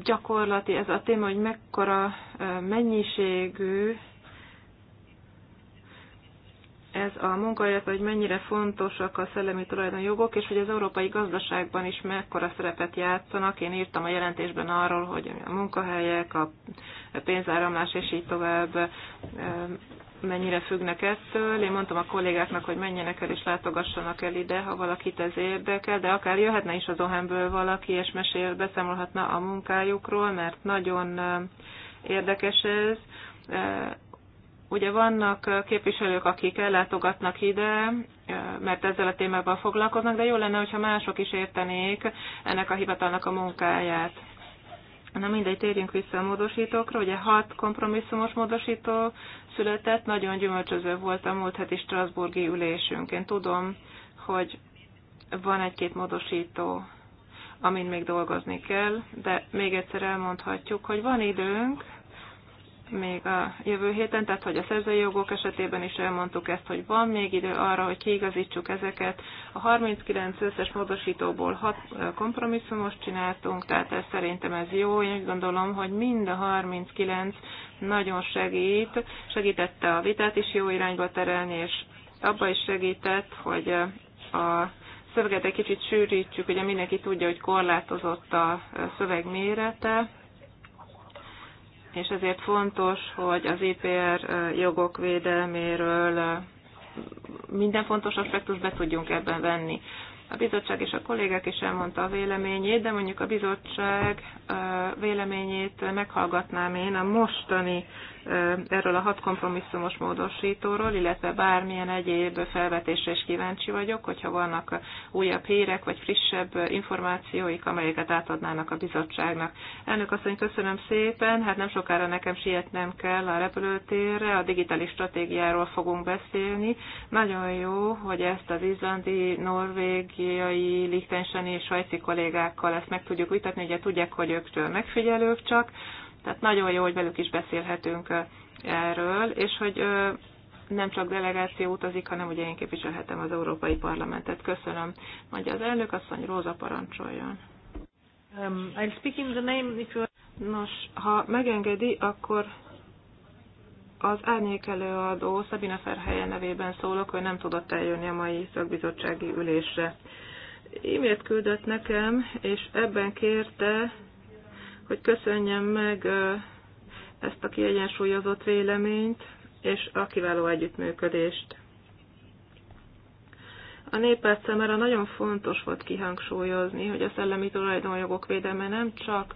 gyakorlati ez a téma, hogy mekkora mennyiségű ez a munka, illetve hogy mennyire fontosak a szellemi tulajdonjogok, és hogy az európai gazdaságban is mekkora szerepet játszanak. Én írtam a jelentésben arról, hogy a munkahelyek, a pénzáramlás, és így tovább mennyire függnek ettől. Én mondtam a kollégáknak, hogy menjenek el és látogassanak el ide, ha valakit ez érdekel, de akár jöhetne is az Ohenből valaki, és mesél, beszámolhatna a munkájukról, mert nagyon érdekes ez. Ugye vannak képviselők, akik ellátogatnak ide, mert ezzel a témával foglalkoznak, de jó lenne, hogyha mások is értenék ennek a hivatalnak a munkáját. Na mindegy, térjünk vissza a módosítókra. Ugye hat kompromisszumos módosító született, nagyon gyümölcsöző volt a múlt heti Strasburgi ülésünk. Én tudom, hogy van egy-két módosító, amin még dolgozni kell, de még egyszer elmondhatjuk, hogy van időnk, még a jövő héten, tehát hogy a szerzői jogok esetében is elmondtuk ezt, hogy van még idő arra, hogy kiigazítsuk ezeket. A 39 összes módosítóból 6 kompromisszumot csináltunk, tehát ez szerintem ez jó. Én úgy gondolom, hogy mind a 39 nagyon segít, segítette a vitát is jó irányba terelni, és abba is segített, hogy a szöveget egy kicsit sűrítjük, ugye mindenki tudja, hogy korlátozott a szöveg mérete, és ezért fontos, hogy az IPR e jogok védelméről minden fontos aspektus be tudjunk ebben venni. A bizottság és a kollégák is elmondta a véleményét, de mondjuk a bizottság véleményét meghallgatnám én a mostani erről a hat kompromisszumos módosítóról, illetve bármilyen egyéb felvetésre is kíváncsi vagyok, hogyha vannak újabb hírek vagy frissebb információik, amelyeket átadnának a bizottságnak. Elnök asszony, köszönöm szépen, hát nem sokára nekem sietnem kell a repülőtérre, a digitális stratégiáról fogunk beszélni. Nagyon jó, hogy ezt az izlandi, norvégiai, lichtensteini és svájci kollégákkal ezt meg tudjuk vitatni, ugye tudják, hogy ők megfigyelők csak, tehát nagyon jó, hogy velük is beszélhetünk erről, és hogy nem csak delegáció utazik, hanem ugye én képviselhetem az Európai Parlamentet. Köszönöm. Mondja az elnök asszony, Róza parancsoljon. Um, the name, if you... Nos, ha megengedi, akkor az árnyék adó Szabina Ferhelye nevében szólok, hogy nem tudott eljönni a mai szakbizottsági ülésre. E-mailt küldött nekem, és ebben kérte, hogy köszönjem meg ezt a kiegyensúlyozott véleményt és a kiváló együttműködést. A néppárt szemére nagyon fontos volt kihangsúlyozni, hogy a szellemi tulajdonjogok védelme nem csak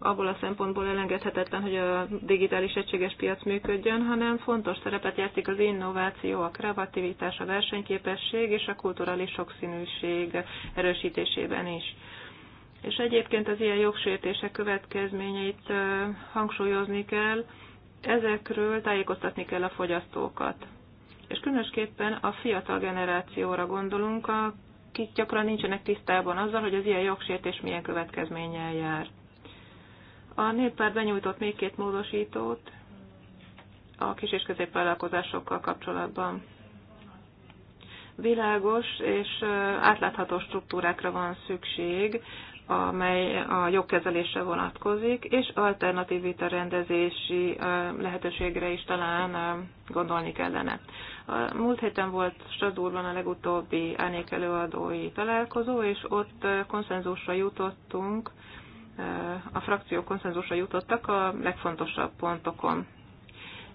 abból a szempontból elengedhetetlen, hogy a digitális egységes piac működjön, hanem fontos szerepet játszik az innováció, a kreativitás, a versenyképesség és a kulturális sokszínűség erősítésében is. És egyébként az ilyen jogsértések következményeit hangsúlyozni kell, ezekről tájékoztatni kell a fogyasztókat. És különösképpen a fiatal generációra gondolunk, akik gyakran nincsenek tisztában azzal, hogy az ilyen jogsértés milyen következménnyel jár. A néppárt benyújtott még két módosítót a kis- és középvállalkozásokkal kapcsolatban. Világos és átlátható struktúrákra van szükség, amely a jogkezelésre vonatkozik, és alternatív vita rendezési lehetőségre is talán gondolni kellene. A múlt héten volt Stradúrban a legutóbbi Ánék előadói találkozó, és ott konszenzusra jutottunk, a frakciók konszenzusra jutottak a legfontosabb pontokon.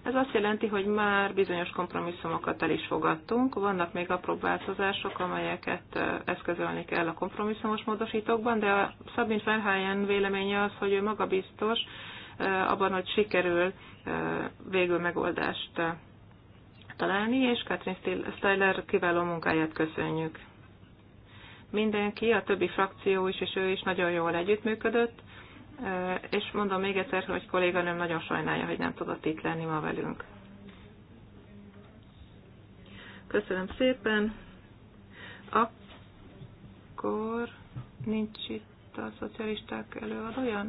Ez azt jelenti, hogy már bizonyos kompromisszumokat el is fogadtunk, vannak még apró változások, amelyeket eszközölni kell a kompromisszumos módosítókban, de a Szabin Ferháján véleménye az, hogy ő maga biztos abban, hogy sikerül végül megoldást találni, és Katrin Steyler kiváló munkáját köszönjük. Mindenki, a többi frakció is, és ő is nagyon jól együttműködött, és mondom még egyszer, hogy kolléganőm nagyon sajnálja, hogy nem tudott itt lenni ma velünk. Köszönöm szépen. Akkor nincs itt a szocialisták előadója?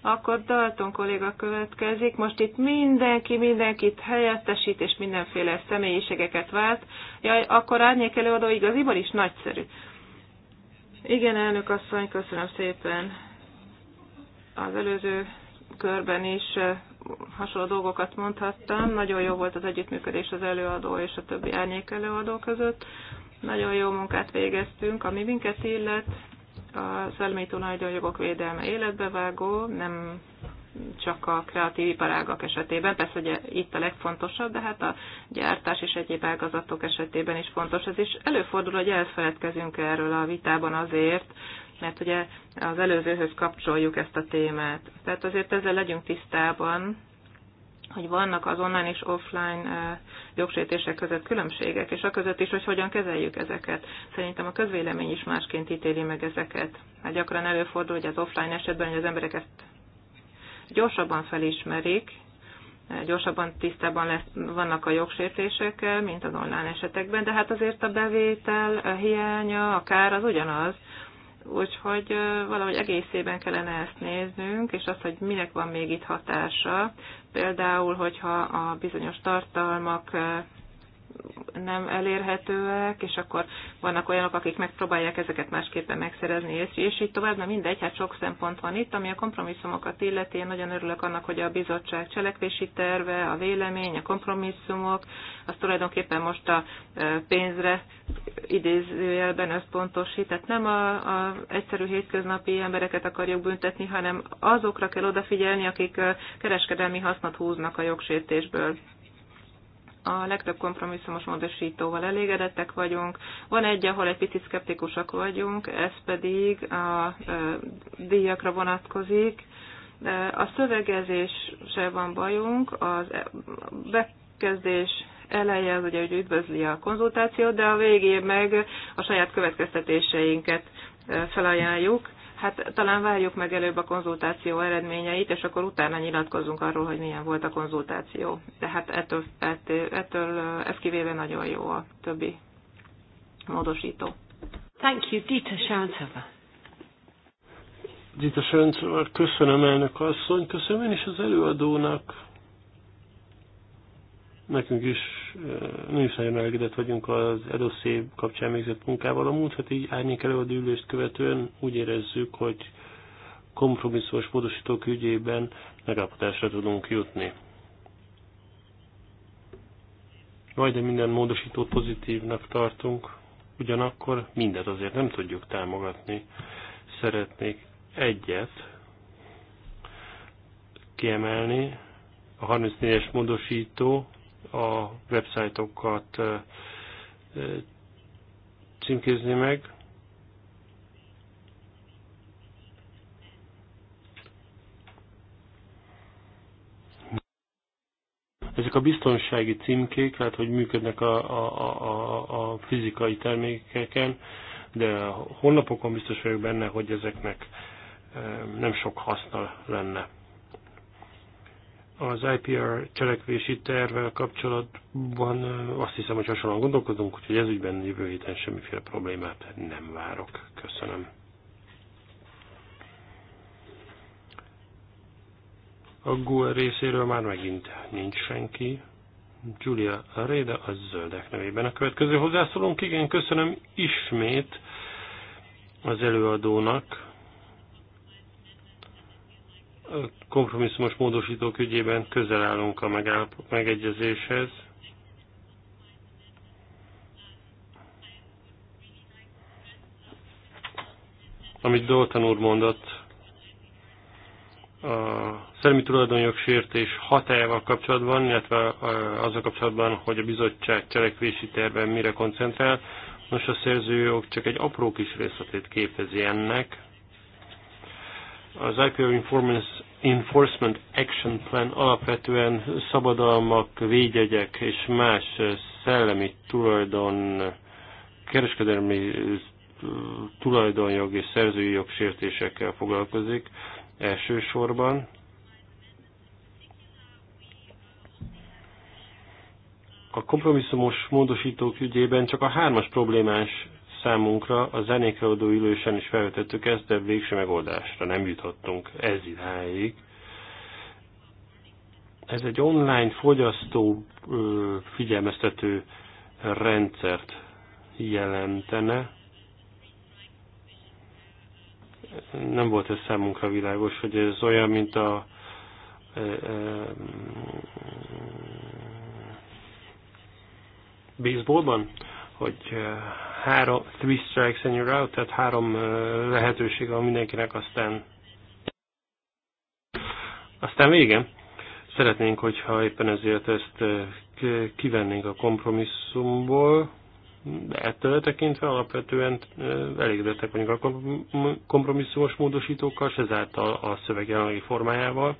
Akkor Dalton kolléga következik. Most itt mindenki mindenkit helyettesít, és mindenféle személyiségeket vált. Jaj, akkor árnyék előadó igaziból is nagyszerű. Igen, elnök asszony, köszönöm szépen. Az előző körben is eh, hasonló dolgokat mondhattam. Nagyon jó volt az együttműködés az előadó és a többi árnyék előadó között. Nagyon jó munkát végeztünk, ami minket illet. A szellemi tulajdonjogok védelme életbevágó, nem csak a kreatív iparágak esetében, persze hogy itt a legfontosabb, de hát a gyártás és egyéb ágazatok esetében is fontos. Ez is előfordul, hogy elfeledkezünk erről a vitában azért, mert ugye az előzőhöz kapcsoljuk ezt a témát. Tehát azért ezzel legyünk tisztában, hogy vannak az online és offline jogsértések között különbségek, és a között is, hogy hogyan kezeljük ezeket. Szerintem a közvélemény is másként ítéli meg ezeket. Hát gyakran előfordul, hogy az offline esetben hogy az emberek ezt gyorsabban felismerik, gyorsabban tisztában lesz, vannak a jogsértésekkel, mint az online esetekben, de hát azért a bevétel, a hiánya, a kár az ugyanaz. Úgyhogy valahogy egészében kellene ezt néznünk, és az hogy minek van még itt hatása. Például, hogyha a bizonyos tartalmak nem elérhetőek, és akkor vannak olyanok, akik megpróbálják ezeket másképpen megszerezni, és, és így tovább, mert mindegy, hát sok szempont van itt, ami a kompromisszumokat illeti, én nagyon örülök annak, hogy a bizottság cselekvési terve, a vélemény, a kompromisszumok, az tulajdonképpen most a pénzre idézőjelben összpontosít, tehát nem a, a egyszerű hétköznapi embereket akarjuk büntetni, hanem azokra kell odafigyelni, akik kereskedelmi hasznot húznak a jogsértésből a legtöbb kompromisszumos módosítóval elégedettek vagyunk. Van egy, ahol egy picit szkeptikusak vagyunk, ez pedig a díjakra vonatkozik. A szövegezésre van bajunk, az e, bekezdés eleje az ugye, hogy üdvözli a konzultációt, de a végén meg a saját következtetéseinket felajánljuk hát talán várjuk meg előbb a konzultáció eredményeit, és akkor utána nyilatkozunk arról, hogy milyen volt a konzultáció. De hát ettől, ettől, ettől ez kivéve nagyon jó a többi módosító. Thank you, Dita Sáncova. Dita Sáncova, köszönöm elnök asszony, köszönöm én is az előadónak. Nekünk is mi is nagyon elégedett vagyunk az edoszé kapcsán végzett munkával. A múlt heti árnyék előadó ülést követően úgy érezzük, hogy kompromisszumos módosítók ügyében megállapodásra tudunk jutni. Majdnem minden módosítót pozitívnak tartunk, ugyanakkor mindet azért nem tudjuk támogatni. Szeretnék egyet kiemelni, a 34-es módosító a websájtokat címkézni meg. Ezek a biztonsági címkék lehet, hogy működnek a, a, a, a fizikai termékeken, de a honlapokon biztos vagyok benne, hogy ezeknek nem sok haszna lenne az IPR cselekvési tervvel kapcsolatban azt hiszem, hogy hasonlóan gondolkodunk, úgyhogy ez ügyben jövő héten semmiféle problémát nem várok. Köszönöm. A GUE részéről már megint nincs senki. Julia Réda a zöldek nevében. A következő hozzászólónk, igen, köszönöm ismét az előadónak kompromisszumos módosítók ügyében közel állunk a megegyezéshez. Amit Doltan úr mondott, a szellemi tulajdonjog sértés hatájával kapcsolatban, illetve azzal kapcsolatban, hogy a bizottság cselekvési terben mire koncentrál, most a szerzőjog csak egy apró kis részletét képezi ennek, az IPO Enforcement Action Plan alapvetően szabadalmak, védjegyek és más szellemi tulajdon, kereskedelmi tulajdonjog és szerzői jogsértésekkel foglalkozik elsősorban. A kompromisszumos módosítók ügyében csak a hármas problémás Számunkra a zenékre adó ülősen is felvetettük ezt, de végső megoldásra nem jutottunk ez idáig. Ez egy online fogyasztó figyelmeztető rendszert jelentene. Nem volt ez számunkra világos, hogy ez olyan, mint a baseballban, hogy három, three strikes and you're out, tehát három lehetőség van mindenkinek, aztán aztán vége. Szeretnénk, hogyha éppen ezért ezt kivennénk a kompromisszumból, de ettől tekintve alapvetően elégedettek vagyunk a kompromisszumos módosítókkal, és ezáltal a szöveg jelenlegi formájával.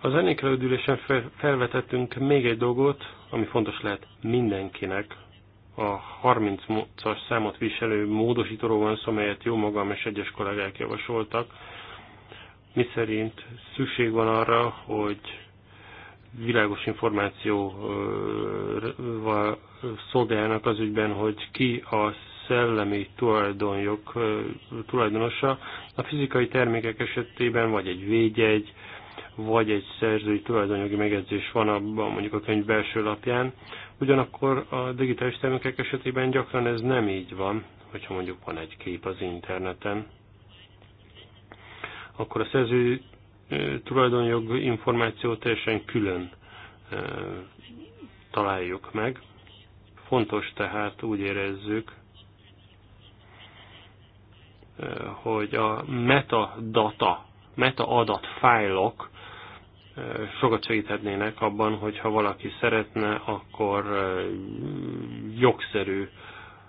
Az ennékrelődülésen felvetettünk még egy dolgot, ami fontos lehet mindenkinek, a 30-as számot viselő módosítóról van szó, amelyet jó magam és egyes kollégák javasoltak, mi szerint szükség van arra, hogy világos információval szolgáljanak az ügyben, hogy ki a szellemi tulajdonjog tulajdonosa. A fizikai termékek esetében vagy egy védjegy, vagy egy szerzői tulajdonjogi megjegyzés van abban mondjuk a könyv belső lapján. Ugyanakkor a digitális termékek esetében gyakran ez nem így van, hogyha mondjuk van egy kép az interneten, akkor a szerzői tulajdonjog információt teljesen külön találjuk meg. Fontos tehát úgy érezzük, hogy a metadata, metaadat fájlok sokat segíthetnének abban, hogyha valaki szeretne, akkor jogszerű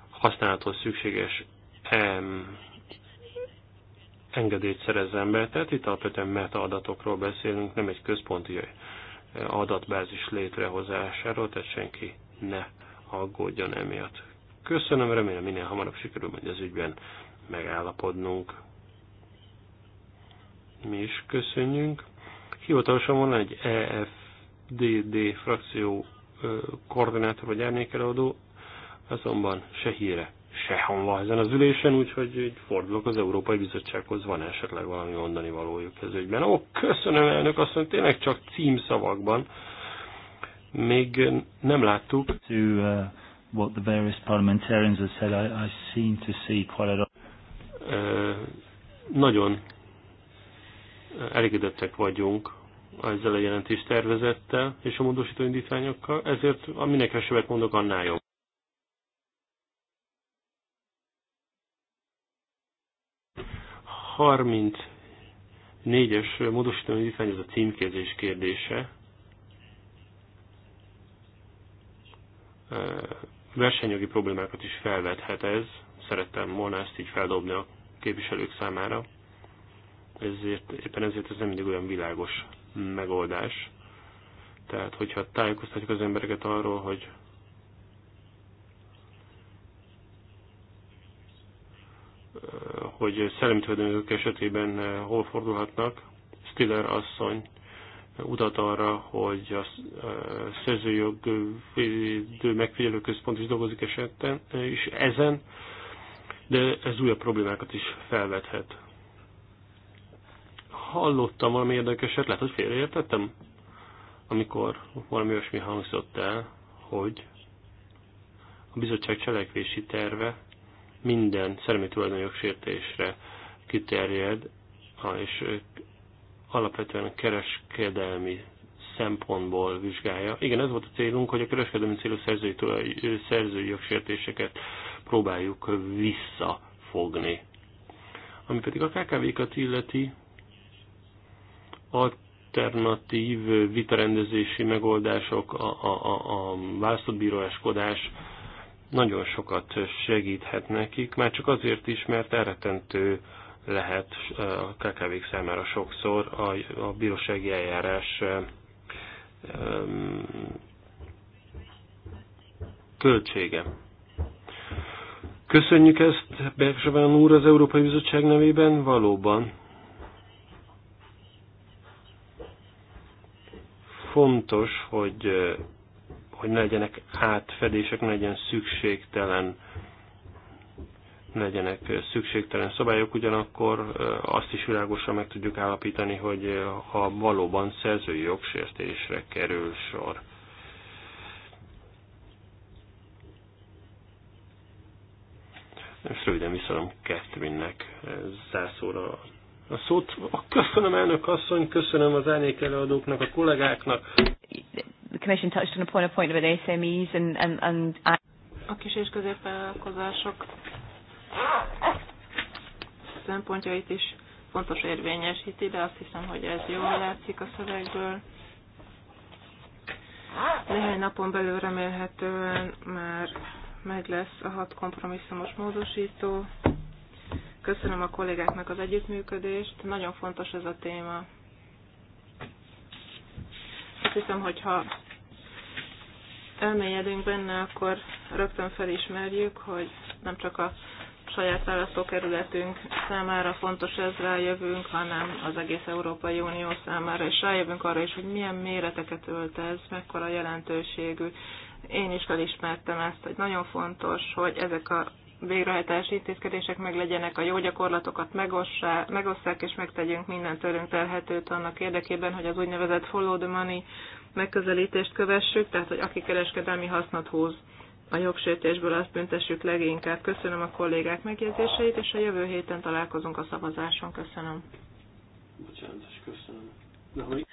használathoz szükséges engedélyt szerezzen be. Tehát itt alapvetően metaadatokról beszélünk, nem egy központi adatbázis létrehozásáról, tehát senki ne aggódjon emiatt. Köszönöm, remélem minél hamarabb sikerül majd az ügyben megállapodnunk. Mi is köszönjünk. Hivatalosan van egy EFDD frakció koordinátor vagy árnyékelőadó, azonban se híre, se hanva ezen az ülésen, úgyhogy így fordulok az Európai Bizottsághoz, van esetleg valami mondani valójuk ez ügyben. Ó, köszönöm elnök, azt mondja, tényleg csak címszavakban. Még nem láttuk. To, uh, what the various parliamentarians have said, I, I seem to see quite a lot. Uh, nagyon elégedettek vagyunk ezzel a jelentés tervezettel és a módosító indítványokkal, ezért minél kevesebbet mondok, annál jobb. Harminc négyes módosító indítvány, az a címkézés kérdése. Versenyjogi problémákat is felvethet ez, szerettem volna ezt így feldobni a képviselők számára ezért, éppen ezért ez nem mindig olyan világos megoldás. Tehát, hogyha tájékoztatjuk az embereket arról, hogy hogy szellemi tulajdonok esetében eh, hol fordulhatnak. Stiller asszony utat arra, hogy a eh, szerzőjog eh, megfigyelő központ is dolgozik esetben, és ezen, de ez újabb problémákat is felvethet hallottam valami érdekeset, lehet, hogy félreértettem, amikor valami olyasmi hangzott el, hogy a bizottság cselekvési terve minden szellemi tulajdonjog sértésre kiterjed, és alapvetően kereskedelmi szempontból vizsgálja. Igen, ez volt a célunk, hogy a kereskedelmi célú szerzői, szerzői jogsértéseket próbáljuk visszafogni. Ami pedig a KKV-kat illeti, alternatív vitarendezési megoldások, a, a, a, a választott nagyon sokat segíthet nekik, már csak azért is, mert elretentő lehet a kkv számára sokszor a, a bírósági eljárás költsége. Köszönjük ezt Bergsabán úr az Európai Bizottság nevében, valóban Fontos, hogy, hogy ne legyenek átfedések, ne legyen szükségtelen legyenek szükségtelen szabályok, ugyanakkor azt is világosan meg tudjuk állapítani, hogy ha valóban szerzői jogsértésre kerül sor. És röviden viszont Catherine-nek zászóra a szót. Köszönöm elnök asszony, köszönöm az árnyék előadóknak, a kollégáknak. The Commission touched on a point point about SMEs and, and, and a kis és középvállalkozások szempontjait is fontos érvényesíti, de azt hiszem, hogy ez jól látszik a szövegből. Néhány napon belül remélhetően már meg lesz a hat kompromisszumos módosító. Köszönöm a kollégáknak az együttműködést, nagyon fontos ez a téma. Azt hiszem, hogyha elmélyedünk benne, akkor rögtön felismerjük, hogy nem csak a saját választókerületünk számára fontos ez rájövünk, hanem az egész Európai Unió számára, és rájövünk arra is, hogy milyen méreteket ölt ez, mekkora jelentőségű. Én is felismertem ezt, hogy nagyon fontos, hogy ezek a végrehajtási intézkedések meg legyenek, a jó gyakorlatokat megosszák, és megtegyünk minden tőlünk telhetőt annak érdekében, hogy az úgynevezett follow the money megközelítést kövessük, tehát hogy aki kereskedelmi hasznot húz a jogsértésből, azt büntessük leginkább. Köszönöm a kollégák megjegyzéseit, és a jövő héten találkozunk a szavazáson. Köszönöm. Bocsánat, köszönöm. Na, hogy...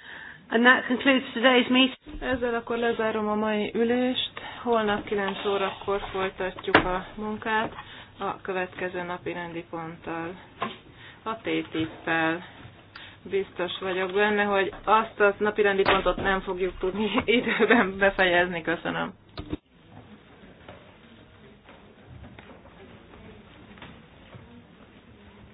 And that concludes today's meeting. Ezzel akkor lezárom a mai ülést. Holnap 9 órakor folytatjuk a munkát a következő napi rendi ponttal. A TTIP-pel biztos vagyok benne, hogy azt a napi rendi pontot nem fogjuk tudni időben befejezni. Köszönöm.